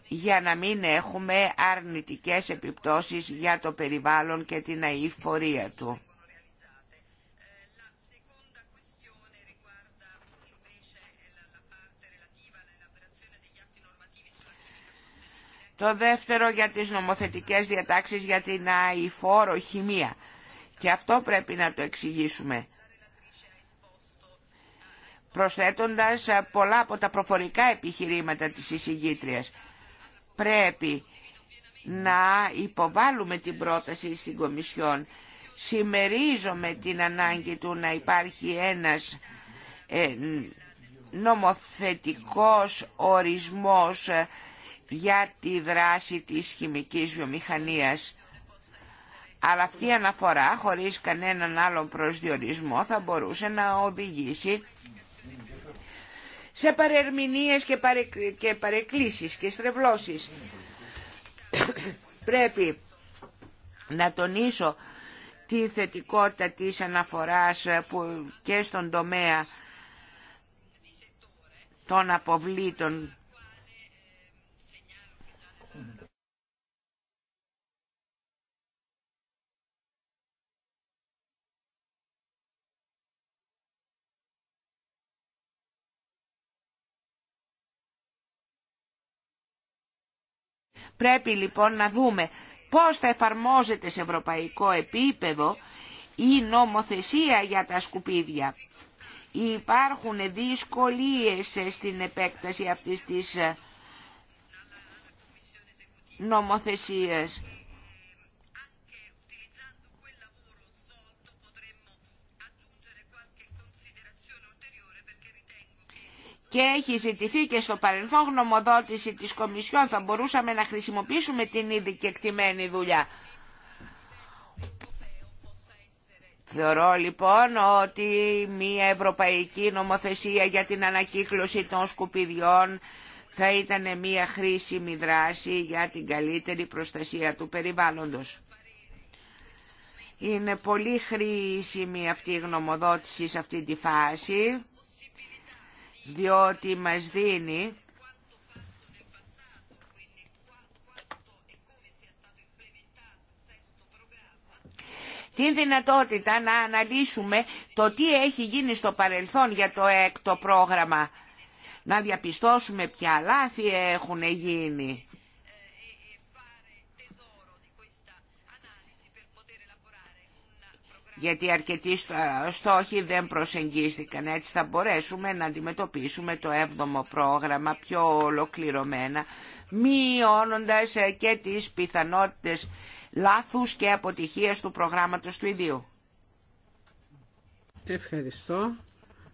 για να μην έχουμε αρνητικές επιπτώσεις για το περιβάλλον και την αηφορία του. Το δεύτερο για τις νομοθετικές διατάξεις για την αηφόρο χημεία. Και αυτό πρέπει να το εξηγήσουμε. Προσθέτοντας πολλά από τα προφορικά επιχειρήματα της εισηγήτριας. Πρέπει να υποβάλουμε την πρόταση στην Κομισιόν. Σημερίζομαι την ανάγκη του να υπάρχει ένας ε, νομοθετικός ορισμός ε, για τη δράση της χημικής βιομηχανίας. Αλλά αυτή η αναφορά, χωρίς κανέναν άλλον προσδιορισμό, θα μπορούσε να οδηγήσει σε παρερμηνίες και, παρεκ... και παρεκκλήσεις και στρεβλώσεις. Πρέπει να τονίσω τη θετικότητα της αναφοράς που και στον τομέα των αποβλήτων Πρέπει λοιπόν να δούμε πώς θα εφαρμόζεται σε ευρωπαϊκό επίπεδο η νομοθεσία για τα σκουπίδια. Υπάρχουν δυσκολίες στην επέκταση αυτής της ε, νομοθεσίας. και έχει ζητηθεί και στο παρελθόν γνωμοδότηση της Κομισιόν θα μπορούσαμε να χρησιμοποιήσουμε την ήδη και δουλειά. Θεωρώ λοιπόν ότι μια ευρωπαϊκή νομοθεσία για την ανακύκλωση των σκουπιδιών θα ήταν μια χρήσιμη δράση για την καλύτερη προστασία του περιβάλλοντος. Είναι πολύ χρήσιμη αυτή η γνωμοδότηση σε αυτή τη φάση διότι μας δίνει την δυνατότητα να αναλύσουμε το τι έχει γίνει στο παρελθόν για το έκτο πρόγραμμα. Να διαπιστώσουμε ποια λάθη έχουν γίνει. γιατί αρκετοί στόχοι δεν προσεγγίστηκαν. Έτσι θα μπορέσουμε να αντιμετωπίσουμε το 7ο πρόγραμμα πιο ολοκληρωμένα, μειώνοντας ε, και τις πιθανότητες λάθους και αποτυχίες του προγράμματος του ιδίου. Ευχαριστώ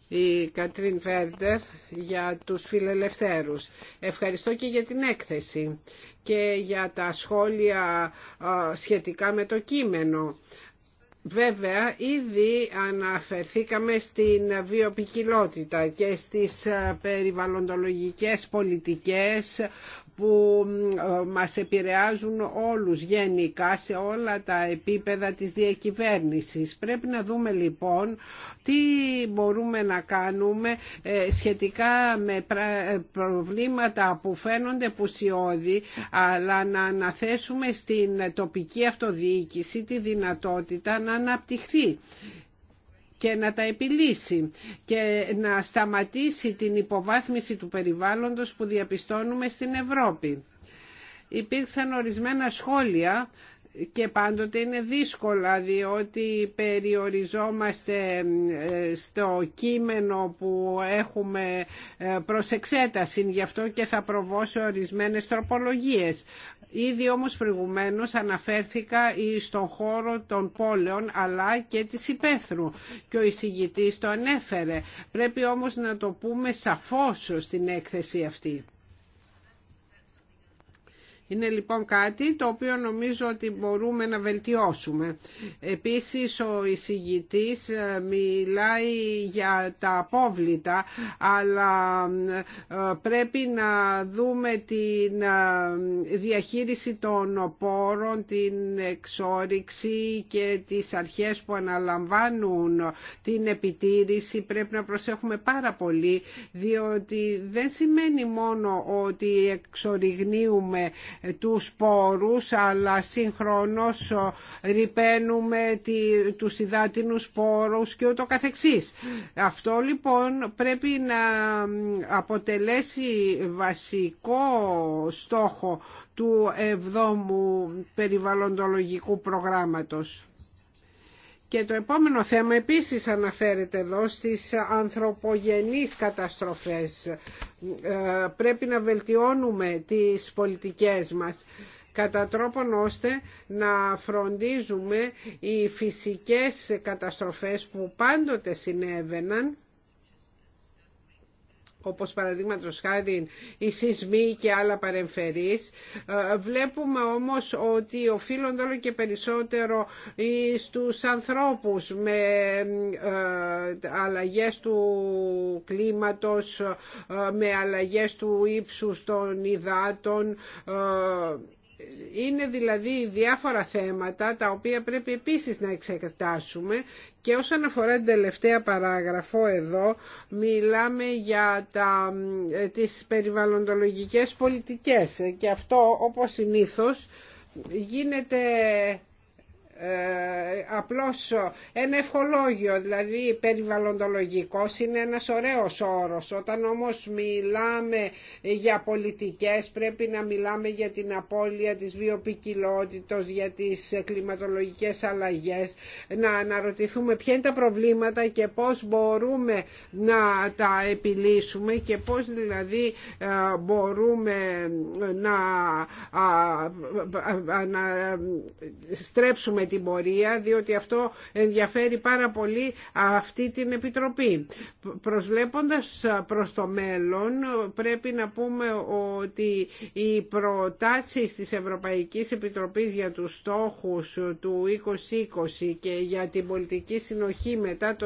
η Κατρίν Φέρντερ για τους φιλελευθέρους. Ευχαριστώ και για την έκθεση και για τα σχόλια σχετικά με το κείμενο. Βέβαια, ήδη αναφερθήκαμε στην βιοποικιλότητα και στις ε, περιβαλλοντολογικές πολιτικές που ε, μας επηρεάζουν όλους γενικά σε όλα τα επίπεδα της διακυβέρνησης. Πρέπει να δούμε λοιπόν τι μπορούμε να κάνουμε ε, σχετικά με ε, προβλήματα που φαίνονται πουσιώδη αλλά να αναθέσουμε στην τοπική αυτοδιοίκηση τη δυνατότητα να αναπτυχθεί και να τα επιλύσει και να σταματήσει την υποβάθμιση του περιβάλλοντος που διαπιστώνουμε στην Ευρώπη. Υπήρξαν ορισμένα σχόλια και πάντοτε είναι δύσκολα διότι περιοριζόμαστε ε, στο κείμενο που έχουμε ε, προς εξέταση γι' αυτό και θα προβώ σε ορισμένες τροπολογίες Ήδη όμως προηγουμένως αναφέρθηκα στον χώρο των πόλεων αλλά και της υπαίθρου και ο εισηγητής το ανέφερε. Πρέπει όμως να το πούμε σαφώς στην έκθεση αυτή. Είναι λοιπόν κάτι το οποίο νομίζω ότι μπορούμε να βελτιώσουμε. Επίσης ο εισηγητής ε, μιλάει για τα απόβλητα αλλά ε, πρέπει να δούμε τη ε, διαχείριση των πόρων, την εξόριξη και τις αρχές που αναλαμβάνουν την επιτήρηση πρέπει να προσέχουμε πάρα πολύ διότι δεν σημαίνει μόνο ότι εξοριγνύουμε τους σπόρους αλλά συγχρόνως ρηπαίνουμε τους υδάτινους σπόρους και ούτω καθεξής. Αυτό λοιπόν πρέπει να αποτελέσει βασικό στόχο του 7ου περιβαλλοντολογικού προγράμματος. Και το επόμενο θέμα επίσης αναφέρεται εδώ στις ανθρωπογενείς καταστροφές. Ε, πρέπει να βελτιώνουμε τις πολιτικές μας κατά τρόπον ώστε να φροντίζουμε οι φυσικές καταστροφές που πάντοτε συνέβαιναν όπως παραδείγματο χάρη οι σεισμοί και άλλα παρεμφερείς. Ε, βλέπουμε όμως ότι οφείλονται όλο και περισσότερο στους ανθρώπους με ε, αλλαγές του κλίματος, ε, με αλλαγές του ύψους των υδάτων, είναι δηλαδή διάφορα θέματα τα οποία πρέπει επίσης να εξετάσουμε και όσον αφορά την τελευταία παράγραφο εδώ μιλάμε για τα, ε, τις περιβαλλοντολογικές πολιτικές ε, και αυτό όπως συνήθως γίνεται ε, απλώς ένα ευχολόγιο, δηλαδή περιβαλλοντολογικός είναι ένας ωραίος όρος. Όταν όμως μιλάμε για πολιτικές πρέπει να μιλάμε για την απώλεια της βιοποικιλότητας, για τις κλιματολογικές αλλαγές, να αναρωτηθούμε ποια είναι τα προβλήματα και πώς μπορούμε να τα επιλύσουμε και πώς δηλαδή ε, μπορούμε να, να στρέψουμε την διότι αυτό ενδιαφέρει πάρα πολύ αυτή την Επιτροπή. Προσβλέποντας προς το μέλλον πρέπει να πούμε ότι οι προτάσεις της Ευρωπαϊκής Επιτροπής για τους στόχους του 2020 και για την πολιτική συνοχή μετά το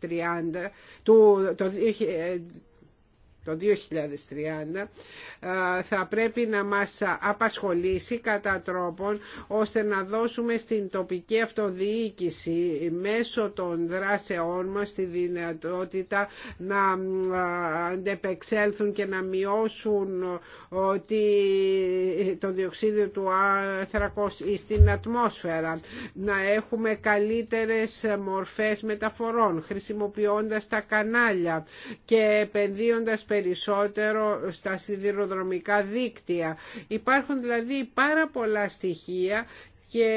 2030 το, το 2030 θα πρέπει να μας απασχολήσει κατά τρόπον ώστε να δώσουμε στην τοπική αυτοδιοίκηση μέσω των δράσεών μας τη δυνατότητα να αντεπεξέλθουν και να μειώσουν ότι το διοξίδιο του άνθρακος στην ατμόσφαιρα να έχουμε καλύτερες μορφές μεταφορών χρησιμοποιώντας τα κανάλια και επενδύοντας περισσότερο στα σιδηροδρομικά δίκτυα. Υπάρχουν δηλαδή πάρα πολλά στοιχεία και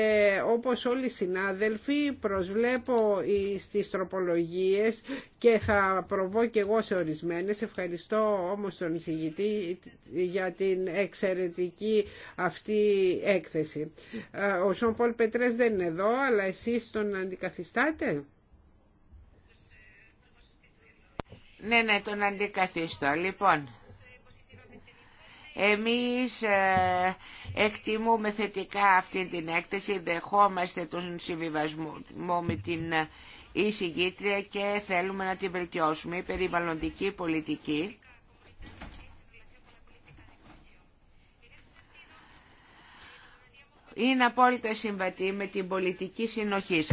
όπως όλοι οι συνάδελφοι προσβλέπω στις τροπολογίες και θα προβώ και εγώ σε ορισμένες. Ευχαριστώ όμως τον εισηγητή για την εξαιρετική αυτή έκθεση. Ε, ο Σον Πετρές δεν είναι εδώ, αλλά εσείς τον αντικαθιστάτε. Ναι, ναι, τον αντικαθίστω. Λοιπόν, εμείς ε, εκτιμούμε θετικά αυτή την έκθεση, δεχόμαστε τον συμβιβασμό με την ε, εισηγήτρια και θέλουμε να την βελτιώσουμε. Η περιβαλλοντική πολιτική είναι απόλυτα συμβατή με την πολιτική συνοχής.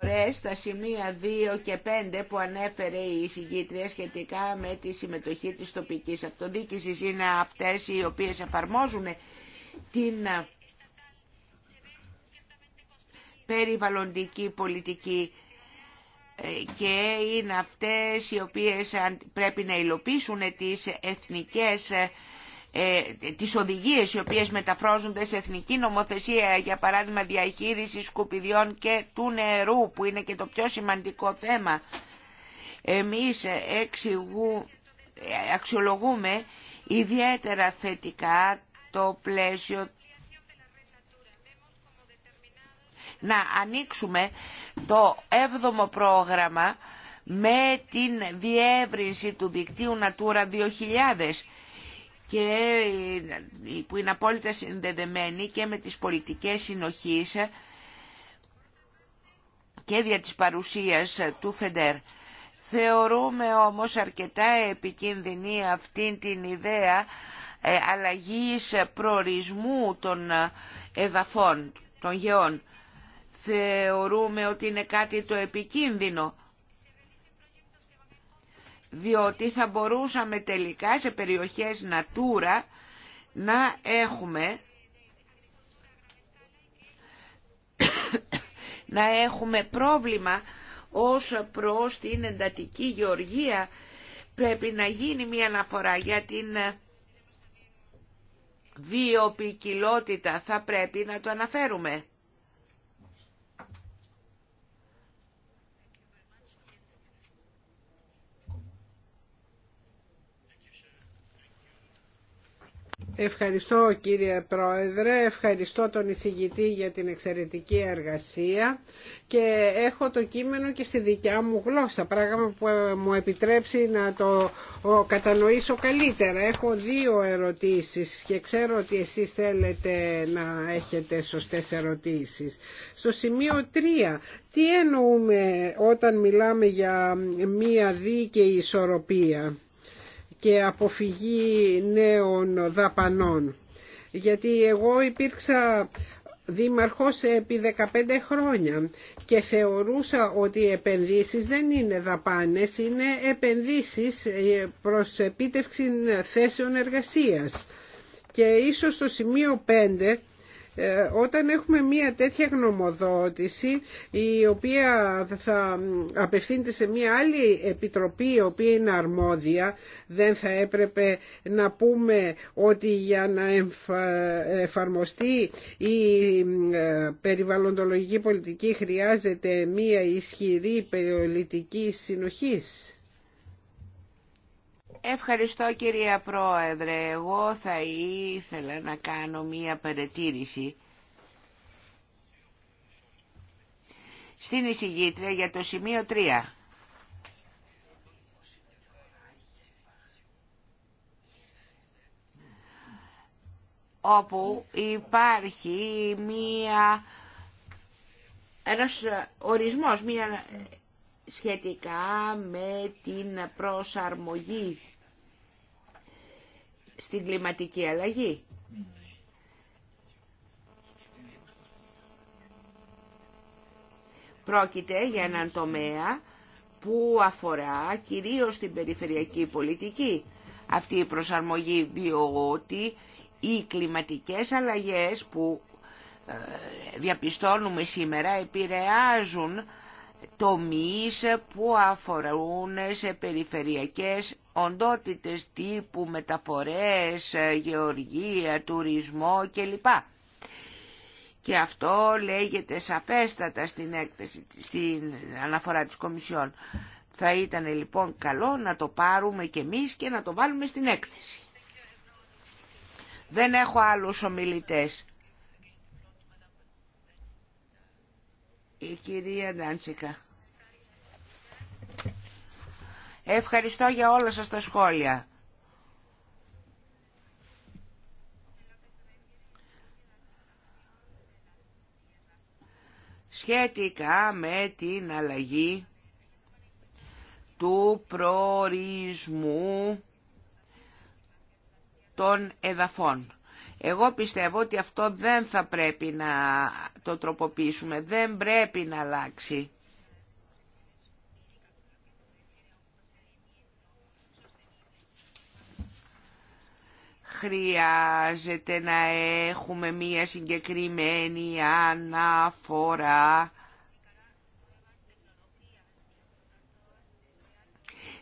φορές στα σημεία 2 και 5 που ανέφερε η συγκήτρια σχετικά με τη συμμετοχή της τοπικής αυτοδίκησης είναι αυτές οι οποίες εφαρμόζουν την ε, περιβαλλοντική πολιτική ε, και είναι αυτές οι οποίες πρέπει να υλοποιήσουν τις εθνικές ε, ε, τις οδηγίες οι οποίες μεταφρόζονται σε εθνική νομοθεσία για παράδειγμα διαχείριση σκουπιδιών και του νερού που είναι και το πιο σημαντικό θέμα εμείς αξιολογούμε ιδιαίτερα θετικά το πλαίσιο να ανοίξουμε το 7ο πρόγραμμα με την διεύρυνση του δικτύου Natura 2000 και που είναι απόλυτα συνδεδεμένη και με τις πολιτικές συνοχής και δια της παρουσίας του ΦΕΝΤΕΡ. Θεωρούμε όμως αρκετά επικίνδυνη αυτή την ιδέα ε, αλλαγής προορισμού των ε, εδαφών, των γεών. Θεωρούμε ότι είναι κάτι το επικίνδυνο διότι θα μπορούσαμε τελικά σε περιοχές Natura να έχουμε να έχουμε πρόβλημα ως προς την εντατική γεωργία πρέπει να γίνει μια αναφορά για την βιοπικιλότητα θα πρέπει να το αναφέρουμε. Ευχαριστώ κύριε Πρόεδρε, ευχαριστώ τον εισηγητή για την εξαιρετική εργασία και έχω το κείμενο και στη δικιά μου γλώσσα, πράγμα που ε, μου επιτρέψει να το κατανοήσω καλύτερα. Έχω δύο ερωτήσεις και ξέρω ότι εσείς θέλετε να έχετε σωστές ερωτήσεις. Στο σημείο 3, τι εννοούμε όταν μιλάμε για μία δίκαιη ισορροπία και αποφυγή νέων δαπανών. Γιατί εγώ υπήρξα δήμαρχος επί 15 χρόνια και θεωρούσα ότι οι επενδύσεις δεν είναι δαπάνες, είναι επενδύσεις ε, προς επίτευξη θέσεων εργασίας. Και ίσως το σημείο 5 ε, όταν έχουμε μια τέτοια γνωμοδότηση η οποία θα απευθύνεται σε μια άλλη επιτροπή η οποία είναι αρμόδια δεν θα έπρεπε να πούμε ότι για να ε, εφαρμοστεί η ε, περιβαλλοντολογική πολιτική χρειάζεται μια ισχυρή πολιτική συνοχής. Ευχαριστώ κυρία Πρόεδρε. Εγώ θα ήθελα να κάνω μία παρατήρηση. Στην εισηγήτρια για το σημείο 3. όπου υπάρχει μία, ένας ορισμός μία, σχετικά με την προσαρμογή στην κλιματική αλλαγή. Πρόκειται για έναν τομέα που αφορά κυρίως την περιφερειακή πολιτική. Αυτή η προσαρμογή διότι οι κλιματικές αλλαγές που ε, διαπιστώνουμε σήμερα επηρεάζουν τομείς που αφορούν σε περιφερειακές οντότητες τύπου μεταφορές, γεωργία, τουρισμό κλπ. Και αυτό λέγεται σαφέστατα στην, έκθεση, στην αναφορά της Κομισιόν. Θα ήταν λοιπόν καλό να το πάρουμε και εμείς και να το βάλουμε στην έκθεση. Δεν έχω άλλους ομιλητές. Η κυρία Ντάντσικα. Ευχαριστώ για όλα σας τα σχόλια. Σχετικά με την αλλαγή του προορισμού των εδαφών. Εγώ πιστεύω ότι αυτό δεν θα πρέπει να το τροποποιήσουμε, δεν πρέπει να αλλάξει. Χρειάζεται να έχουμε μία συγκεκριμένη αναφορά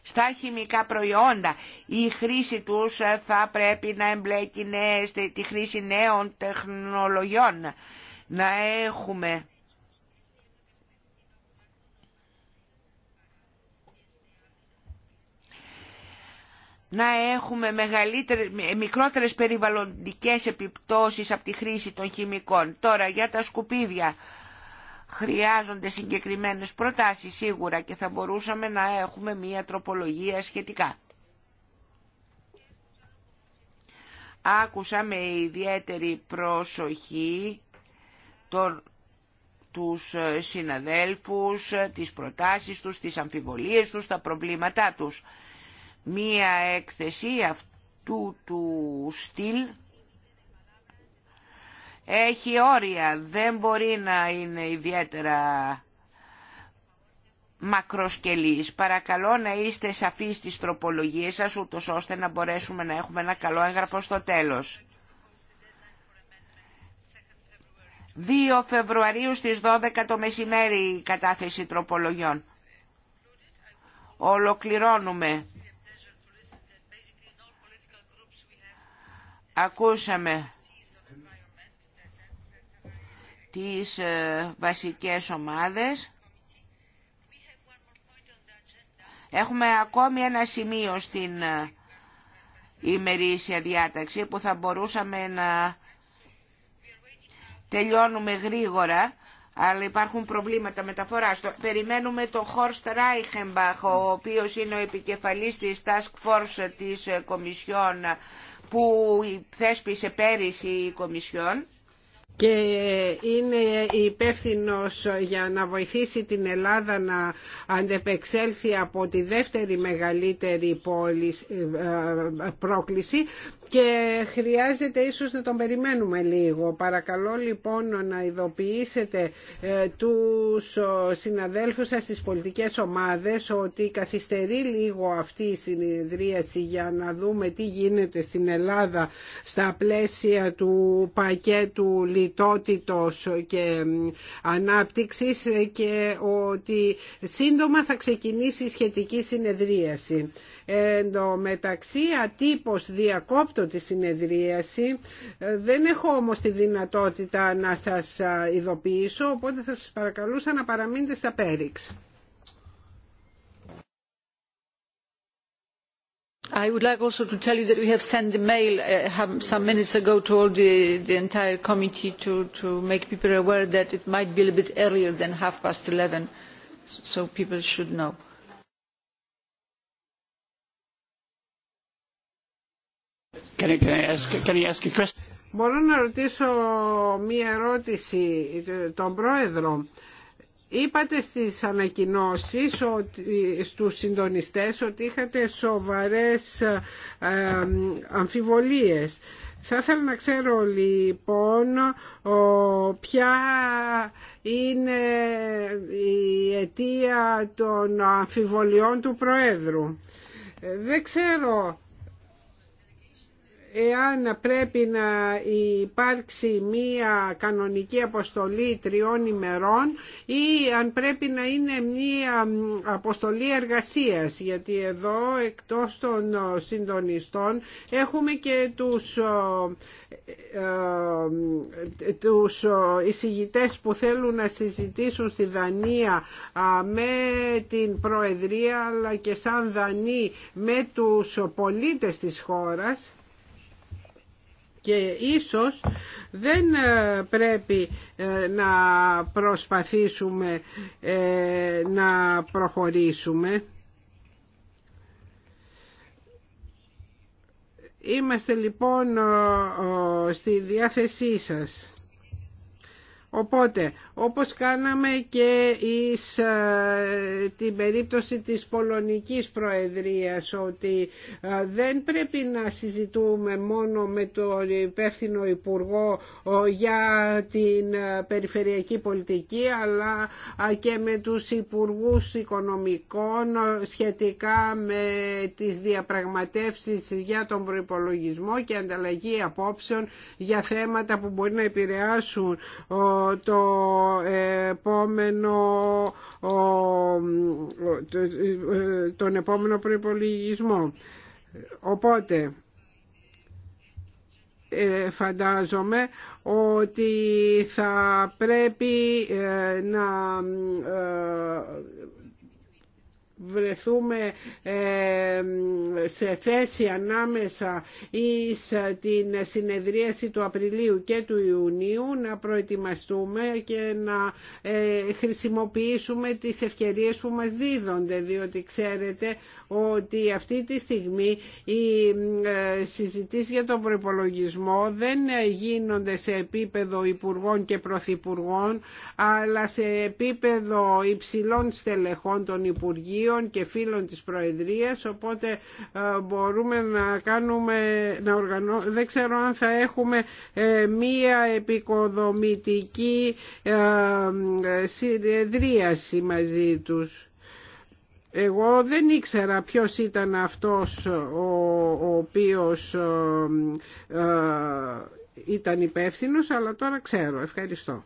στα χημικά προϊόντα. Η χρήση τους ε, θα πρέπει να εμπλέκει τη χρήση νέων τεχνολογιών. Να έχουμε... να έχουμε μικρότερες περιβαλλοντικές επιπτώσεις από τη χρήση των χημικών. Τώρα για τα σκουπίδια χρειάζονται συγκεκριμένες προτάσεις σίγουρα και θα μπορούσαμε να έχουμε μία τροπολογία σχετικά. Άκουσα με ιδιαίτερη προσοχή τον, τους συναδέλφους, τις προτάσεις τους, τις αμφιβολίες τους, τα προβλήματά τους. Μία έκθεση αυτού του στυλ έχει όρια, δεν μπορεί να είναι ιδιαίτερα μακροσκελής. Παρακαλώ να είστε σαφείς στις τροπολογίες σας, ούτως ώστε να μπορέσουμε να έχουμε ένα καλό έγγραφο στο τέλος. 2 Φεβρουαρίου στις 12 το μεσημέρι η κατάθεση τροπολογιών. Ολοκληρώνουμε. Ακούσαμε τις ε, βασικές ομάδες. Έχουμε ακόμη ένα σημείο στην ε, ημερήσια διάταξη που θα μπορούσαμε να τελειώνουμε γρήγορα, αλλά υπάρχουν προβλήματα μεταφοράς. Περιμένουμε τον Χόρστ Ράιχεμπαχ, ο οποίος είναι ο επικεφαλής της Task Force της ε, Κομισιόν, που θέσπισε πέρυσι η Κομισιόν και είναι υπεύθυνο για να βοηθήσει την Ελλάδα να αντεπεξέλθει από τη δεύτερη μεγαλύτερη πόλη, ε, ε, πρόκληση και χρειάζεται ίσως να τον περιμένουμε λίγο. Παρακαλώ λοιπόν να ειδοποιήσετε ε, τους συναδέλφους σας στις πολιτικές ομάδες ότι καθυστερεί λίγο αυτή η συνεδρίαση για να δούμε τι γίνεται στην Ελλάδα στα πλαίσια του πακέτου λιτότητος και ανάπτυξης και ότι σύντομα θα ξεκινήσει η σχετική συνεδρίαση. Εν μεταξύ ατύπως διακόπτω τη συνεδρίαση. Δεν έχω όμως τη δυνατότητα να σας ειδοποιήσω, οπότε θα σας παρακαλούσα να παραμείνετε στα πέριξ. I would like also to tell you that we have sent the mail some minutes ago to all the entire committee to make people aware that it might be a little bit earlier than half past 11, so people should know. Μπορώ να ρωτήσω μία ερώτηση τον Πρόεδρο. Είπατε στις ανακοινώσεις ότι, στους συντονιστές ότι είχατε σοβαρές ε, αμφιβολίες. Θα ήθελα να ξέρω λοιπόν ποια είναι η αιτία των αμφιβολιών του Προέδρου. Ε, δεν ξέρω εάν πρέπει να υπάρξει μία κανονική αποστολή τριών ημερών ή αν πρέπει να είναι μία αποστολή εργασίας γιατί εδώ εκτός των συντονιστών έχουμε και τους, ε, ε, ε, τους εισηγητές που θέλουν να συζητήσουν στη Δανία με την Προεδρία αλλά και σαν Δανή με τους πολίτες της χώρας και ίσως δεν ε, πρέπει ε, να προσπαθήσουμε ε, να προχωρήσουμε. Είμαστε λοιπόν στη διάθεσή σας. Οπότε όπως κάναμε και εις ε, την περίπτωση της Πολωνικής Προεδρίας ότι ε, δεν πρέπει να συζητούμε μόνο με τον υπεύθυνο Υπουργό για την ε, περιφερειακή πολιτική αλλά και με τους Υπουργούς Οικονομικών σχετικά με τις διαπραγματεύσεις για τον προϋπολογισμό και ανταλλαγή απόψεων για θέματα που μπορεί να επηρεάσουν το επόμενο τον επόμενο προϋπολογισμό. Οπότε ε, φαντάζομαι ότι θα πρέπει ε, να ε, βρεθούμε ε, σε θέση ανάμεσα εις ε, την συνεδρίαση του Απριλίου και του Ιουνίου να προετοιμαστούμε και να ε, χρησιμοποιήσουμε τις ευκαιρίες που μας δίδονται διότι ξέρετε ότι αυτή τη στιγμή οι συζητήσεις για τον προπολογισμό δεν γίνονται σε επίπεδο υπουργών και πρωθυπουργών αλλά σε επίπεδο υψηλών στελεχών των Υπουργείων και φίλων της Προεδρίας οπότε ε, μπορούμε να κάνουμε να οργανώ... δεν ξέρω αν θα έχουμε ε, μία επικοδομητική ε, συνεδρίαση μαζί τους. Εγώ δεν ήξερα ποιος ήταν αυτός ο οποίος ήταν υπεύθυνος αλλά τώρα ξέρω. Ευχαριστώ.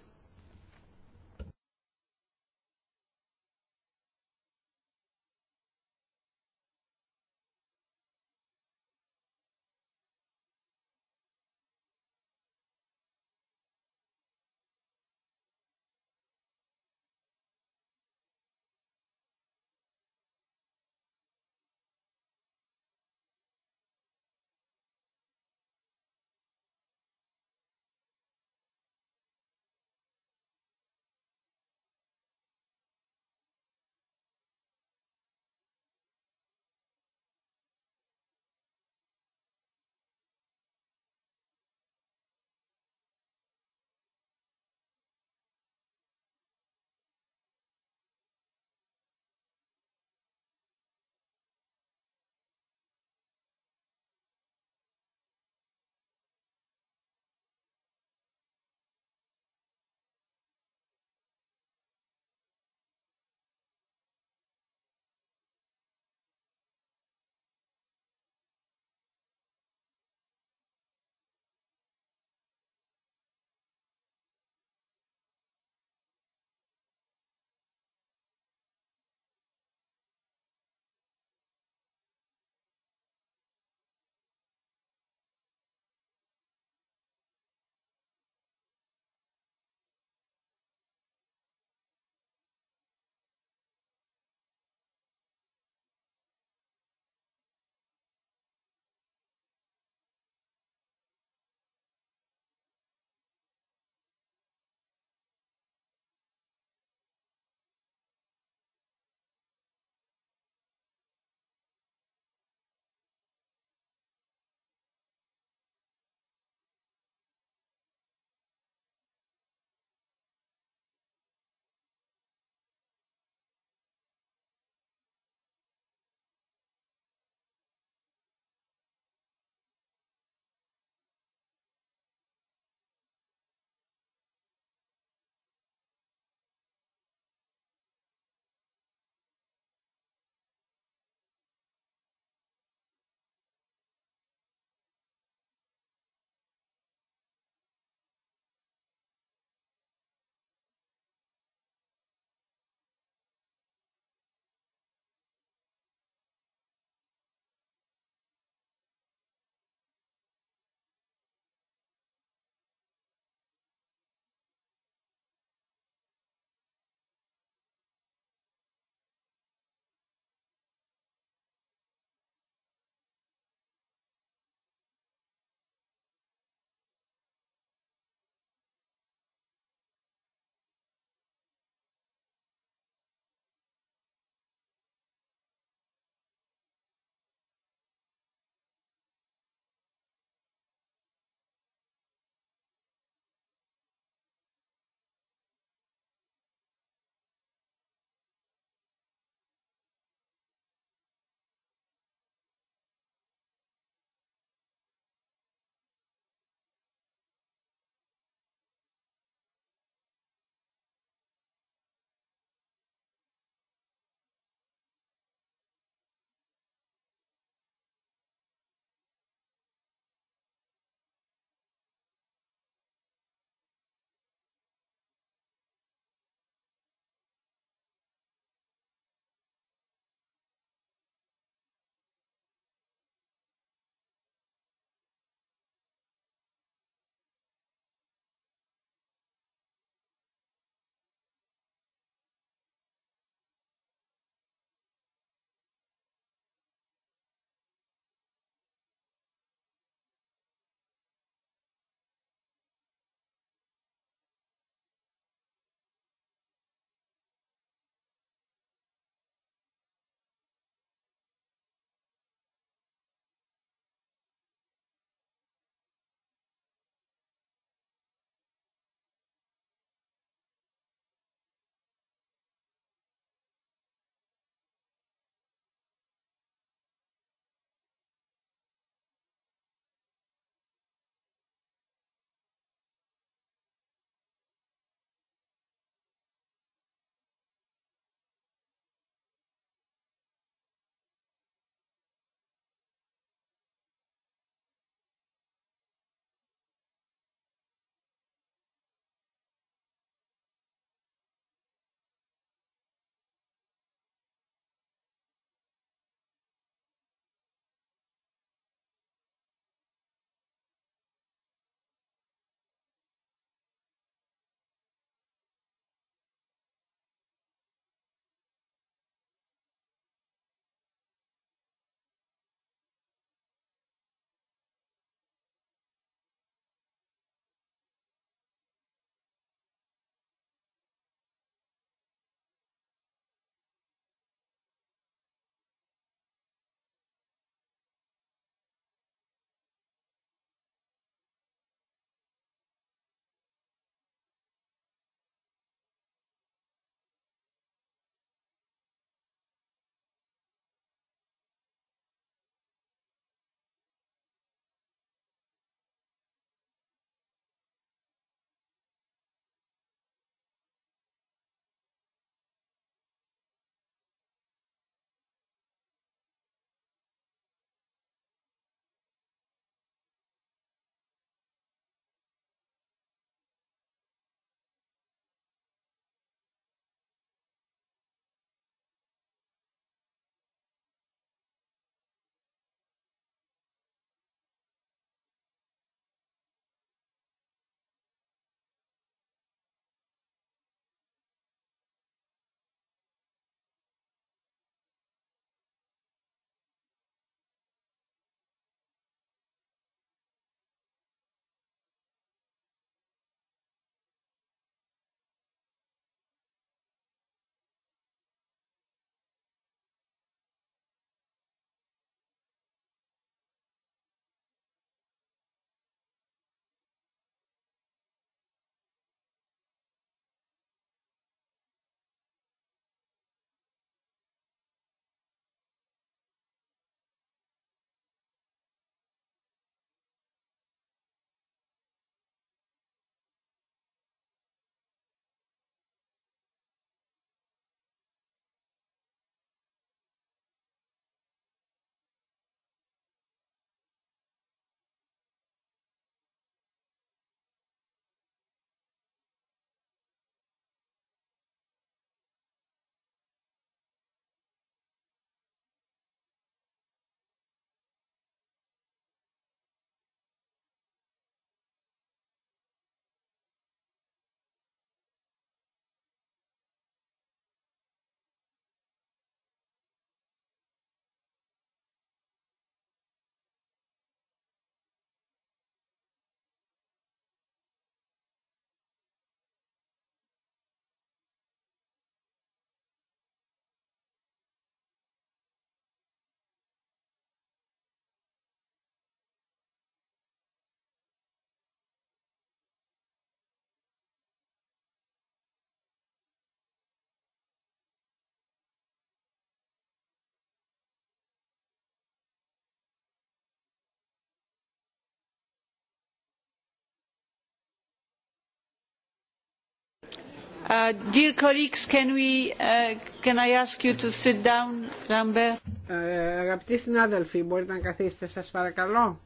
αγαπητοί συνάδελφοι, μπορείτε να καθίσετε, σας παρακαλώ.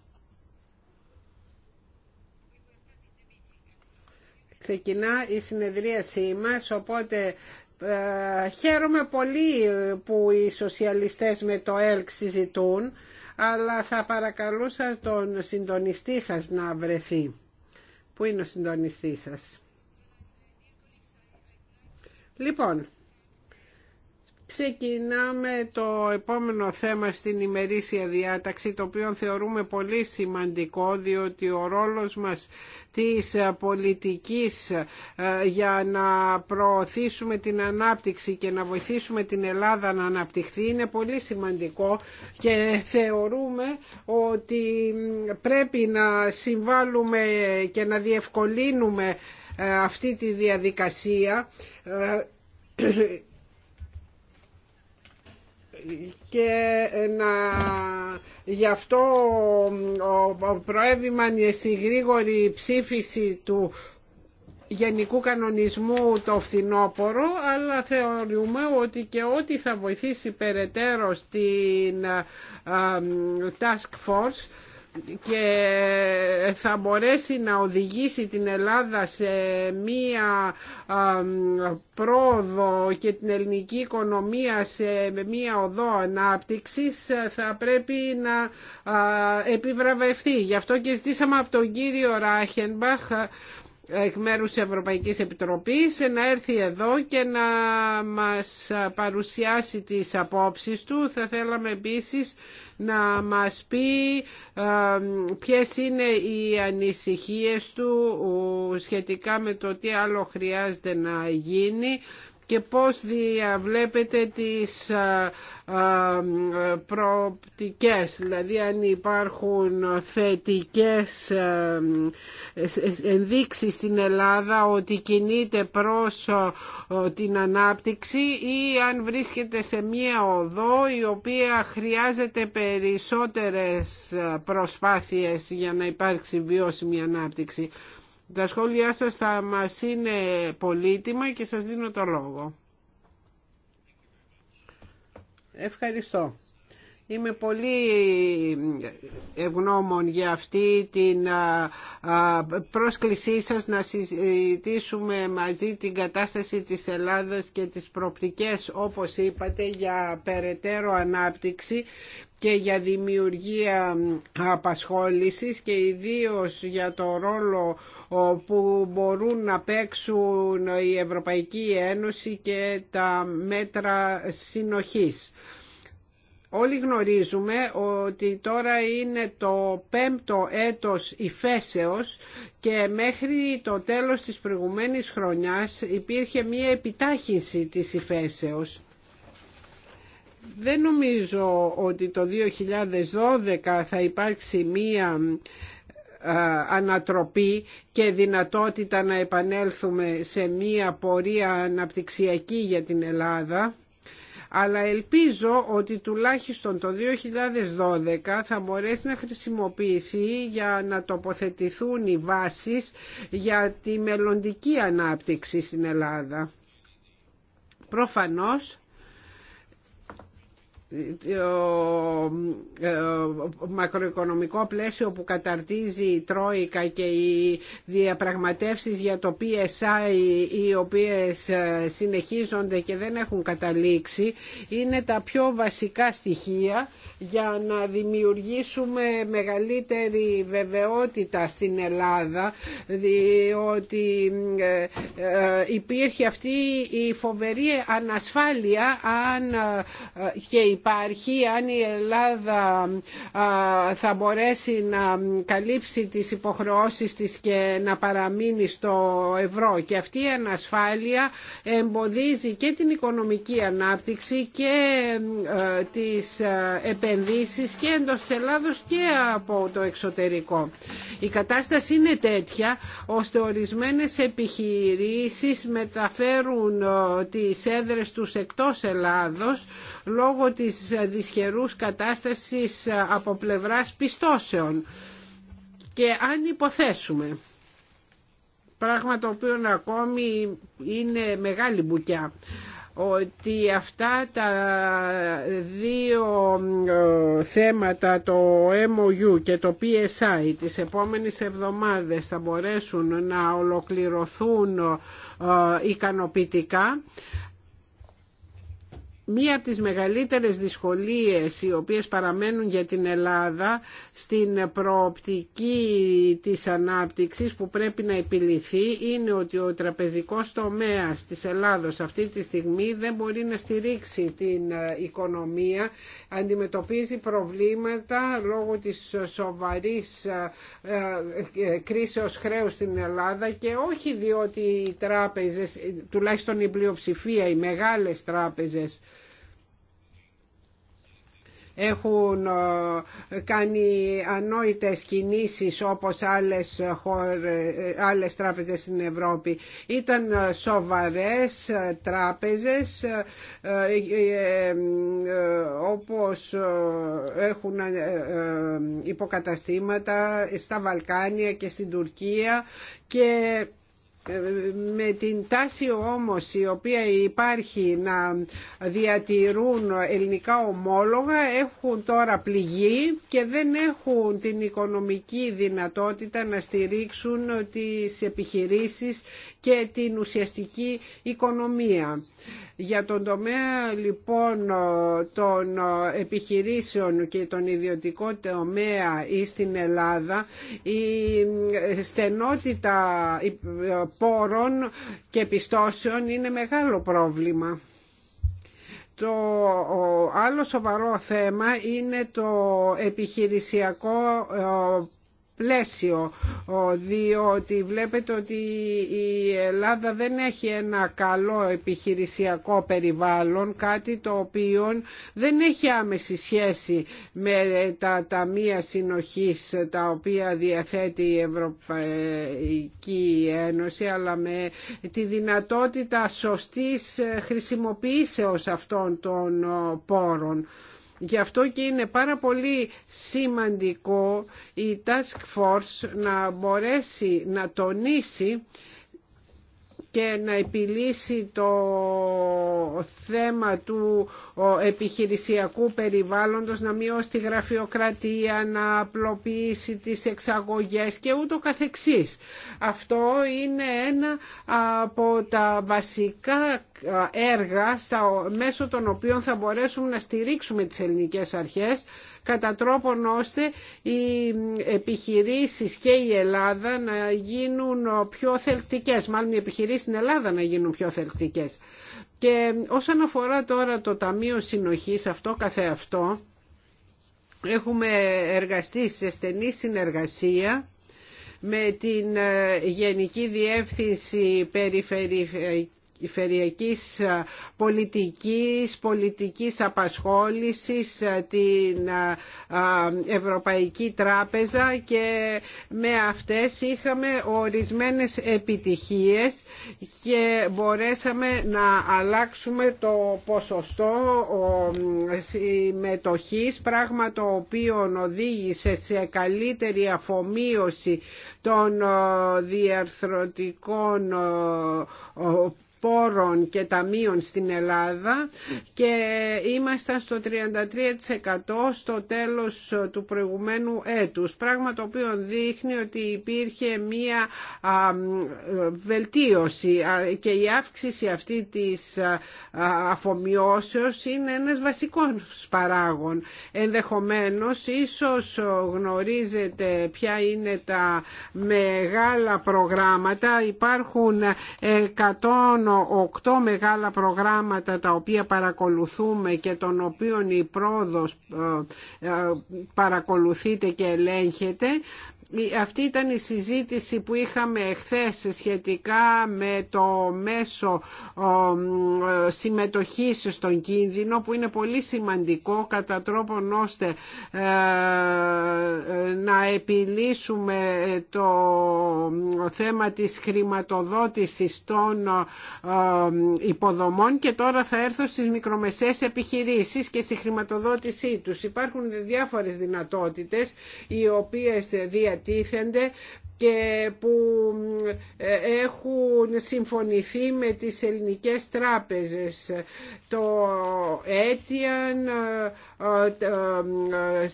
Ξεκινά η συνεδρίασή μας, οπότε ε, χαίρομαι πολύ που οι σοσιαλιστές με το ΕΛΚ συζητούν, αλλά θα παρακαλούσα τον συντονιστή σας να βρεθεί. Πού είναι ο συντονιστής σας? Λοιπόν, ξεκινάμε το επόμενο θέμα στην ημερήσια διάταξη, το οποίο θεωρούμε πολύ σημαντικό, διότι ο ρόλος μας της ε, πολιτικής ε, για να προωθήσουμε την ανάπτυξη και να βοηθήσουμε την Ελλάδα να αναπτυχθεί είναι πολύ σημαντικό και θεωρούμε ότι πρέπει να συμβάλλουμε και να διευκολύνουμε ε, αυτή τη διαδικασία και να γι' αυτό προέβημαν στη γρήγορη ψήφιση του γενικού κανονισμού το φθινόπωρο αλλά θεωρούμε ότι και ό,τι θα βοηθήσει περαιτέρω στην Task Force και θα μπορέσει να οδηγήσει την Ελλάδα σε μία πρόοδο και την ελληνική οικονομία σε μία οδό ανάπτυξης θα πρέπει να επιβραβευτεί. Γι' αυτό και ζητήσαμε από τον κύριο Ράχενμπαχ εκ μέρους της Ευρωπαϊκής Επιτροπής να έρθει εδώ και να μας παρουσιάσει τις απόψεις του. Θα θέλαμε επίσης να μας πει ε, ποιες είναι οι ανησυχίες του σχετικά με το τι άλλο χρειάζεται να γίνει και πώς διαβλέπετε τις ε, προοπτικές, δηλαδή αν υπάρχουν θετικές ε, ε, ενδείξεις στην Ελλάδα ότι κινείται προς ε, την ανάπτυξη ή αν βρίσκεται σε μία οδό η οποία χρειάζεται περισσότερες προσπάθειες για να υπάρξει βιώσιμη ανάπτυξη. Τα σχόλιά σας θα μας είναι πολύτιμα και σας δίνω το λόγο. Ευχαριστώ. Είμαι πολύ ευγνώμων για αυτή την πρόσκλησή σας να συζητήσουμε μαζί την κατάσταση της Ελλάδας και τις προπτικές όπως είπατε για περαιτέρω ανάπτυξη και για δημιουργία απασχόλησης και ιδίως για το ρόλο που μπορούν να παίξουν η Ευρωπαϊκή Ένωση και τα μέτρα συνοχής. Όλοι γνωρίζουμε ότι τώρα είναι το πέμπτο έτος υφέσεως και μέχρι το τέλος της προηγουμένης χρονιάς υπήρχε μία επιτάχυνση της υφέσεως. Δεν νομίζω ότι το 2012 θα υπάρξει μία ανατροπή και δυνατότητα να επανέλθουμε σε μία πορεία αναπτυξιακή για την Ελλάδα αλλά ελπίζω ότι τουλάχιστον το 2012 θα μπορέσει να χρησιμοποιηθεί για να τοποθετηθούν οι βάσεις για τη μελλοντική ανάπτυξη στην Ελλάδα. Προφανώς το ε, ε, μακροοικονομικό πλαίσιο που καταρτίζει η Τρόικα και οι διαπραγματεύσεις για το PSI οι οποίες ε, συνεχίζονται και δεν έχουν καταλήξει είναι τα πιο βασικά στοιχεία για να δημιουργήσουμε μεγαλύτερη βεβαιότητα στην Ελλάδα διότι ε, ε, υπήρχε αυτή η φοβερή ανασφάλεια αν ε, και υπάρχει αν η Ελλάδα θα μπορέσει να καλύψει τις υποχρεώσεις της και να παραμείνει στο ευρώ και αυτή η ανασφάλεια εμποδίζει και την οικονομική ανάπτυξη και τις επενδύσεις και εντός της Ελλάδος και από το εξωτερικό. Η κατάσταση είναι τέτοια ώστε ορισμένες επιχειρήσεις μεταφέρουν ε, τις έδρες τους εκτός Ελλάδος λόγω της δυσχερούς κατάστασης ε, από πλευράς πιστώσεων. Και αν υποθέσουμε, πράγμα το οποίο ακόμη είναι μεγάλη μπουκιά, ότι αυτά τα δύο ε, θέματα, το MOU και το PSI, τις επόμενες εβδομάδες θα μπορέσουν να ολοκληρωθούν ε, ικανοποιητικά Μία από τις μεγαλύτερες δυσκολίες οι οποίες παραμένουν για την Ελλάδα στην προοπτική της ανάπτυξης που πρέπει να επιληθεί είναι ότι ο τραπεζικός τομέας της Ελλάδος αυτή τη στιγμή δεν μπορεί να στηρίξει την ε, οικονομία, αντιμετωπίζει προβλήματα λόγω της σοβαρής ε, ε, κρίσεως χρέους στην Ελλάδα και όχι διότι οι τράπεζες, τουλάχιστον η πλειοψηφία, οι μεγάλες τράπεζες, έχουν ε, κάνει ανόητες κινήσεις όπως άλλες, χώρες, ε, άλλες τράπεζες στην Ευρώπη. Ήταν σοβαρές τράπεζες όπως έχουν υποκαταστήματα στα Βαλκάνια και στην Τουρκία και ε, με την τάση όμως η οποία υπάρχει να διατηρούν ελληνικά ομόλογα έχουν τώρα πληγή και δεν έχουν την οικονομική δυνατότητα να στηρίξουν τις επιχειρήσεις και την ουσιαστική οικονομία. Για τον τομέα λοιπόν των επιχειρήσεων και τον ιδιωτικό τομέα στην Ελλάδα η στενότητα πόρων και πιστώσεων είναι μεγάλο πρόβλημα. Το άλλο σοβαρό θέμα είναι το επιχειρησιακό ε, πλαίσιο διότι βλέπετε ότι η Ελλάδα δεν έχει ένα καλό επιχειρησιακό περιβάλλον κάτι το οποίο δεν έχει άμεση σχέση με τα ταμεία συνοχής τα οποία διαθέτει η Ευρωπαϊκή Ένωση αλλά με τη δυνατότητα σωστής χρησιμοποίησεως αυτών των πόρων. Γι' αυτό και είναι πάρα πολύ σημαντικό η Task Force να μπορέσει να τονίσει και να επιλύσει το θέμα του ο επιχειρησιακού περιβάλλοντος, να μειώσει τη γραφειοκρατία, να απλοποιήσει τις εξαγωγές και ούτω καθεξής. Αυτό είναι ένα από τα βασικά έργα στα, μέσω των οποίων θα μπορέσουμε να στηρίξουμε τις ελληνικές αρχές κατά τρόπον ώστε οι επιχειρήσεις και η Ελλάδα να γίνουν πιο θελκτικές, μάλλον οι επιχειρήσεις στην Ελλάδα να γίνουν πιο θελκτικές. Και όσον αφορά τώρα το Ταμείο Συνοχής, αυτό καθεαυτό, έχουμε εργαστεί σε στενή συνεργασία με την ε, Γενική Διεύθυνση Περιφερειακή περιφερειακής ε, πολιτικής, πολιτικής απασχόλησης, ε, την ε, Ευρωπαϊκή Τράπεζα και με αυτές είχαμε ορισμένες επιτυχίες και μπορέσαμε να αλλάξουμε το ποσοστό συμμετοχής, πράγμα το οποίο οδήγησε σε καλύτερη αφομοίωση των διαρθρωτικών πόρων και ταμείων στην Ελλάδα και ήμασταν στο 33% στο τέλος του προηγουμένου έτους, πράγμα το οποίο δείχνει ότι υπήρχε μία βελτίωση και η αύξηση αυτή της αφομοιώσεως είναι ένας βασικός παράγων. Ενδεχομένως, ίσως γνωρίζετε ποια είναι τα μεγάλα προγράμματα. Υπάρχουν 100 οκτώ μεγάλα προγράμματα τα οποία παρακολουθούμε και των οποίων η πρόοδος ε, ε, παρακολουθείται και ελέγχεται αυτή ήταν η συζήτηση που είχαμε εχθές σχετικά με το μέσο συμμετοχής στον κίνδυνο που είναι πολύ σημαντικό κατά τρόπον ώστε ε, να επιλύσουμε το θέμα της χρηματοδότησης των υποδομών και τώρα θα έρθω στις μικρομεσαίες επιχειρήσεις και στη χρηματοδότησή τους. Υπάρχουν διάφορες δυνατότητες οι οποίες διατηρούν και που ε, έχουν συμφωνηθεί με τις ελληνικές τράπεζες. Το Aetian ε, ε, ε,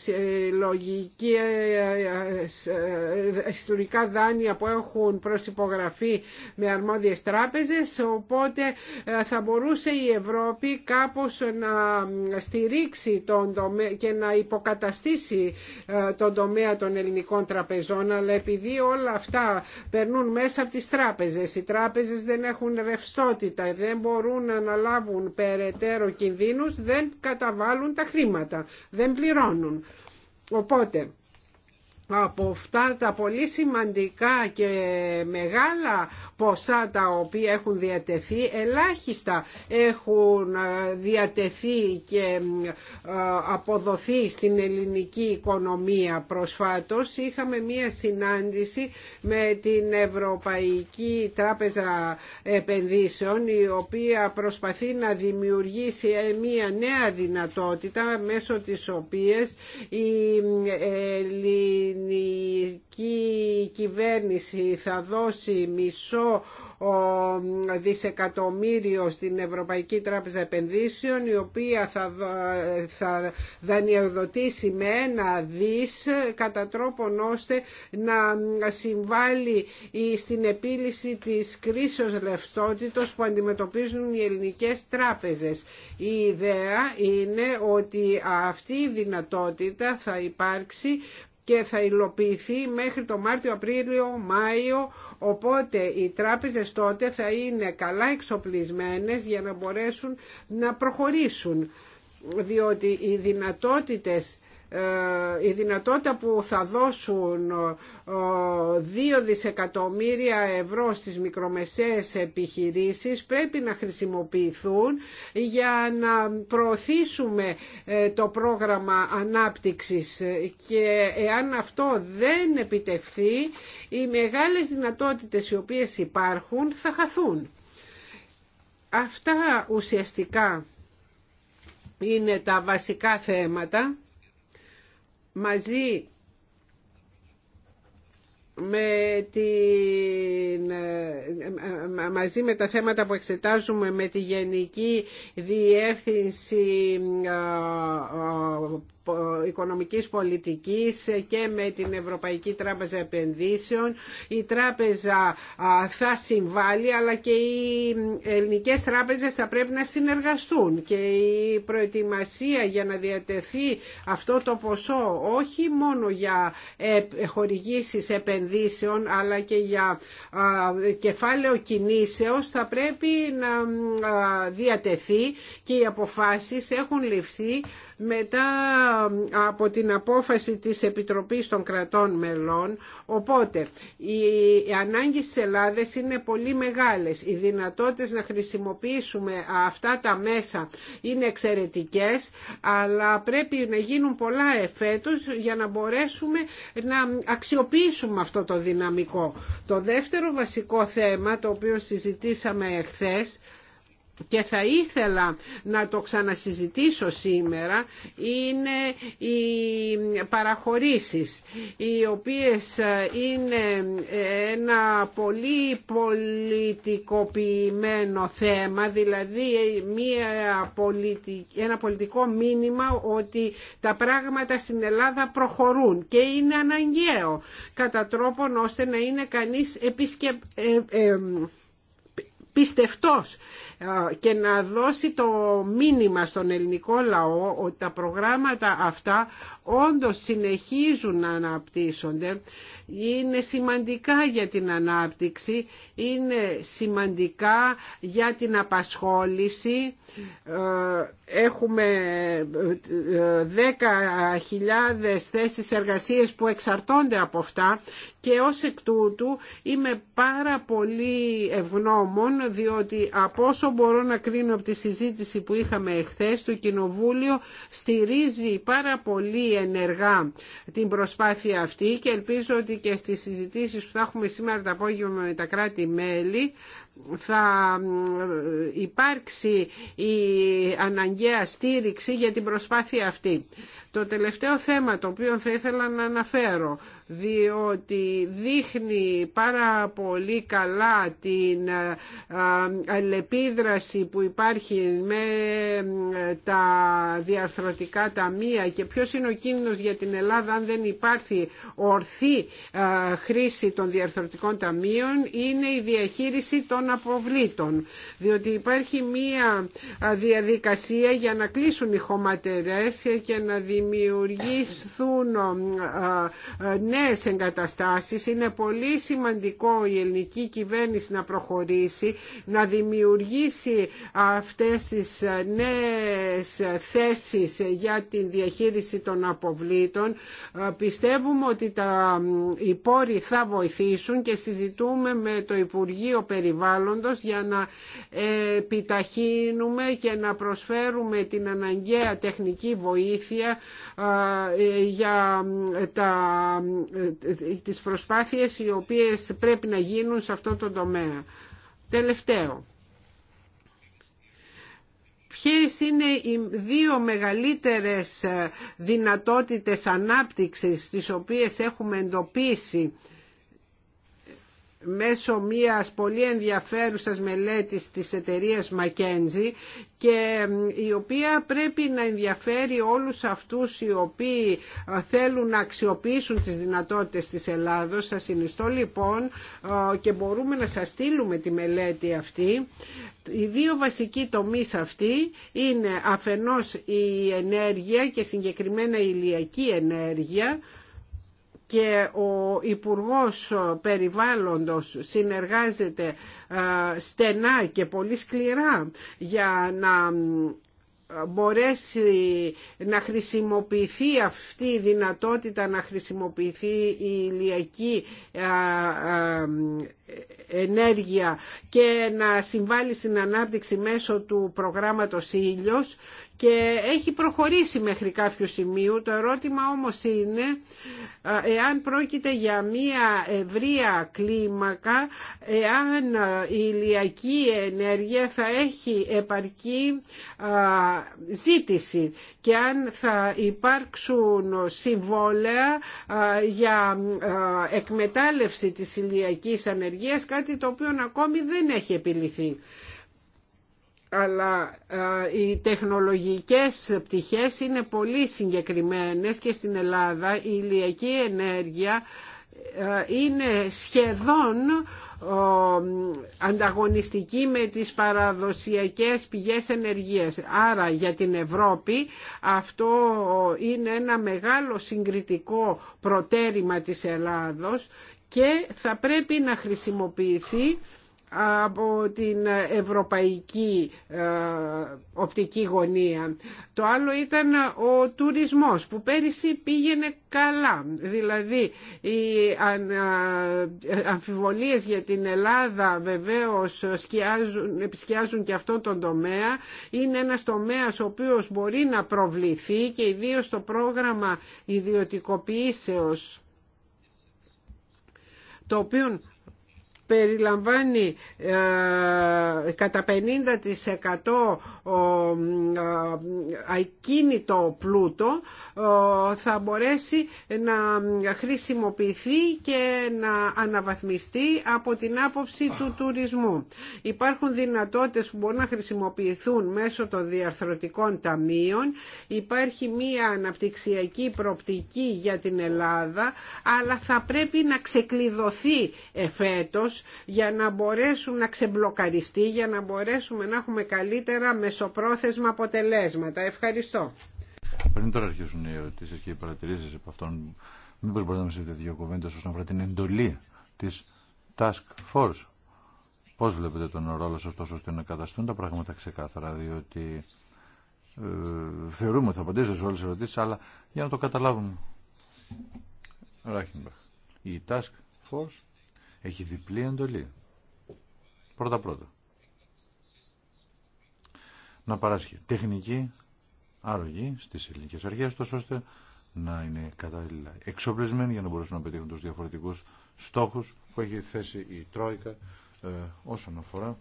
συλλογικά δάνεια που έχουν προσυπογραφεί με αρμόδιες τράπεζες οπότε θα μπορούσε η Ευρώπη κάπως να στηρίξει τον και να υποκαταστήσει τον τομέα των ελληνικών τραπεζών αλλά επειδή όλα αυτά περνούν μέσα από τις τράπεζες οι τράπεζες δεν έχουν ρευστότητα δεν μπορούν να αναλάβουν περαιτέρω κινδύνους δεν καταβάλουν τα χρήματα χρήματα. Δεν πληρώνουν. Οπότε από αυτά τα πολύ σημαντικά και μεγάλα ποσά τα οποία έχουν διατεθεί ελάχιστα έχουν ε, διατεθεί και ε, αποδοθεί στην ελληνική οικονομία προσφάτως είχαμε μία συνάντηση με την Ευρωπαϊκή Τράπεζα Επενδύσεων η οποία προσπαθεί να δημιουργήσει ε, μία νέα δυνατότητα μέσω της οποίας η ελληνική κυβέρνηση θα δώσει μισό δισεκατομμύριο στην Ευρωπαϊκή Τράπεζα Επενδύσεων η οποία θα, θα δανειοδοτήσει με ένα δις κατά τρόπον ώστε να συμβάλλει στην επίλυση της κρίσεως ρευστότητος που αντιμετωπίζουν οι ελληνικές τράπεζες. Η ιδέα είναι ότι αυτή η δυνατότητα θα υπάρξει και θα υλοποιηθεί μέχρι το Μάρτιο, Απρίλιο, Μάιο, οπότε οι τράπεζες τότε θα είναι καλά εξοπλισμένες για να μπορέσουν να προχωρήσουν διότι οι δυνατότητες ε, η δυνατότητα που θα δώσουν 2 ε, δισεκατομμύρια ευρώ στις μικρομεσαίες επιχειρήσεις πρέπει να χρησιμοποιηθούν για να προωθήσουμε ε, το πρόγραμμα ανάπτυξης και εάν αυτό δεν επιτευχθεί οι μεγάλες δυνατότητες οι οποίες υπάρχουν θα χαθούν. Αυτά ουσιαστικά είναι τα βασικά θέματα μαζί με την, ε, ε, ε, μαζί με τα θέματα που εξετάζουμε με τη Γενική Διεύθυνση Οικονομικής Πολιτικής και με την Ευρωπαϊκή Τράπεζα Επενδύσεων η τράπεζα θα συμβάλλει αλλά και οι ελληνικές τράπεζες θα πρέπει να συνεργαστούν και η προετοιμασία για να διατεθεί αυτό το ποσό όχι μόνο για χορηγήσεις επενδύσεων επενδύσεων αλλά και για κεφάλαιο κινήσεως θα πρέπει να διατεθεί και οι αποφάσεις έχουν ληφθεί μετά από την απόφαση της Επιτροπής των Κρατών Μελών. Οπότε, οι ανάγκη της Ελλάδας είναι πολύ μεγάλες. Οι δυνατότητες να χρησιμοποιήσουμε αυτά τα μέσα είναι εξαιρετικές, αλλά πρέπει να γίνουν πολλά εφέτος για να μπορέσουμε να αξιοποιήσουμε αυτό το δυναμικό. Το δεύτερο βασικό θέμα, το οποίο συζητήσαμε εχθές, και θα ήθελα να το ξανασυζητήσω σήμερα είναι οι παραχωρήσεις οι οποίες είναι ένα πολύ πολιτικοποιημένο θέμα δηλαδή μια ένα πολιτικό μήνυμα ότι τα πράγματα στην Ελλάδα προχωρούν και είναι αναγκαίο κατά τρόπον ώστε να είναι κανείς επισκεπ... Ε, ε, πιστευτός ε, και να δώσει το μήνυμα στον ελληνικό λαό ότι τα προγράμματα αυτά όντως συνεχίζουν να αναπτύσσονται είναι σημαντικά για την ανάπτυξη, είναι σημαντικά για την απασχόληση. Ε, έχουμε 10.000 ε, θέσεις εργασίας που εξαρτώνται από αυτά και ως εκ τούτου είμαι πάρα πολύ ευγνώμων διότι από όσο μπορώ να κρίνω από τη συζήτηση που είχαμε εχθές το Κοινοβούλιο στηρίζει πάρα πολύ ενεργά την προσπάθεια αυτή και ελπίζω ότι και στις συζητήσεις που θα έχουμε σήμερα το απόγευμα με τα κράτη-μέλη θα υπάρξει η αναγκαία στήριξη για την προσπάθεια αυτή. Το τελευταίο θέμα το οποίο θα ήθελα να αναφέρω διότι δείχνει πάρα πολύ καλά την ε, ε, αλληλεπίδραση που υπάρχει με ε, τα διαρθρωτικά ταμεία και ποιος είναι ο κίνδυνος για την Ελλάδα αν δεν υπάρχει ορθή χρήση των διαρθρωτικών ταμείων είναι η διαχείριση των αποβλήτων διότι υπάρχει μία διαδικασία για να κλείσουν οι χωματερές και να δημιουργήσουν νέα νέες εγκαταστάσεις. Είναι πολύ σημαντικό η ελληνική κυβέρνηση να προχωρήσει, να δημιουργήσει αυτές τις νέες θέσεις για τη διαχείριση των αποβλήτων. Πιστεύουμε ότι τα πόροι θα βοηθήσουν και συζητούμε με το Υπουργείο Περιβάλλοντος για να επιταχύνουμε και να προσφέρουμε την αναγκαία τεχνική βοήθεια ε, για τα τις προσπάθειες οι οποίες πρέπει να γίνουν σε αυτό το τομέα. Τελευταίο. Ποιες είναι οι δύο μεγαλύτερες δυνατότητες ανάπτυξης τις οποίες έχουμε εντοπίσει μέσω μιας πολύ ενδιαφέρουσας μελέτης της εταιρείας McKenzie και η οποία πρέπει να ενδιαφέρει όλους αυτούς οι οποίοι ε, θέλουν να αξιοποιήσουν τις δυνατότητες της Ελλάδος. Σας συνιστώ λοιπόν ε, και μπορούμε να σας στείλουμε τη μελέτη αυτή. Οι δύο βασικοί τομείς αυτοί είναι αφενός η ενέργεια και συγκεκριμένα η ηλιακή ενέργεια και ο Υπουργός Περιβάλλοντος συνεργάζεται ε, στενά και πολύ σκληρά για να ε, μπορέσει να χρησιμοποιηθεί αυτή η δυνατότητα να χρησιμοποιηθεί η ηλιακή ε, ενέργεια και να συμβάλλει στην ανάπτυξη μέσω του προγράμματος Ήλιος και έχει προχωρήσει μέχρι κάποιο σημείο. Το ερώτημα όμως είναι εάν πρόκειται για μία ευρία κλίμακα, εάν η ηλιακή ενέργεια θα έχει επαρκή ζήτηση και αν θα υπάρξουν συμβόλαια για εκμετάλλευση της ηλιακής ανεργίας, κάτι το οποίο ακόμη δεν έχει επιληθεί αλλά οι τεχνολογικές πτυχές είναι πολύ συγκεκριμένες και στην Ελλάδα η ηλιακή ενέργεια είναι σχεδόν ανταγωνιστική με τις παραδοσιακές πηγές ενεργείας. Άρα για την Ευρώπη αυτό είναι ένα μεγάλο συγκριτικό προτέρημα της Ελλάδος και θα πρέπει να χρησιμοποιηθεί από την ευρωπαϊκή ε, οπτική γωνία. Το άλλο ήταν ο τουρισμός που πέρυσι πήγαινε καλά. Δηλαδή οι αμφιβολίες για την Ελλάδα βεβαίως σκιάζουν, επισκιάζουν και αυτό τον τομέα. Είναι ένας τομέας ο οποίος μπορεί να προβληθεί και ιδίως το πρόγραμμα ιδιωτικοποιήσεως το οποίο περιλαμβάνει ε, κατά 50% ε, ακίνητο πλούτο θα μπορέσει να χρησιμοποιηθεί και να αναβαθμιστεί από την άποψη του τουρισμού. Υπάρχουν δυνατότητες που μπορούν να χρησιμοποιηθούν μέσω των διαρθρωτικών ταμείων. Υπάρχει μία αναπτυξιακή προπτική για την Ελλάδα, αλλά θα πρέπει να ξεκλειδωθεί εφέτος για να μπορέσουν να ξεμπλοκαριστεί, για να μπορέσουμε να έχουμε καλύτερα μεσοπρόθεσμα αποτελέσματα. Ευχαριστώ. Πριν τώρα αρχίσουν οι ερωτήσεις και οι παρατηρήσεις από αυτόν, μήπως μπορείτε να μας δείτε δύο κουβέντες όσον αφορά την εντολή της Task Force. Πώς βλέπετε τον ρόλο σας τόσο ώστε να καταστούν τα πράγματα ξεκάθαρα, διότι ε, θεωρούμε ότι θα απαντήσετε σε όλες τις ερωτήσεις, αλλά για να το καταλάβουμε. Ράχινμπαχ. Η Task Force έχει διπλή εντολή. Πρώτα-πρώτα. Να παράσχει τεχνική άρρωγη στις ελληνικές αρχές, τόσο ώστε να είναι κατάλληλα εξοπλισμένοι για να μπορέσουν να πετύχουν τους διαφορετικούς στόχους που έχει θέσει η Τρόικα ε, όσον αφορά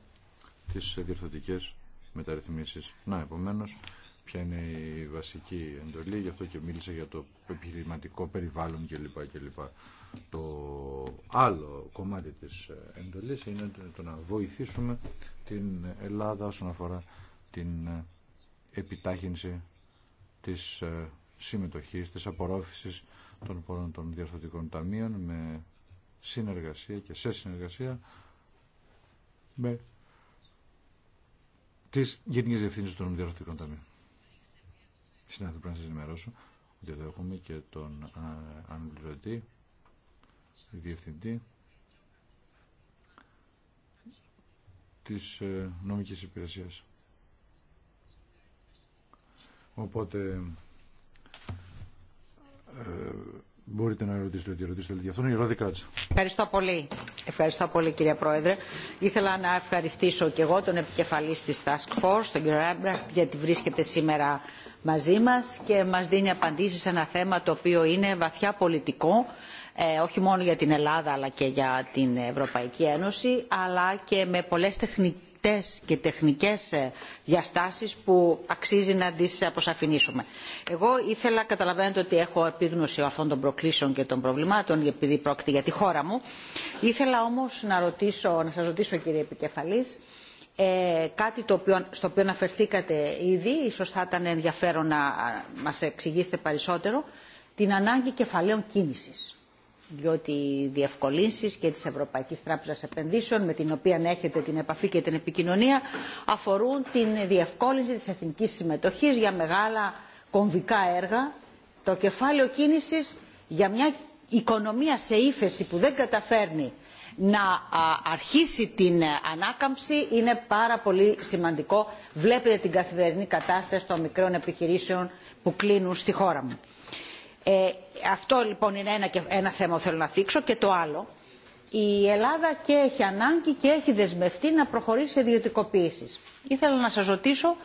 τις διορθωτικές μεταρρυθμίσεις. Να, επομένως, ποια είναι η βασική εντολή, γι' αυτό και μίλησα για το επιχειρηματικό περιβάλλον κλπ. Το άλλο κομμάτι της εντολής είναι το να βοηθήσουμε την Ελλάδα όσον αφορά την επιτάχυνση της συμμετοχής, της απορρόφησης των πόρων των διορθωτικών ταμείων με συνεργασία και σε συνεργασία με τις Γενικές Διευθύνσεις των διορθωτικών Ταμείων. Συνάδελφοι, πρέπει να σας ενημερώσω ότι εδώ έχουμε και τον ε, αναπληρωτή διευθυντή της ε, νομικής υπηρεσίας. Οπότε ε, μπορείτε να ρωτήσετε ό,τι ρωτήσετε. Γι' αυτό η Κράτσα. Ευχαριστώ πολύ. Ευχαριστώ πολύ κυρία Πρόεδρε. Ήθελα να ευχαριστήσω και εγώ τον επικεφαλής της Task Force, τον κύριο Ράμπραχτ, γιατί βρίσκεται σήμερα μαζί μας και μας δίνει απαντήσεις σε ένα θέμα το οποίο είναι βαθιά πολιτικό ε, όχι μόνο για την Ελλάδα αλλά και για την Ευρωπαϊκή Ένωση αλλά και με πολλές τεχνητές και τεχνικές ε, διαστάσεις που αξίζει να τις αποσαφηνίσουμε. Εγώ ήθελα, καταλαβαίνετε ότι έχω επίγνωση αυτών των προκλήσεων και των προβλημάτων επειδή πρόκειται για τη χώρα μου. Ήθελα όμως να, ρωτήσω, να σας ρωτήσω κύριε Επικεφαλής ε, κάτι το στο οποίο αναφερθήκατε ήδη, ίσως θα ήταν ενδιαφέρον να μας εξηγήσετε περισσότερο, την ανάγκη κεφαλαίων κίνησης διότι οι διευκολύνσεις και της Ευρωπαϊκής Τράπεζας Επενδύσεων με την οποία έχετε την επαφή και την επικοινωνία αφορούν την διευκόλυνση της εθνικής συμμετοχής για μεγάλα κομβικά έργα. Το κεφάλαιο κίνησης για μια οικονομία σε ύφεση που δεν καταφέρνει να αρχίσει την ανάκαμψη είναι πάρα πολύ σημαντικό. Βλέπετε την καθημερινή κατάσταση των μικρών επιχειρήσεων που κλείνουν στη χώρα μου. Ε, αυτό λοιπόν είναι ένα, ένα θέμα που θέλω να θίξω και το άλλο. Η Ελλάδα και έχει ανάγκη και έχει δεσμευτεί να προχωρήσει σε ιδιωτικοποίηση. Ήθελα να σας ρωτήσω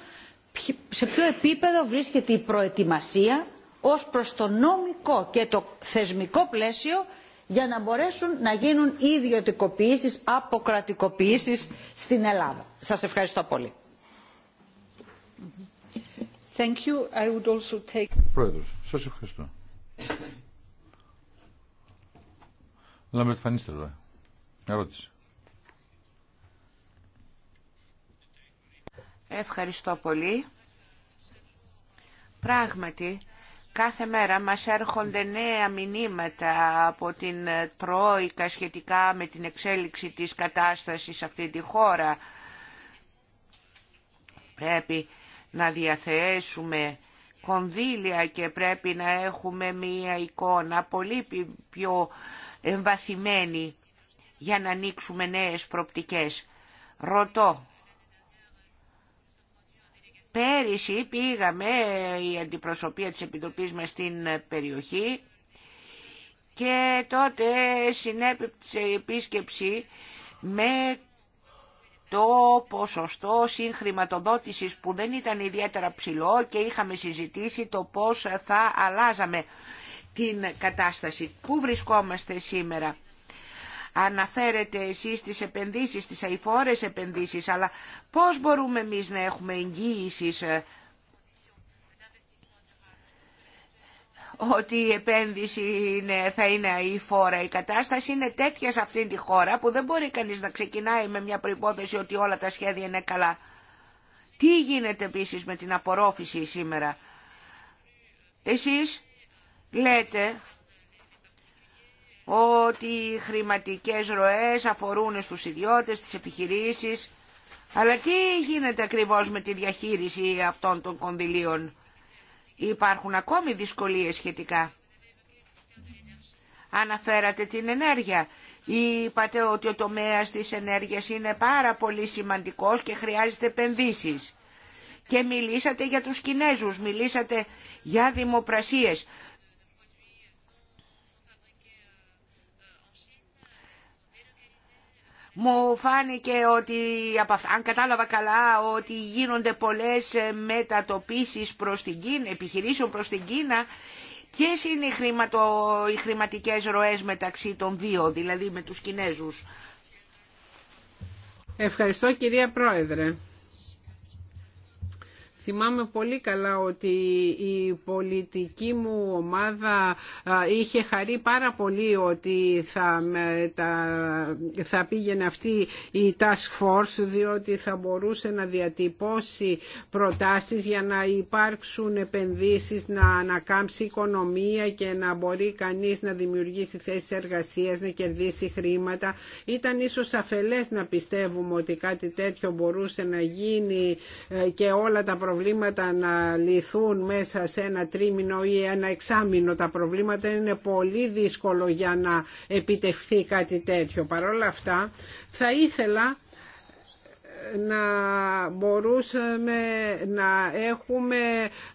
σε ποιο επίπεδο βρίσκεται η προετοιμασία ως προς το νομικό και το θεσμικό πλαίσιο για να μπορέσουν να γίνουν ιδιωτικοποιήσεις, αποκρατικοποιήσεις στην Ελλάδα. Σας ευχαριστώ πολύ. Thank you. I would ευχαριστώ. Λάμπερτ Φανίστερ, ερώτηση. Ευχαριστώ πολύ. Πράγματι, κάθε μέρα μας έρχονται νέα μηνύματα από την Τρόικα σχετικά με την εξέλιξη της κατάστασης σε αυτή τη χώρα. Πρέπει να διαθέσουμε κονδύλια και πρέπει να έχουμε μία εικόνα πολύ πιο εμβαθυμένη για να ανοίξουμε νέες προπτικές. Ρωτώ. Πέρυσι πήγαμε η αντιπροσωπεία της Επιτροπής μας στην περιοχή και τότε συνέπεψε η επίσκεψη με το ποσοστό συγχρηματοδότησης που δεν ήταν ιδιαίτερα ψηλό και είχαμε συζητήσει το πώς θα αλλάζαμε την κατάσταση. Πού βρισκόμαστε σήμερα. Αναφέρετε εσείς τις επενδύσεις, τις αηφόρες επενδύσεις, αλλά πώς μπορούμε εμείς να έχουμε εγγύησεις ε, ότι η επένδυση θα είναι η φόρα. Η κατάσταση είναι τέτοια σε αυτήν τη χώρα που δεν μπορεί κανείς να ξεκινάει με μια προϋπόθεση ότι όλα τα σχέδια είναι καλά. Τι γίνεται επίσης με την απορρόφηση σήμερα. Εσείς λέτε ότι οι χρηματικές ροές αφορούν στους ιδιώτες, τις επιχειρήσεις, αλλά τι γίνεται ακριβώς με τη διαχείριση αυτών των κονδυλίων. Υπάρχουν ακόμη δυσκολίες σχετικά. Αναφέρατε την ενέργεια. Είπατε ότι ο τομέας της ενέργειας είναι πάρα πολύ σημαντικός και χρειάζεται επενδύσεις. Και μιλήσατε για τους Κινέζους, μιλήσατε για δημοπρασίες. Μου φάνηκε ότι, αν κατάλαβα καλά, ότι γίνονται πολλές ε, μετατοπίσεις προς την Κίνα, επιχειρήσεων προς την Κίνα. ποιε είναι οι, χρηματο, οι χρηματικές ροές μεταξύ των δύο, δηλαδή με τους Κινέζους. Ευχαριστώ κυρία Πρόεδρε. Θυμάμαι πολύ καλά ότι η πολιτική μου ομάδα είχε χαρεί πάρα πολύ ότι θα, θα πήγαινε αυτή η task force διότι θα μπορούσε να διατυπώσει προτάσεις για να υπάρξουν επενδύσεις, να ανακάμψει οικονομία και να μπορεί κανείς να δημιουργήσει θέσεις εργασίας, να κερδίσει χρήματα. Ήταν ίσως αφελές να πιστεύουμε ότι κάτι τέτοιο μπορούσε να γίνει ε, και όλα τα προβλήματα προβλήματα να λυθούν μέσα σε ένα τρίμηνο ή ένα εξάμηνο. Τα προβλήματα είναι πολύ δύσκολο για να επιτευχθεί κάτι τέτοιο. Παρ' όλα αυτά θα ήθελα να μπορούσαμε να έχουμε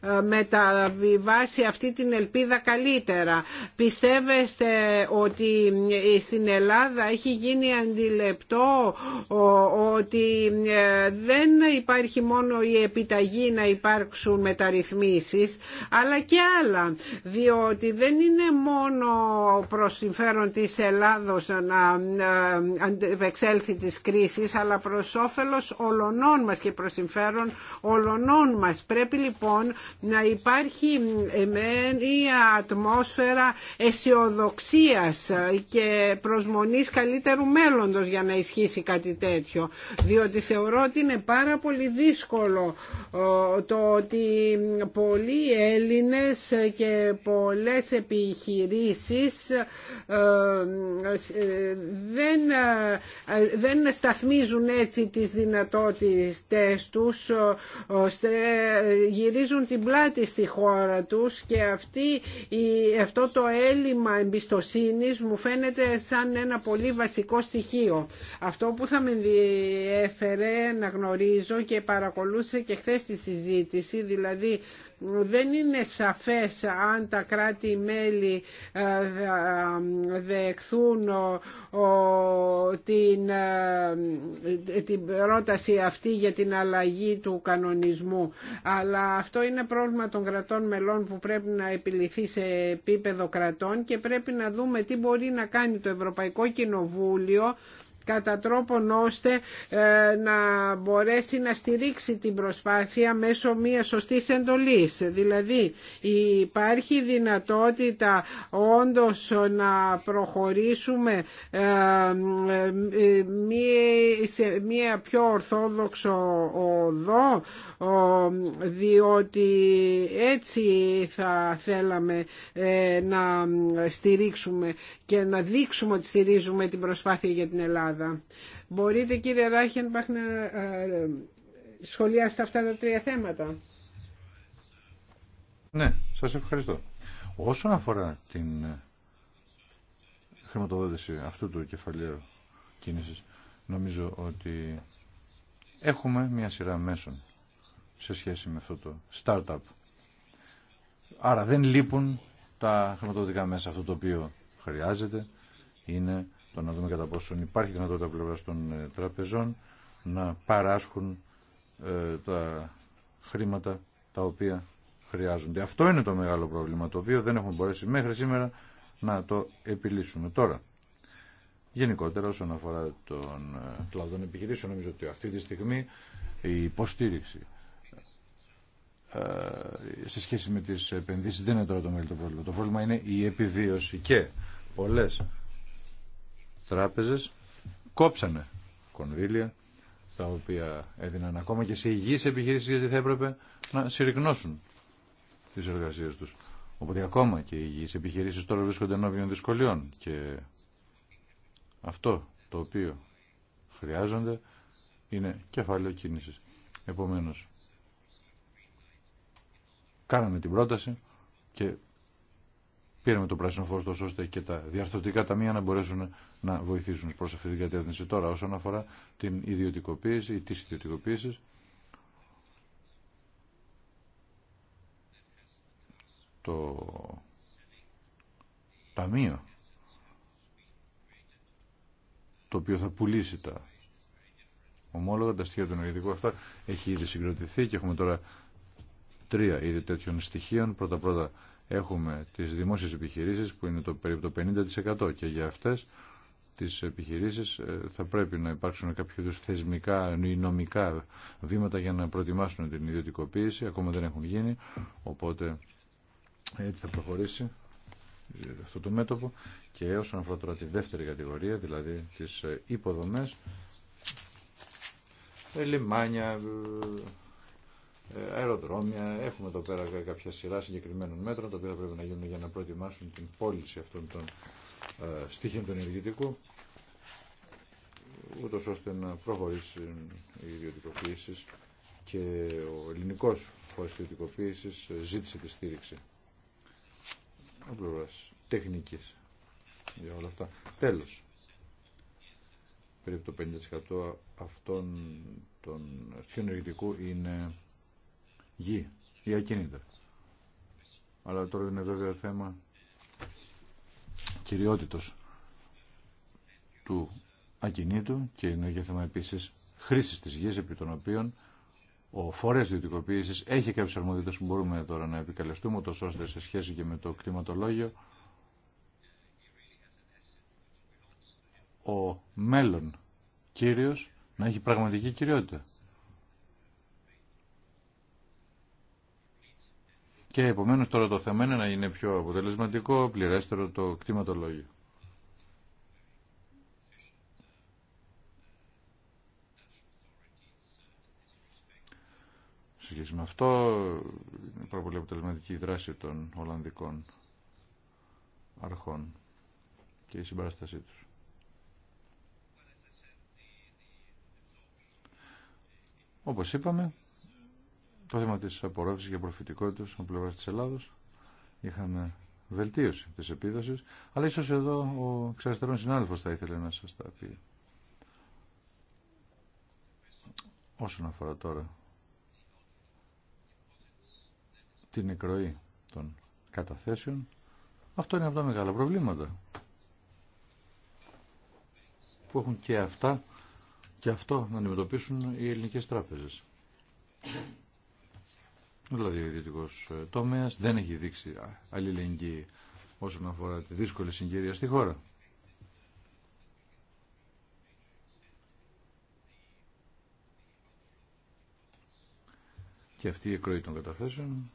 ε, μεταβιβάσει αυτή την ελπίδα καλύτερα. Πιστεύεστε ότι ε, στην Ελλάδα έχει γίνει αντιλεπτό ότι ε, δεν υπάρχει μόνο η επιταγή να υπάρξουν μεταρρυθμίσεις αλλά και άλλα διότι δεν είναι μόνο προς συμφέρον της Ελλάδος να αντεπεξέλθει της κρίσης αλλά προς ολωνών ολονών μας και προσυμφέρον ολονών μας. Πρέπει λοιπόν να υπάρχει μια ε, ατμόσφαιρα αισιοδοξία και προσμονής καλύτερου μέλλοντος για να ισχύσει κάτι τέτοιο. Διότι θεωρώ ότι είναι πάρα πολύ δύσκολο το ότι πολλοί Έλληνες και πολλές επιχειρήσεις ε, ε, δεν, δεν σταθμίζουν έτσι τις δυνατότητες δυνατότητες τους γυρίζουν την πλάτη στη χώρα τους και αυτή, αυτό το έλλειμμα εμπιστοσύνης μου φαίνεται σαν ένα πολύ βασικό στοιχείο. Αυτό που θα με διέφερε να γνωρίζω και παρακολούθησε και χθε τη συζήτηση, δηλαδή δεν είναι σαφές αν τα κράτη-μέλη ε, ε, δεχθούν την, ε, την πρόταση αυτή για την αλλαγή του κανονισμού. Αλλά αυτό είναι πρόβλημα των κρατών μελών που πρέπει να επιληθεί σε επίπεδο κρατών και πρέπει να δούμε τι μπορεί να κάνει το Ευρωπαϊκό Κοινοβούλιο κατά τρόπον ώστε ε, να μπορέσει να στηρίξει την προσπάθεια μέσω μια σωστής εντολής. Δηλαδή υπάρχει δυνατότητα όντως να προχωρήσουμε ε, ε, σε μια πιο ορθόδοξο οδό διότι έτσι θα θέλαμε ε, να στηρίξουμε και να δείξουμε ότι στηρίζουμε την προσπάθεια για την Ελλάδα. Μπορείτε κύριε Ράχενμπαχ να ε, σχολιάσετε αυτά τα τρία θέματα. Ναι, σας ευχαριστώ. Όσον αφορά την ε, χρηματοδότηση αυτού του κεφαλαίου κίνησης, νομίζω ότι έχουμε μια σειρά μέσων σε σχέση με αυτό το startup. Άρα δεν λείπουν τα χρηματοδοτικά μέσα. Αυτό το οποίο χρειάζεται είναι το να δούμε κατά πόσον υπάρχει δυνατότητα πλευρά των ε, τραπεζών να παράσχουν ε, τα χρήματα τα οποία χρειάζονται. Αυτό είναι το μεγάλο πρόβλημα το οποίο δεν έχουμε μπορέσει μέχρι σήμερα να το επιλύσουμε. Τώρα, γενικότερα όσον αφορά τον ε, κλάδο επιχειρήσεων, νομίζω ότι αυτή τη στιγμή η υποστήριξη ε, σε σχέση με τις επενδύσεις δεν είναι τώρα το μέλλον το πρόβλημα. Το πρόβλημα είναι η επιβίωση και πολλές τράπεζες κόψανε κονδύλια τα οποία έδιναν ακόμα και σε υγιείς επιχειρήσεις γιατί θα έπρεπε να συρρυκνώσουν τις εργασίες τους. Οπότε ακόμα και οι υγιείς επιχειρήσεις τώρα βρίσκονται ενώπιον δυσκολιών και αυτό το οποίο χρειάζονται είναι κεφάλαιο κίνησης. Επομένως, κάναμε την πρόταση και πήραμε το πράσινο φως τόσο ώστε και τα διαρθρωτικά ταμεία να μπορέσουν να βοηθήσουν προς αυτή την κατεύθυνση τώρα όσον αφορά την ιδιωτικοποίηση ή τις ιδιωτικοποίησεις. Το ταμείο το οποίο θα πουλήσει τα ομόλογα, τα στοιχεία του ενεργητικού αυτά έχει ήδη συγκροτηθεί και έχουμε τώρα τρία είδη τέτοιων στοιχείων. Πρώτα-πρώτα έχουμε τις δημόσιες επιχειρήσεις που είναι το περίπου το 50% και για αυτές τις επιχειρήσεις ε, θα πρέπει να υπάρξουν κάποιο είδους θεσμικά ή νομικά βήματα για να προετοιμάσουν την ιδιωτικοποίηση. Ακόμα δεν έχουν γίνει, οπότε έτσι θα προχωρήσει αυτό το μέτωπο και όσον αφορά τώρα τη δεύτερη κατηγορία, δηλαδή τις ε, υποδομές, λιμάνια, ε, αεροδρόμια, έχουμε εδώ πέρα κάποια σειρά συγκεκριμένων μέτρων τα οποία πρέπει να γίνουν για να προετοιμάσουν την πώληση αυτών των ε, στοιχείων του ενεργητικού ούτω ώστε να προχωρήσουν οι ιδιωτικοποιήσεις και ο ελληνικός χώρος ιδιωτικοποίησης ε, ζήτησε τη στήριξη από τεχνικής για όλα αυτά. Τέλος, περίπου το 50% αυτών των στοιχείων ενεργητικού είναι γη ή ακίνητα. Αλλά τώρα είναι βέβαια θέμα κυριότητος του ακινήτου και είναι και θέμα επίσης χρήσης της γης επί των οποίων ο φορέας διωτικοποίησης έχει και αρμόδιτες που μπορούμε τώρα να επικαλεστούμε, τόσο ώστε σε σχέση και με το κτηματολόγιο ο μέλλον κύριος να έχει πραγματική κυριότητα. Και επομένω τώρα το θέμα είναι να είναι πιο αποτελεσματικό, πληρέστερο το κτηματολόγιο. Σε σχέση με αυτό, είναι πάρα πολύ αποτελεσματική η δράση των Ολλανδικών αρχών και η συμπαράστασή τους. Όπως είπαμε, το θέμα της απορρόφησης και προφητικότητας από πλευρά της Ελλάδος είχαμε βελτίωση της επίδοσης αλλά ίσως εδώ ο ξαριστερών συνάδελφος θα ήθελε να σας τα πει όσον αφορά τώρα την εκροή των καταθέσεων αυτό είναι από τα μεγάλα προβλήματα που έχουν και αυτά και αυτό να αντιμετωπίσουν οι ελληνικές τράπεζες. Δηλαδή ο ιδιωτικό ε, τομέα δεν έχει δείξει αλληλεγγύη όσον αφορά τη δύσκολη συγκυρία στη χώρα. Και αυτή η εκροή των καταθέσεων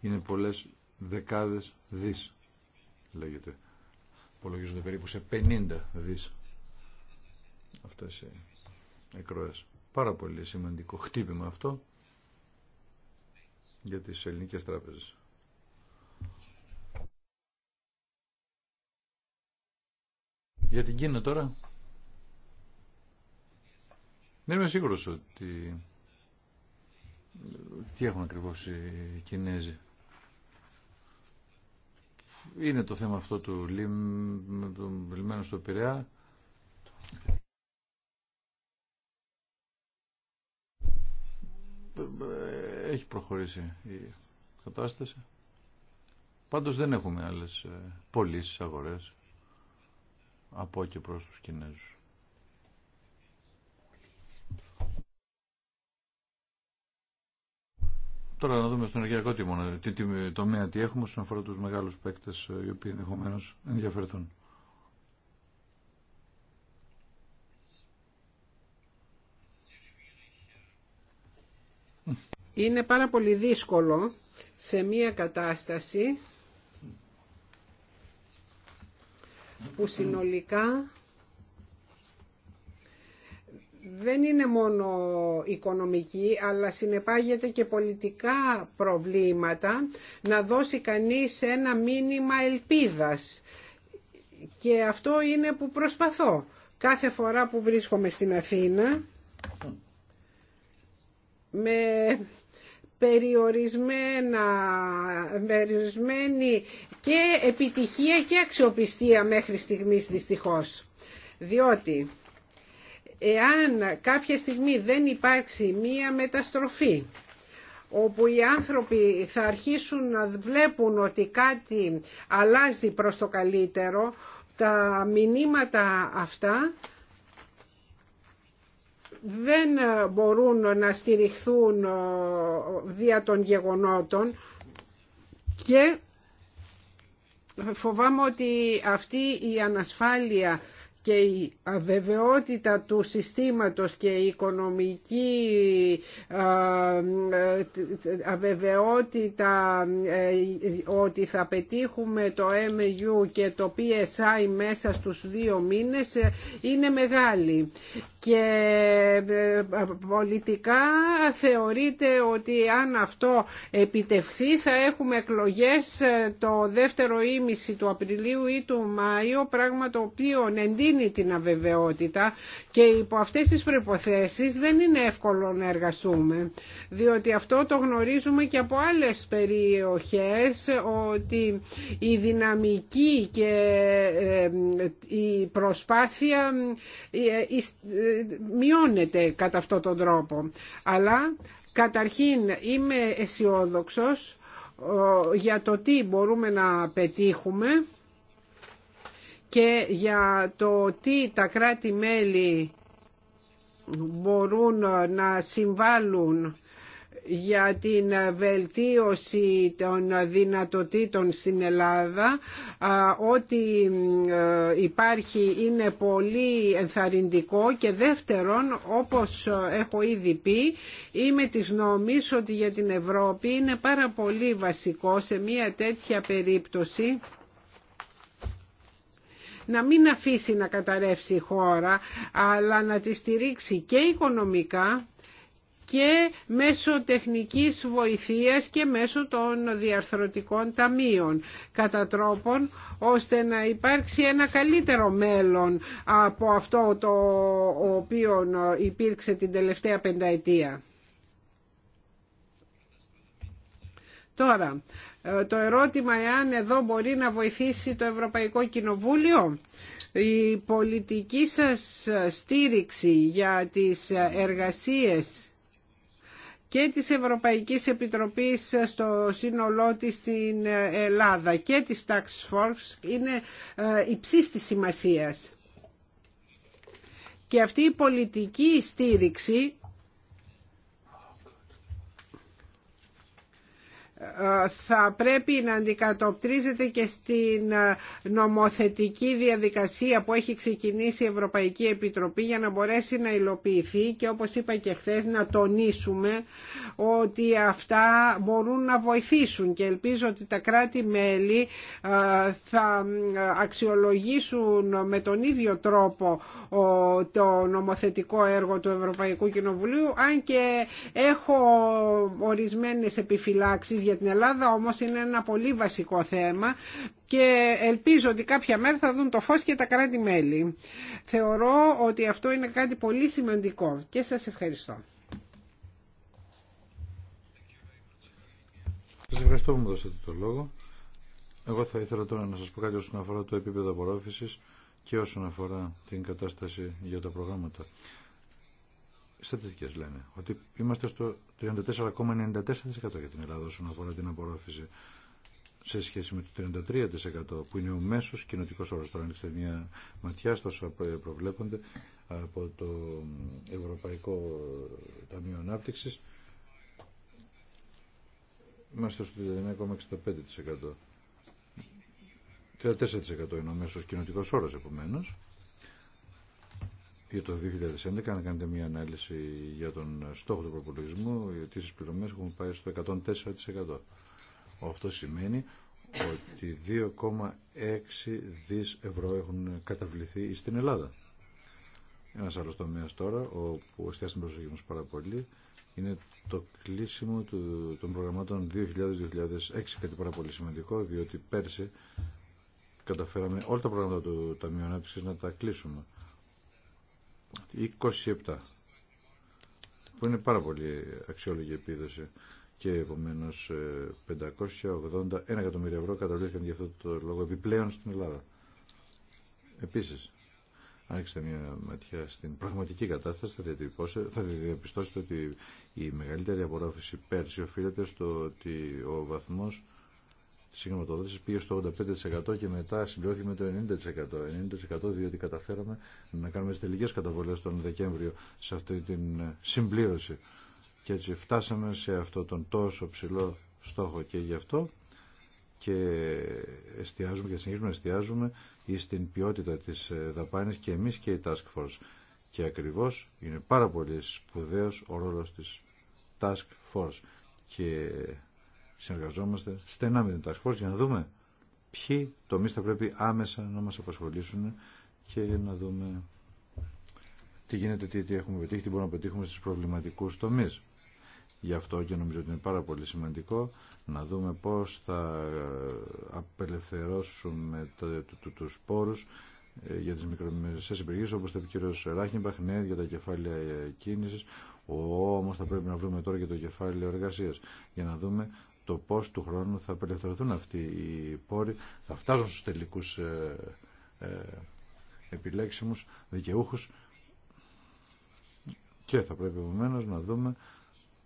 είναι πολλές δεκάδες δις λέγεται υπολογίζονται περίπου σε 50 δις αυτές οι ε, εκροές. Πάρα πολύ σημαντικό χτύπημα αυτό για τις ελληνικές τράπεζες. Για την Κίνα τώρα. Δεν είμαι σίγουρος ότι τι έχουν ακριβώς οι Κινέζοι. Είναι το θέμα αυτό του Λιμμένου στο Πειραιά έχει προχωρήσει η κατάσταση. Πάντως δεν έχουμε άλλες ε, πωλήσει αγορές από και προς τους Κινέζους. Τώρα να δούμε στον ενεργειακό τιμό τι τομέα τι έχουμε όσον αφορά τους μεγάλους παίκτες ε, οι οποίοι ενδεχομένω ενδιαφερθούν. Είναι πάρα πολύ δύσκολο σε μία κατάσταση που συνολικά δεν είναι μόνο οικονομική, αλλά συνεπάγεται και πολιτικά προβλήματα, να δώσει κανείς ένα μήνυμα ελπίδας. Και αυτό είναι που προσπαθώ. Κάθε φορά που βρίσκομαι στην Αθήνα, με περιορισμένα, περιορισμένη και επιτυχία και αξιοπιστία μέχρι στιγμής δυστυχώς. Διότι εάν κάποια στιγμή δεν υπάρξει μία μεταστροφή όπου οι άνθρωποι θα αρχίσουν να βλέπουν ότι κάτι αλλάζει προς το καλύτερο, τα μηνύματα αυτά δεν ε, μπορούν να στηριχθούν ε, δια των γεγονότων και φοβάμαι ότι αυτή η ανασφάλεια και η αβεβαιότητα του συστήματος και η οικονομική ε, αβεβαιότητα ότι θα πετύχουμε το MU και το PSI μέσα στους δύο μήνες είναι μεγάλη και ε, ε, πολιτικά θεωρείται ότι αν αυτό επιτευχθεί θα έχουμε εκλογές ε, το δεύτερο ήμιση του Απριλίου ή του Μάιου πράγμα το οποίο εντείνει την αβεβαιότητα και υπό αυτές τις προϋποθέσεις δεν είναι εύκολο να εργαστούμε διότι αυτό το γνωρίζουμε και από άλλες περιοχές ότι η δυναμική και η προσπάθεια μειώνεται κατά αυτόν τον τρόπο. Αλλά καταρχήν είμαι αισιόδοξο για το τι μπορούμε να πετύχουμε και για το τι τα κράτη-μέλη μπορούν να συμβάλλουν για την βελτίωση των δυνατοτήτων στην Ελλάδα. Ό,τι ε, υπάρχει είναι πολύ ενθαρρυντικό και δεύτερον, όπως έχω ήδη πει, είμαι της νόμης ότι για την Ευρώπη είναι πάρα πολύ βασικό σε μια τέτοια περίπτωση να μην αφήσει να καταρρεύσει η χώρα, αλλά να τη στηρίξει και οικονομικά και μέσω τεχνικής βοηθείας και μέσω των διαρθρωτικών ταμείων κατά τρόπον ώστε να υπάρξει ένα καλύτερο μέλλον από αυτό το οποίο υπήρξε την τελευταία πενταετία. Τώρα, το ερώτημα εάν εδώ μπορεί να βοηθήσει το Ευρωπαϊκό Κοινοβούλιο η πολιτική σας στήριξη για τις εργασίες και της Ευρωπαϊκής Επιτροπής στο σύνολό της στην Ελλάδα και της Tax Force είναι ε, υψής της σημασίας. Και αυτή η πολιτική στήριξη θα πρέπει να αντικατοπτρίζεται και στην ε, νομοθετική διαδικασία που έχει ξεκινήσει η Ευρωπαϊκή Επιτροπή για να μπορέσει να υλοποιηθεί και όπως είπα και χθε να τονίσουμε ότι αυτά μπορούν να βοηθήσουν και ελπίζω ότι τα κράτη-μέλη ε, θα ε, αξιολογήσουν με τον ίδιο τρόπο το νομοθετικό έργο του Ευρωπαϊκού Κοινοβουλίου αν και έχω ορισμένες επιφυλάξεις για την Ελλάδα όμως είναι ένα πολύ βασικό θέμα και ελπίζω ότι κάποια μέρα θα δουν το φως και τα κράτη-μέλη. Θεωρώ ότι αυτό είναι κάτι πολύ σημαντικό και σας ευχαριστώ. Σας ευχαριστώ που μου δώσατε το λόγο. Εγώ θα ήθελα τώρα να σας πω κάτι όσον αφορά το επίπεδο απορρόφησης και όσον αφορά την κατάσταση για τα προγράμματα στατιστικές λένε ότι είμαστε στο 34,94% για την Ελλάδα όσον αφορά την απορρόφηση σε σχέση με το 33% που είναι ο μέσος κοινοτικό όρος. Τώρα ανοίξτε μια ματιά στο όσο προβλέπονται από το Ευρωπαϊκό Ταμείο Ανάπτυξης. Είμαστε στο 39,65%. 34% είναι ο μέσος κοινοτικό όρος επομένως για το 2011 να κάνετε μια ανάλυση για τον στόχο του προπολογισμού οι στις πληρωμές έχουν πάει στο 104%. Αυτό σημαίνει ότι 2,6 δις ευρώ έχουν καταβληθεί στην Ελλάδα. Ένας άλλος τομέας τώρα, όπου εστιάζει την προσοχή μας πάρα πολύ, είναι το κλείσιμο του, των προγραμμάτων 2000-2006, κάτι πάρα πολύ σημαντικό, διότι πέρσι καταφέραμε όλα τα προγράμματα του Ταμείου Ανάπτυξης να τα κλείσουμε. 27 που είναι πάρα πολύ αξιόλογη επίδοση και επομένω 581 ε, εκατομμύρια ευρώ καταβλήθηκαν για αυτό το λόγο επιπλέον στην Ελλάδα. Επίσης, άνοιξτε μια ματιά στην πραγματική κατάσταση, θα, θα διαπιστώσετε ότι η μεγαλύτερη απορρόφηση πέρσι οφείλεται στο ότι ο βαθμός συγχρηματοδότηση πήγε στο 85% και μετά συμπληρώθηκε με το 90%. 90% διότι καταφέραμε να κάνουμε τις τελικές καταβολές τον Δεκέμβριο σε αυτή την ε, συμπλήρωση. Και έτσι φτάσαμε σε αυτό τον τόσο ψηλό στόχο και γι' αυτό και εστιάζουμε και συνεχίζουμε να εστιάζουμε στην ποιότητα της ε, δαπάνης και εμείς και η Task Force. Και ακριβώς είναι πάρα πολύ σπουδαίος ο ρόλος της Task Force. Και συνεργαζόμαστε στενά με την Task για να δούμε ποιοι τομείς θα πρέπει άμεσα να μας απασχολήσουν και να δούμε τι γίνεται, τι, έχουμε πετύχει, τι μπορούμε να πετύχουμε στους προβληματικούς τομείς. Γι' αυτό και νομίζω ότι είναι πάρα πολύ σημαντικό να δούμε πώς θα ε, απελευθερώσουμε τους πόρους ε, για τις μικρομεσαίες υπηρεσίες, όπως το είπε ο κ. Ράχιμπαχ, ναι, για τα κεφάλαια ε, κίνησης, όμως θα πρέπει να βρούμε τώρα και το κεφάλαιο εργασίας για να δούμε το πώς του χρόνου θα απελευθερωθούν αυτοί οι πόροι, θα φτάσουν στους τελικούς ε, ε, επιλέξιμους δικαιούχους και θα πρέπει επομένως να δούμε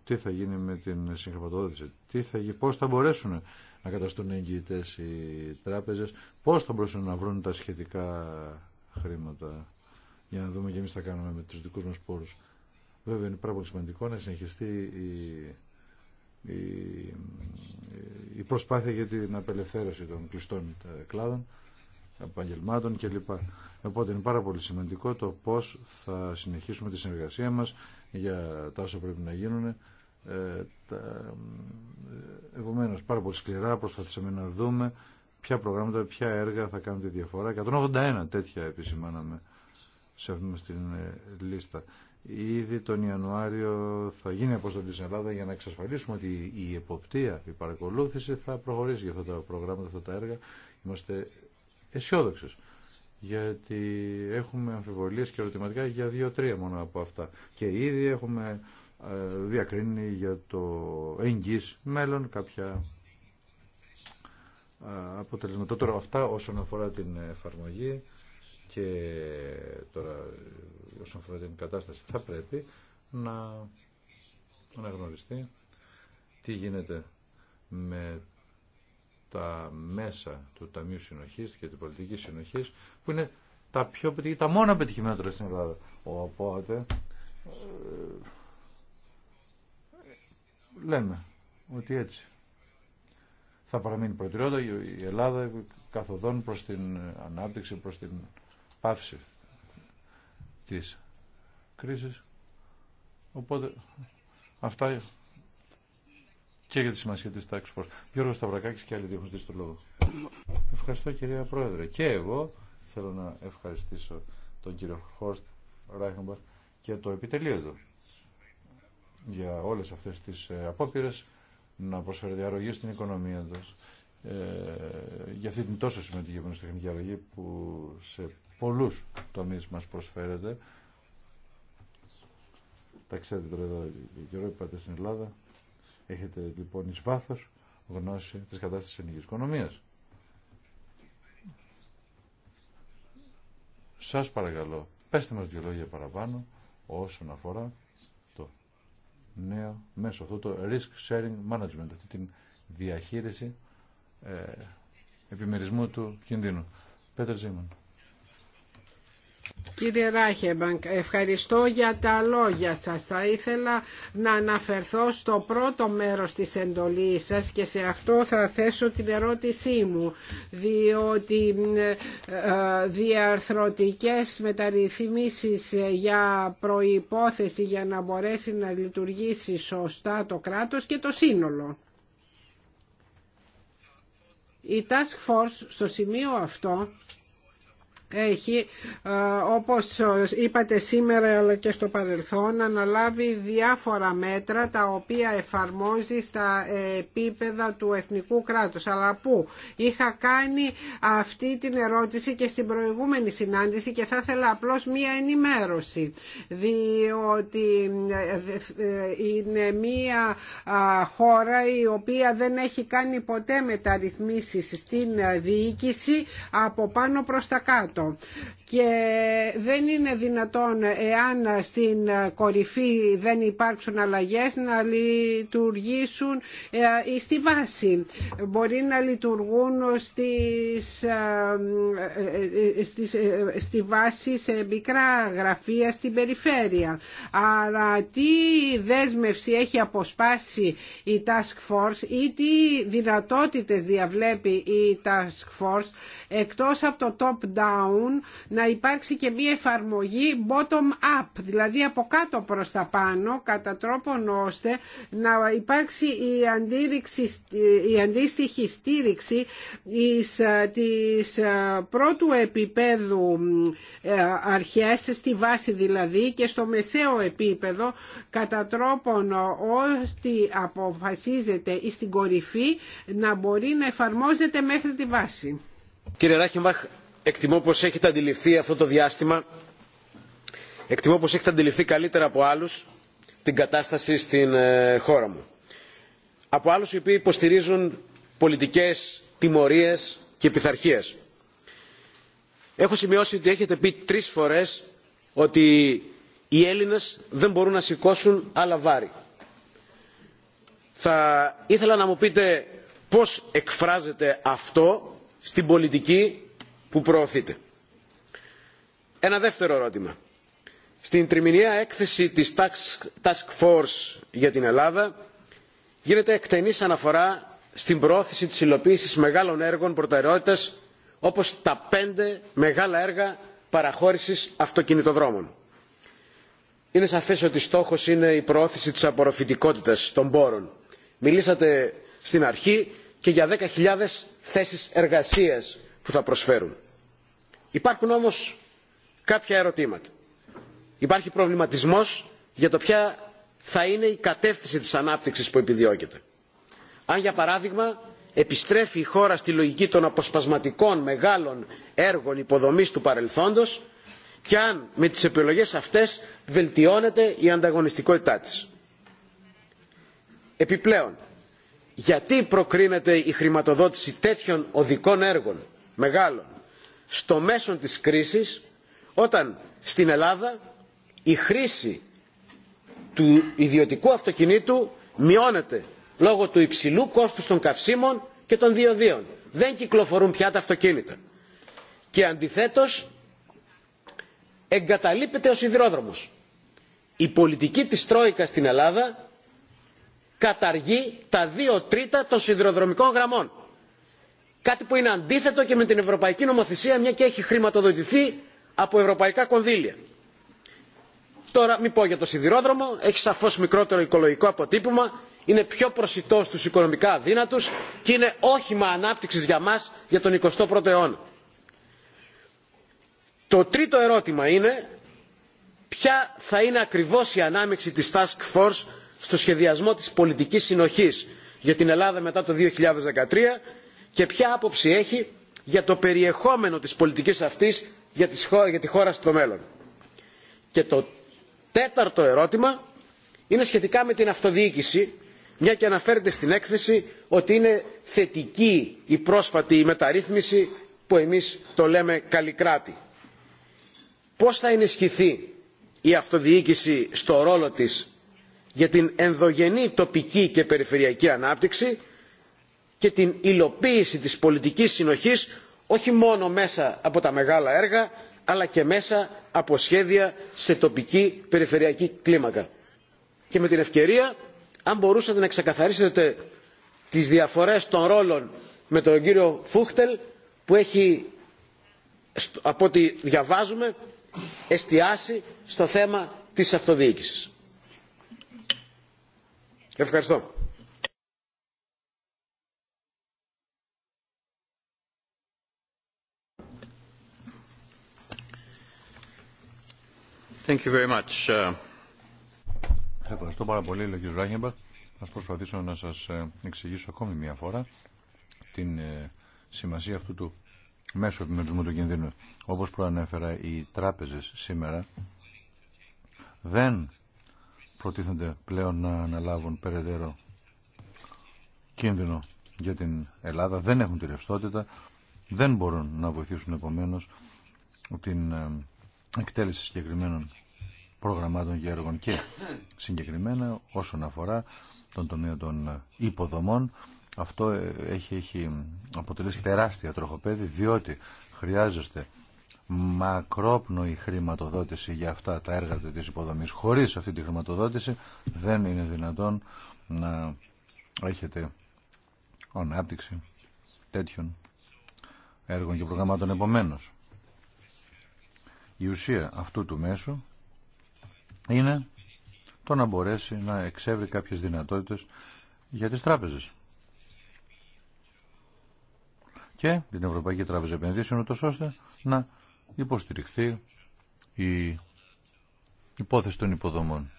τι θα γίνει με την συγχρηματοδότηση, τι θα, πώς θα μπορέσουν να καταστούν εγγυητές οι τράπεζες, πώς θα μπορέσουν να βρουν τα σχετικά χρήματα για να δούμε και εμείς τι θα κάνουμε με τους δικούς μας πόρους. Βέβαια είναι πάρα πολύ σημαντικό να συνεχιστεί η η προσπάθεια για την απελευθέρωση των κλειστών ε, κλάδων, επαγγελμάτων κλπ. Οπότε είναι πάρα πολύ σημαντικό το πώς θα συνεχίσουμε τη συνεργασία μας για τα όσα πρέπει να γίνουν. Ε, ε, επομένως, πάρα πολύ σκληρά προσπαθήσαμε να δούμε ποια προγράμματα, ποια έργα θα κάνουν τη διαφορά. 181 τέτοια επισημάναμε σε αυτήν την λίστα. Ήδη τον Ιανουάριο θα γίνει αποστολή στην Ελλάδα για να εξασφαλίσουμε ότι η εποπτεία, η παρακολούθηση θα προχωρήσει για αυτά τα προγράμματα, αυτά τα έργα. Είμαστε αισιόδοξε. Γιατί έχουμε αμφιβολίες και ερωτηματικά για δύο-τρία μόνο από αυτά. Και ήδη έχουμε ε, διακρίνει για το εγγύς μέλλον κάποια ε, αποτελέσματα. Τώρα αυτά όσον αφορά την εφαρμογή και τώρα όσον αφορά την κατάσταση θα πρέπει να αναγνωριστεί τι γίνεται με τα μέσα του Ταμείου Συνοχής και την πολιτική συνοχής που είναι τα, πιο, τα μόνα πετυχημένα τώρα στην Ελλάδα. Οπότε ε, λέμε ότι έτσι θα παραμείνει προτεραιότητα η Ελλάδα καθοδόν προς την ανάπτυξη, προς την πάυση της κρίσης. Οπότε αυτά και για τη σημασία της τάξης φοράς. Γιώργος Σταυρακάκης και άλλοι δύο έχουν το λόγο. Ευχαριστώ κυρία Πρόεδρε. Και εγώ θέλω να ευχαριστήσω τον κύριο Χόρστ Ράιχνμπαρ και το επιτελείο του για όλες αυτές τις ε, απόπειρε να προσφέρει αρρωγή στην οικονομία τους ε, για αυτή την τόσο σημαντική γνωστή τεχνική που σε πολλούς τομείς μας προσφέρεται. Τα ξέρετε τώρα εδώ καιρό είπατε στην Ελλάδα. Έχετε λοιπόν εις βάθος γνώση της κατάστασης ελληνικής οικονομίας. Σας παρακαλώ, πέστε μας δύο λόγια παραπάνω όσον αφορά το νέο μέσο, αυτό το risk sharing management, αυτή την διαχείριση ε, επιμερισμού του κινδύνου. Πέτρο Ζήμαν. Κύριε Ράχεμπανκ, ευχαριστώ για τα λόγια σας. Θα ήθελα να αναφερθώ στο πρώτο μέρος της εντολής σας και σε αυτό θα θέσω την ερώτησή μου, διότι ε, ε, διαρθρωτικές μεταρρυθμίσεις για προϋπόθεση για να μπορέσει να λειτουργήσει σωστά το κράτος και το σύνολο. Η Task Force στο σημείο αυτό έχει ε, όπως είπατε σήμερα αλλά και στο παρελθόν αναλάβει διάφορα μέτρα τα οποία εφαρμόζει στα επίπεδα του εθνικού κράτους αλλά που είχα κάνει αυτή την ερώτηση και στην προηγούμενη συνάντηση και θα ήθελα απλώς μία ενημέρωση διότι ε, ε, είναι μία χώρα η οποία δεν έχει κάνει ποτέ μεταρρυθμίσεις στην διοίκηση από πάνω προς τα κάτω αυτό και δεν είναι δυνατόν εάν στην κορυφή δεν υπάρξουν αλλαγές να λειτουργήσουν ε, ε, στη βάση. Μπορεί να λειτουργούν στις, ε, στις, στη βάση σε μικρά γραφεία στην περιφέρεια. Αλλά τι δέσμευση έχει αποσπάσει η Task Force ή τι δυνατότητες διαβλέπει η Task Force εκτός από το top-down να να υπάρξει και μία εφαρμογή bottom-up, δηλαδή από κάτω προς τα πάνω, κατά τρόπον ώστε να υπάρξει η, η αντίστοιχη στήριξη εις, ε, της ε, πρώτου επίπεδου ε, αρχές, στη βάση δηλαδή και στο μεσαίο επίπεδο, κατά τρόπον ότι αποφασίζεται στην κορυφή να μπορεί να εφαρμόζεται μέχρι τη βάση. Κύριε Ράχιμπαχ, εκτιμώ πως έχετε αντιληφθεί αυτό το διάστημα εκτιμώ πως έχετε αντιληφθεί καλύτερα από άλλους την κατάσταση στην ε, χώρα μου. Από άλλους οι οποίοι υποστηρίζουν πολιτικές τιμωρίες και επιθαρχίες. Έχω σημειώσει ότι έχετε πει τρεις φορές ότι οι Έλληνες δεν μπορούν να σηκώσουν άλλα βάρη. Θα ήθελα να μου πείτε πώς εκφράζεται αυτό στην πολιτική που προωθείται. Ένα δεύτερο ερώτημα. Στην τριμηνιαία έκθεση της Task Force για την Ελλάδα γίνεται εκτενής αναφορά στην προώθηση της υλοποίησης μεγάλων έργων προτεραιότητας όπως τα πέντε μεγάλα έργα παραχώρησης αυτοκινητοδρόμων. Είναι σαφές ότι στόχος είναι η προώθηση της απορροφητικότητας των πόρων. Μιλήσατε στην αρχή και για 10.000 θέσεις εργασίας που θα προσφέρουν. Υπάρχουν όμως κάποια ερωτήματα. Υπάρχει προβληματισμός για το ποια θα είναι η κατεύθυνση της ανάπτυξης που επιδιώκεται. Αν για παράδειγμα επιστρέφει η χώρα στη λογική των αποσπασματικών μεγάλων έργων υποδομής του παρελθόντος και αν με τις επιλογές αυτές βελτιώνεται η ανταγωνιστικότητά τη Επιπλέον, γιατί προκρίνεται η χρηματοδότηση τέτοιων οδικών έργων μεγάλων στο μέσο της κρίσης όταν στην Ελλάδα η χρήση του ιδιωτικού αυτοκινήτου μειώνεται λόγω του υψηλού κόστους των καυσίμων και των διοδίων. Δεν κυκλοφορούν πια τα αυτοκίνητα. Και αντιθέτως εγκαταλείπεται ο σιδηρόδρομος. Η πολιτική της Τρόικας στην Ελλάδα καταργεί τα δύο τρίτα των σιδηροδρομικών γραμμών κάτι που είναι αντίθετο και με την ευρωπαϊκή νομοθεσία μια και έχει χρηματοδοτηθεί από ευρωπαϊκά κονδύλια. Τώρα μην πω για το σιδηρόδρομο, έχει σαφώς μικρότερο οικολογικό αποτύπωμα, είναι πιο προσιτό στους οικονομικά αδύνατους και είναι όχημα ανάπτυξης για μας για τον 21ο αιώνα. Το τρίτο ερώτημα είναι ποια θα είναι ακριβώς η ανάμειξη της Task Force στο σχεδιασμό της πολιτικής συνοχής για την Ελλάδα μετά το 2013 και ποια άποψη έχει για το περιεχόμενο της πολιτικής αυτής για τη χώρα στο μέλλον. Και το τέταρτο ερώτημα είναι σχετικά με την αυτοδιοίκηση, μια και αναφέρεται στην έκθεση ότι είναι θετική η πρόσφατη μεταρρύθμιση που εμείς το λέμε καλή κράτη. Πώς θα ενισχυθεί η αυτοδιοίκηση στο ρόλο της για την ενδογενή τοπική και περιφερειακή ανάπτυξη και την υλοποίηση της πολιτικής συνοχής όχι μόνο μέσα από τα μεγάλα έργα αλλά και μέσα από σχέδια σε τοπική περιφερειακή κλίμακα. Και με την ευκαιρία, αν μπορούσατε να ξεκαθαρίσετε τις διαφορές των ρόλων με τον κύριο Φούχτελ που έχει, από ό,τι διαβάζουμε, εστιάσει στο θέμα της αυτοδιοίκησης. Ευχαριστώ. Uh, ευχαριστώ πάρα πολύ, λέει ο Θα προσπαθήσω να σας ε, εξηγήσω ακόμη μια φορά την ε, σημασία αυτού του μέσου επιμερισμού του κινδύνου. Όπως προανέφερα, οι τράπεζες σήμερα δεν προτίθενται πλέον να αναλάβουν περαιτέρω κίνδυνο για την Ελλάδα, δεν έχουν τη ρευστότητα, δεν μπορούν να βοηθήσουν επομένω την ε, εκτέλεση συγκεκριμένων προγραμμάτων και έργων και συγκεκριμένα όσον αφορά τον τομέα των υποδομών. Αυτό ε, έχει, έχει αποτελέσει τεράστια τροχοπέδη διότι χρειάζεστε μακρόπνοη χρηματοδότηση για αυτά τα έργα της υποδομής. Χωρίς αυτή τη χρηματοδότηση δεν είναι δυνατόν να έχετε ανάπτυξη τέτοιων έργων και προγραμμάτων επομένως. Η ουσία αυτού του μέσου είναι το να μπορέσει να εξεύρει κάποιες δυνατότητες για τις τράπεζες. Και την Ευρωπαϊκή Τράπεζα Επενδύσεων, ούτως ώστε να υποστηριχθεί η υπόθεση των υποδομών.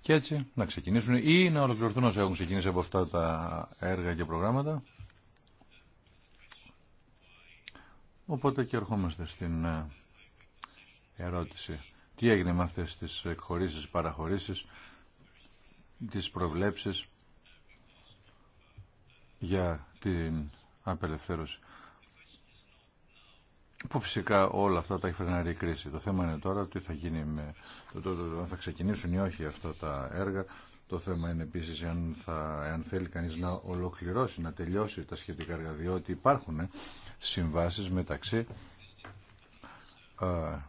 Και έτσι να ξεκινήσουν ή να ολοκληρωθούν όσοι έχουν ξεκινήσει από αυτά τα έργα και προγράμματα Οπότε και ερχόμαστε στην ε, ερώτηση. Τι έγινε με αυτές τις εκχωρήσεις, παραχωρήσεις, τις προβλέψεις για την απελευθέρωση. Που φυσικά όλα αυτά τα έχει φρενάρει κρίση. Το θέμα είναι τώρα τι θα γίνει με το, το, αν θα ξεκινήσουν ή όχι αυτά τα έργα. Το θέμα είναι επίση αν, αν θέλει κανεί να ολοκληρώσει, να τελειώσει τα σχετικά έργα, διότι υπάρχουν συμβάσεις μεταξύ ε, ε,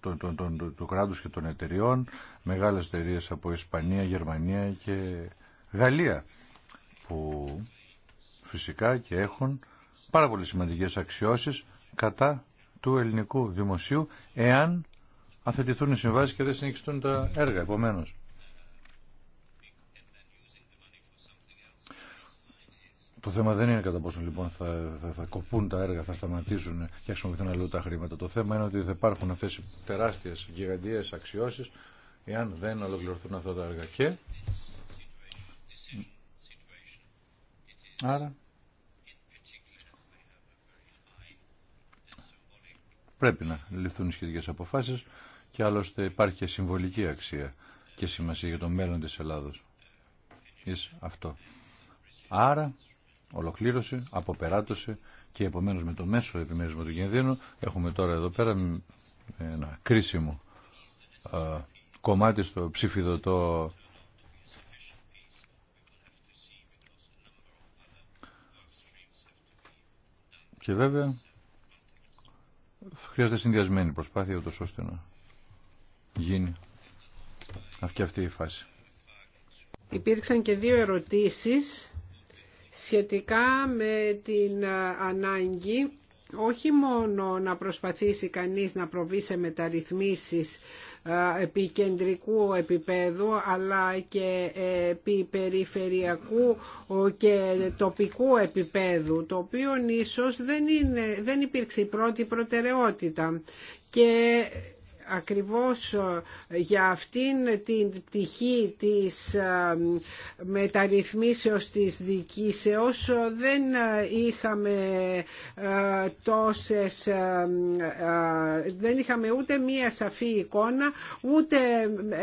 των, του κράτους και των εταιριών, μεγάλες εταιρείε από Ισπανία, Γερμανία και Γαλλία, που φυσικά και έχουν πάρα πολύ σημαντικές αξιώσεις κατά του ελληνικού δημοσίου, εάν αφαιτηθούν οι συμβάσεις και δεν συνεχιστούν τα έργα, επομένως. Το θέμα δεν είναι κατά πόσο λοιπόν θα, θα, θα κοπούν τα έργα, θα σταματήσουν και χρησιμοποιηθούν αλλού τα χρήματα. Το θέμα είναι ότι θα υπάρχουν αυτέ οι τεράστιε γιγαντιέ αξιώσει εάν δεν ολοκληρωθούν αυτά τα έργα. Και... Άρα πρέπει να ληφθούν οι σχετικές αποφάσεις και άλλωστε υπάρχει και συμβολική αξία και σημασία για το μέλλον τη Ελλάδος. Είναι αυτό. Άρα ολοκλήρωση, αποπεράτωση και επομένως με το μέσο επιμέρισμα του κινδύνου έχουμε τώρα εδώ πέρα ένα κρίσιμο κομμάτι στο ψηφιδωτό και βέβαια χρειάζεται συνδυασμένη προσπάθεια ούτως ώστε να γίνει αυτή, αυτή η φάση. Υπήρξαν και δύο ερωτήσεις σχετικά με την ανάγκη όχι μόνο να προσπαθήσει κανείς να προβεί σε μεταρρυθμίσεις επικεντρικού επίπεδου αλλά και επί περιφερειακού και τοπικού επίπεδου το οποίο ίσως δεν, είναι, δεν υπήρξε η πρώτη προτεραιότητα και ακριβώς ε, για αυτήν την πτυχή της ε, μεταρρυθμίσεως της δικήσεως ε, δεν είχαμε τόσες δεν είχαμε ούτε μία σαφή εικόνα ούτε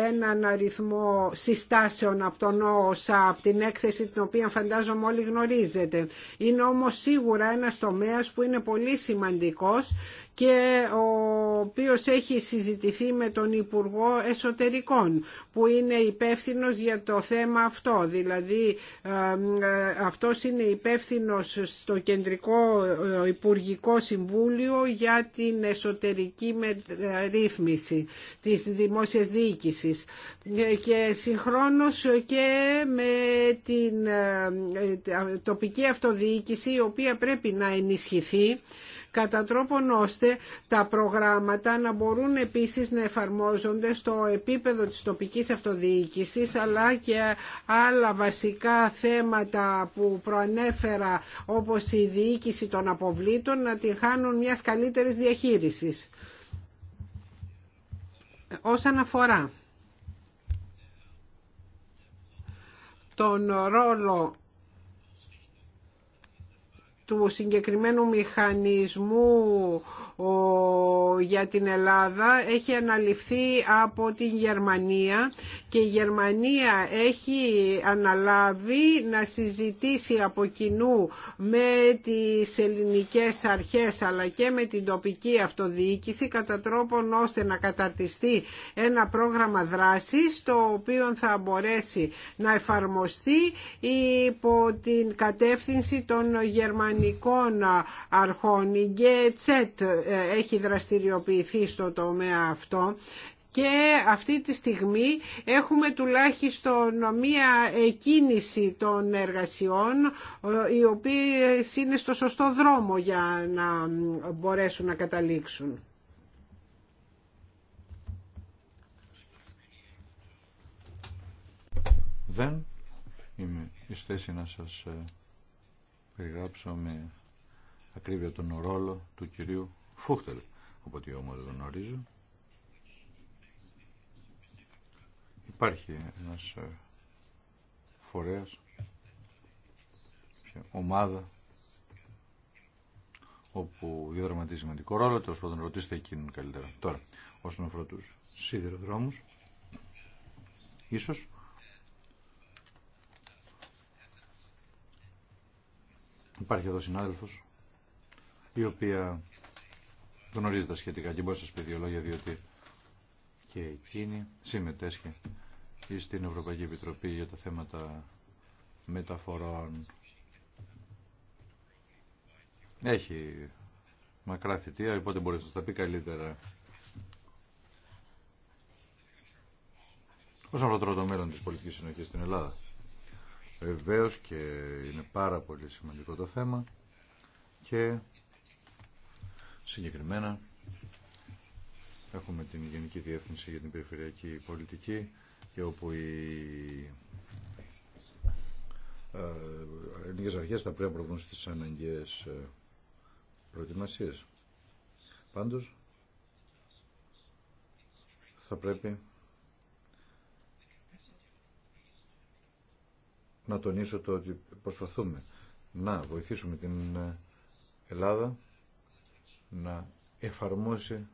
έναν αριθμό συστάσεων από τον ΩΣΑ από την έκθεση την οποία φαντάζομαι όλοι γνωρίζετε είναι όμως σίγουρα ένας τομέας που είναι πολύ σημαντικός και ο οποίος έχει συζητηθεί με τον Υπουργό Εσωτερικών που είναι υπεύθυνος για το θέμα αυτό. Δηλαδή ε, ε, αυτός είναι υπεύθυνος στο Κεντρικό ε, Υπουργικό Συμβούλιο για την εσωτερική ρύθμιση της δημόσιας διοίκησης και συγχρόνως και με την τοπική αυτοδιοίκηση η οποία πρέπει να ενισχυθεί κατά τρόπον ώστε τα προγράμματα να μπορούν επίσης να εφαρμόζονται στο επίπεδο της τοπικής αυτοδιοίκησης αλλά και άλλα βασικά θέματα που προανέφερα όπως η διοίκηση των αποβλήτων να τη χάνουν μιας καλύτερης διαχείρισης. Όσον αφορά τον ρόλο του συγκεκριμένου μηχανισμού για την Ελλάδα έχει αναλυφθεί από την Γερμανία και η Γερμανία έχει αναλάβει να συζητήσει από κοινού με τις ελληνικές αρχές αλλά και με την τοπική αυτοδιοίκηση κατά τρόπον ώστε να καταρτιστεί ένα πρόγραμμα δράσης το οποίο θα μπορέσει να εφαρμοστεί υπό την κατεύθυνση των γερμανικών αρχών. Η έχει δραστηριοποιηθεί στο τομέα αυτό και αυτή τη στιγμή έχουμε τουλάχιστον μία κίνηση των εργασιών ε, οι οποίες είναι στο σωστό δρόμο για να μπορέσουν να καταλήξουν. Δεν είμαι εις θέση να σας ε, περιγράψω με ακρίβεια τον ρόλο του κυρίου Φούχτελ, οπότε όμως γνωρίζω. Υπάρχει ένας ε, φορέας, ομάδα, όπου διαδραματίζει σημαντικό ρόλο, τέλο πάντων ρωτήστε εκείνον καλύτερα. Τώρα, όσον αφορά του σιδηροδρόμου, ίσω υπάρχει εδώ συνάδελφο η οποία Γνωρίζετε σχετικά και μπορεί να πει δύο λόγια διότι και εκείνη συμμετέσχει στην Ευρωπαϊκή Επιτροπή για τα θέματα μεταφορών. Έχει μακρά θητεία, οπότε μπορεί να σας τα πει καλύτερα. Όσον αφορά το μέλλον της πολιτικής συνοχής στην Ελλάδα. Βεβαίω και είναι πάρα πολύ σημαντικό το θέμα και συγκεκριμένα. Έχουμε την Γενική Διεύθυνση για την Περιφερειακή Πολιτική και όπου οι ε, ελληνικές αρχές θα πρέπει να προβούν στις αναγκαίες ε, προετοιμασίες. Πάντως, θα πρέπει να τονίσω το ότι προσπαθούμε να βοηθήσουμε την Ελλάδα να εφαρμόσει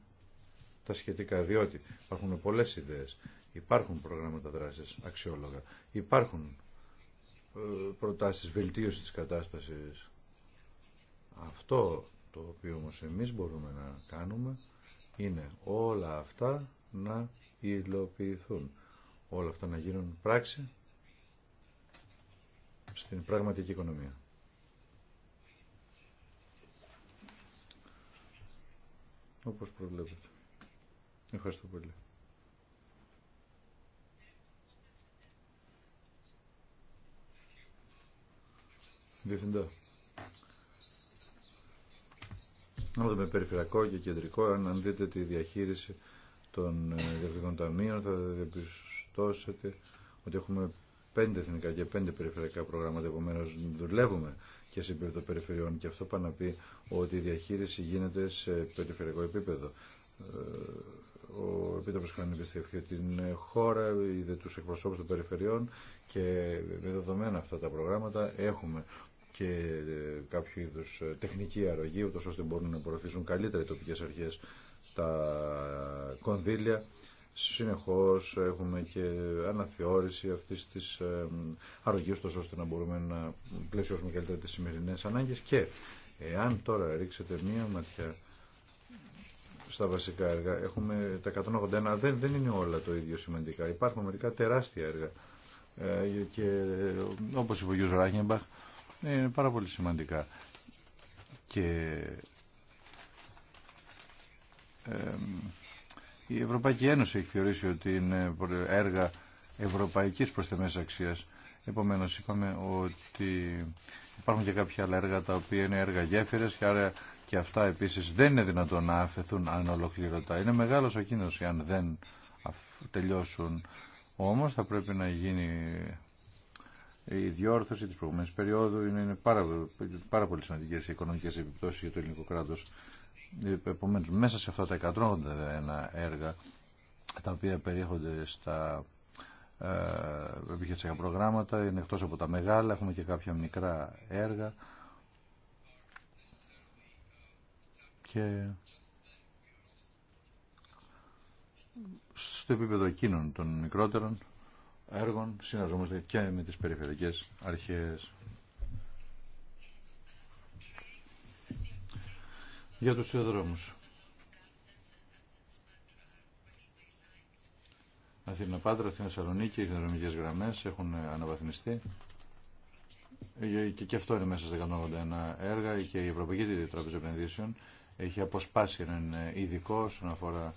τα σχετικά, διότι υπάρχουν πολλές ιδέες, υπάρχουν προγράμματα δράσης αξιόλογα, υπάρχουν ε, προτάσεις βελτίωσης της κατάστασης. Αυτό το οποίο όμως εμείς μπορούμε να κάνουμε είναι όλα αυτά να υλοποιηθούν, όλα αυτά να γίνουν πράξη στην πραγματική οικονομία. όπως προβλέπετε. Ευχαριστώ πολύ. Διευθυντά. Αν δούμε περιφερειακό και κεντρικό, αν δείτε τη διαχείριση των ε, διευθυντικών ταμείων, θα διαπιστώσετε ότι έχουμε πέντε εθνικά και πέντε περιφερειακά προγράμματα. Επομένως, δουλεύουμε και σε επίπεδο περιφερειών και αυτό πάει να πει ότι η διαχείριση γίνεται σε περιφερειακό επίπεδο. Ε, ο Επίτροπος είχαν εμπιστευτεί την χώρα, είδε τους εκπροσώπους των περιφερειών και με δεδομένα αυτά τα προγράμματα έχουμε και ε, κάποιο είδου ε, τεχνική αρρωγή, ούτως ώστε μπορούν να προωθήσουν καλύτερα οι τοπικές αρχές τα κονδύλια συνεχώς έχουμε και αναθεώρηση αυτής της ε, αρρωγής τόσο ώστε να μπορούμε να πλαισιώσουμε καλύτερα τις σημερινές ανάγκες και εάν τώρα ρίξετε μία ματιά στα βασικά έργα, έχουμε τα 181, δεν, δεν είναι όλα το ίδιο σημαντικά, υπάρχουν μερικά τεράστια έργα ε, και ε, όπως είπε ο Γιώργο Ράχινμπαχ, είναι πάρα πολύ σημαντικά και η Ευρωπαϊκή Ένωση έχει θεωρήσει ότι είναι έργα ευρωπαϊκής προσθεμένης αξίας. Επομένως είπαμε ότι υπάρχουν και κάποια άλλα έργα τα οποία είναι έργα γέφυρες και άρα και αυτά επίσης δεν είναι δυνατόν να αφαιθούν αν ολοκληρωτά. Είναι μεγάλος ο κίνδυνος αν δεν τελειώσουν. Όμως θα πρέπει να γίνει η διόρθωση της προηγούμενης περίοδου. Είναι, πάρα, πάρα πολύ σημαντικέ οι οικονομικές επιπτώσεις για το ελληνικό κράτος. Επομένως, μέσα σε αυτά τα 181 έργα, τα οποία περιέχονται στα ε, επιχειρησιακά προγράμματα, είναι εκτός από τα μεγάλα, έχουμε και κάποια μικρά έργα και στο επίπεδο εκείνων των μικρότερων έργων συνεργαζόμαστε και με τις περιφερειακές αρχές. για τους σιδηρόδρομους. Αθήνα Πάτρα, Αθήνα Σαλονίκη, οι συνδρομικές γραμμές έχουν αναβαθμιστεί ε, και, και αυτό είναι μέσα στα 181 έργα και η Ευρωπαϊκή Τράπεζα Επενδύσεων έχει αποσπάσει έναν ειδικό όσον αφορά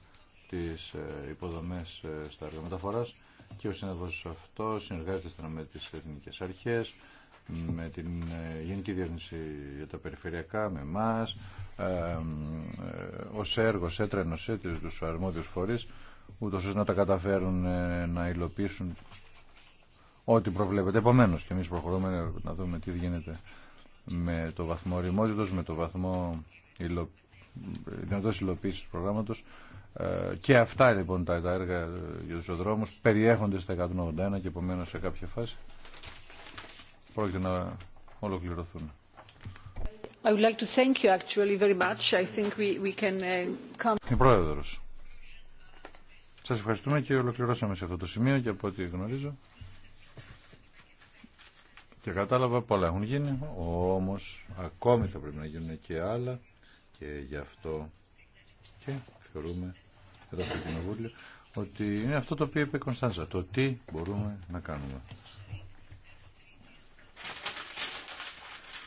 τις ε, υποδομές ε, στα έργα μεταφοράς και ο συνέδρος αυτό συνεργάζεται με τις εθνικές αρχές, με την ε, Γενική Διεύθυνση για τα Περιφερειακά, με εμά, ε, ε, ω έργο έτσι του αρμόδιου φορεί, ούτω ώστε να τα καταφέρουν να υλοποιήσουν ό,τι προβλέπεται. Επομένω, και εμεί προχωρούμε να δούμε τι γίνεται με το βαθμό ρημότητα, με το βαθμό υλο... δυνατότητα υλοποίηση του προγράμματο. Και αυτά λοιπόν τα έργα για του δρόμου περιέχονται στα 181 και επομένω σε κάποια φάση πρόκειται να ολοκληρωθούν. I would Σας ευχαριστούμε και ολοκληρώσαμε σε αυτό το σημείο και από ό,τι γνωρίζω. Και κατάλαβα πολλά έχουν γίνει, όμως ακόμη θα πρέπει να γίνουν και άλλα και γι' αυτό και θεωρούμε εδώ στο Κοινοβούλιο ότι είναι αυτό το οποίο είπε η Κωνσταντζα, το τι μπορούμε να κάνουμε.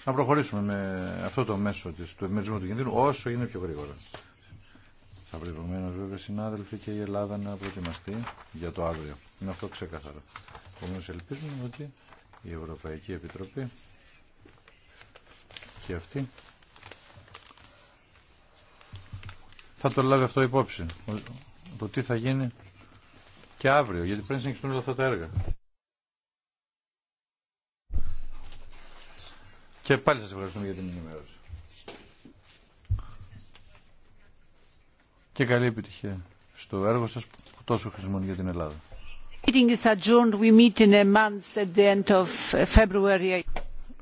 να προχωρήσουμε με αυτό το μέσο της, του εμμερισμού του κινδύνου όσο είναι πιο γρήγορα. Θα πρέπει βέβαια συνάδελφοι και η Ελλάδα να προετοιμαστεί για το αύριο. Είναι αυτό ξεκάθαρο. Επομένω ελπίζουμε ότι η Ευρωπαϊκή Επιτροπή και αυτή θα το λάβει αυτό υπόψη. Το τι θα γίνει και αύριο, γιατί πρέπει να συνεχιστούν όλα αυτά τα έργα. Και πάλι σας ευχαριστούμε για την ενημέρωση. Και καλή επιτυχία στο έργο σας που τόσο χρησιμοποιεί για την Ελλάδα.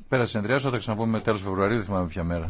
Πέρασε η Ανδριάσου, θα τα ξαναπούμε τέλος Φεβρουαρίου, δεν θυμάμαι ποια μέρα.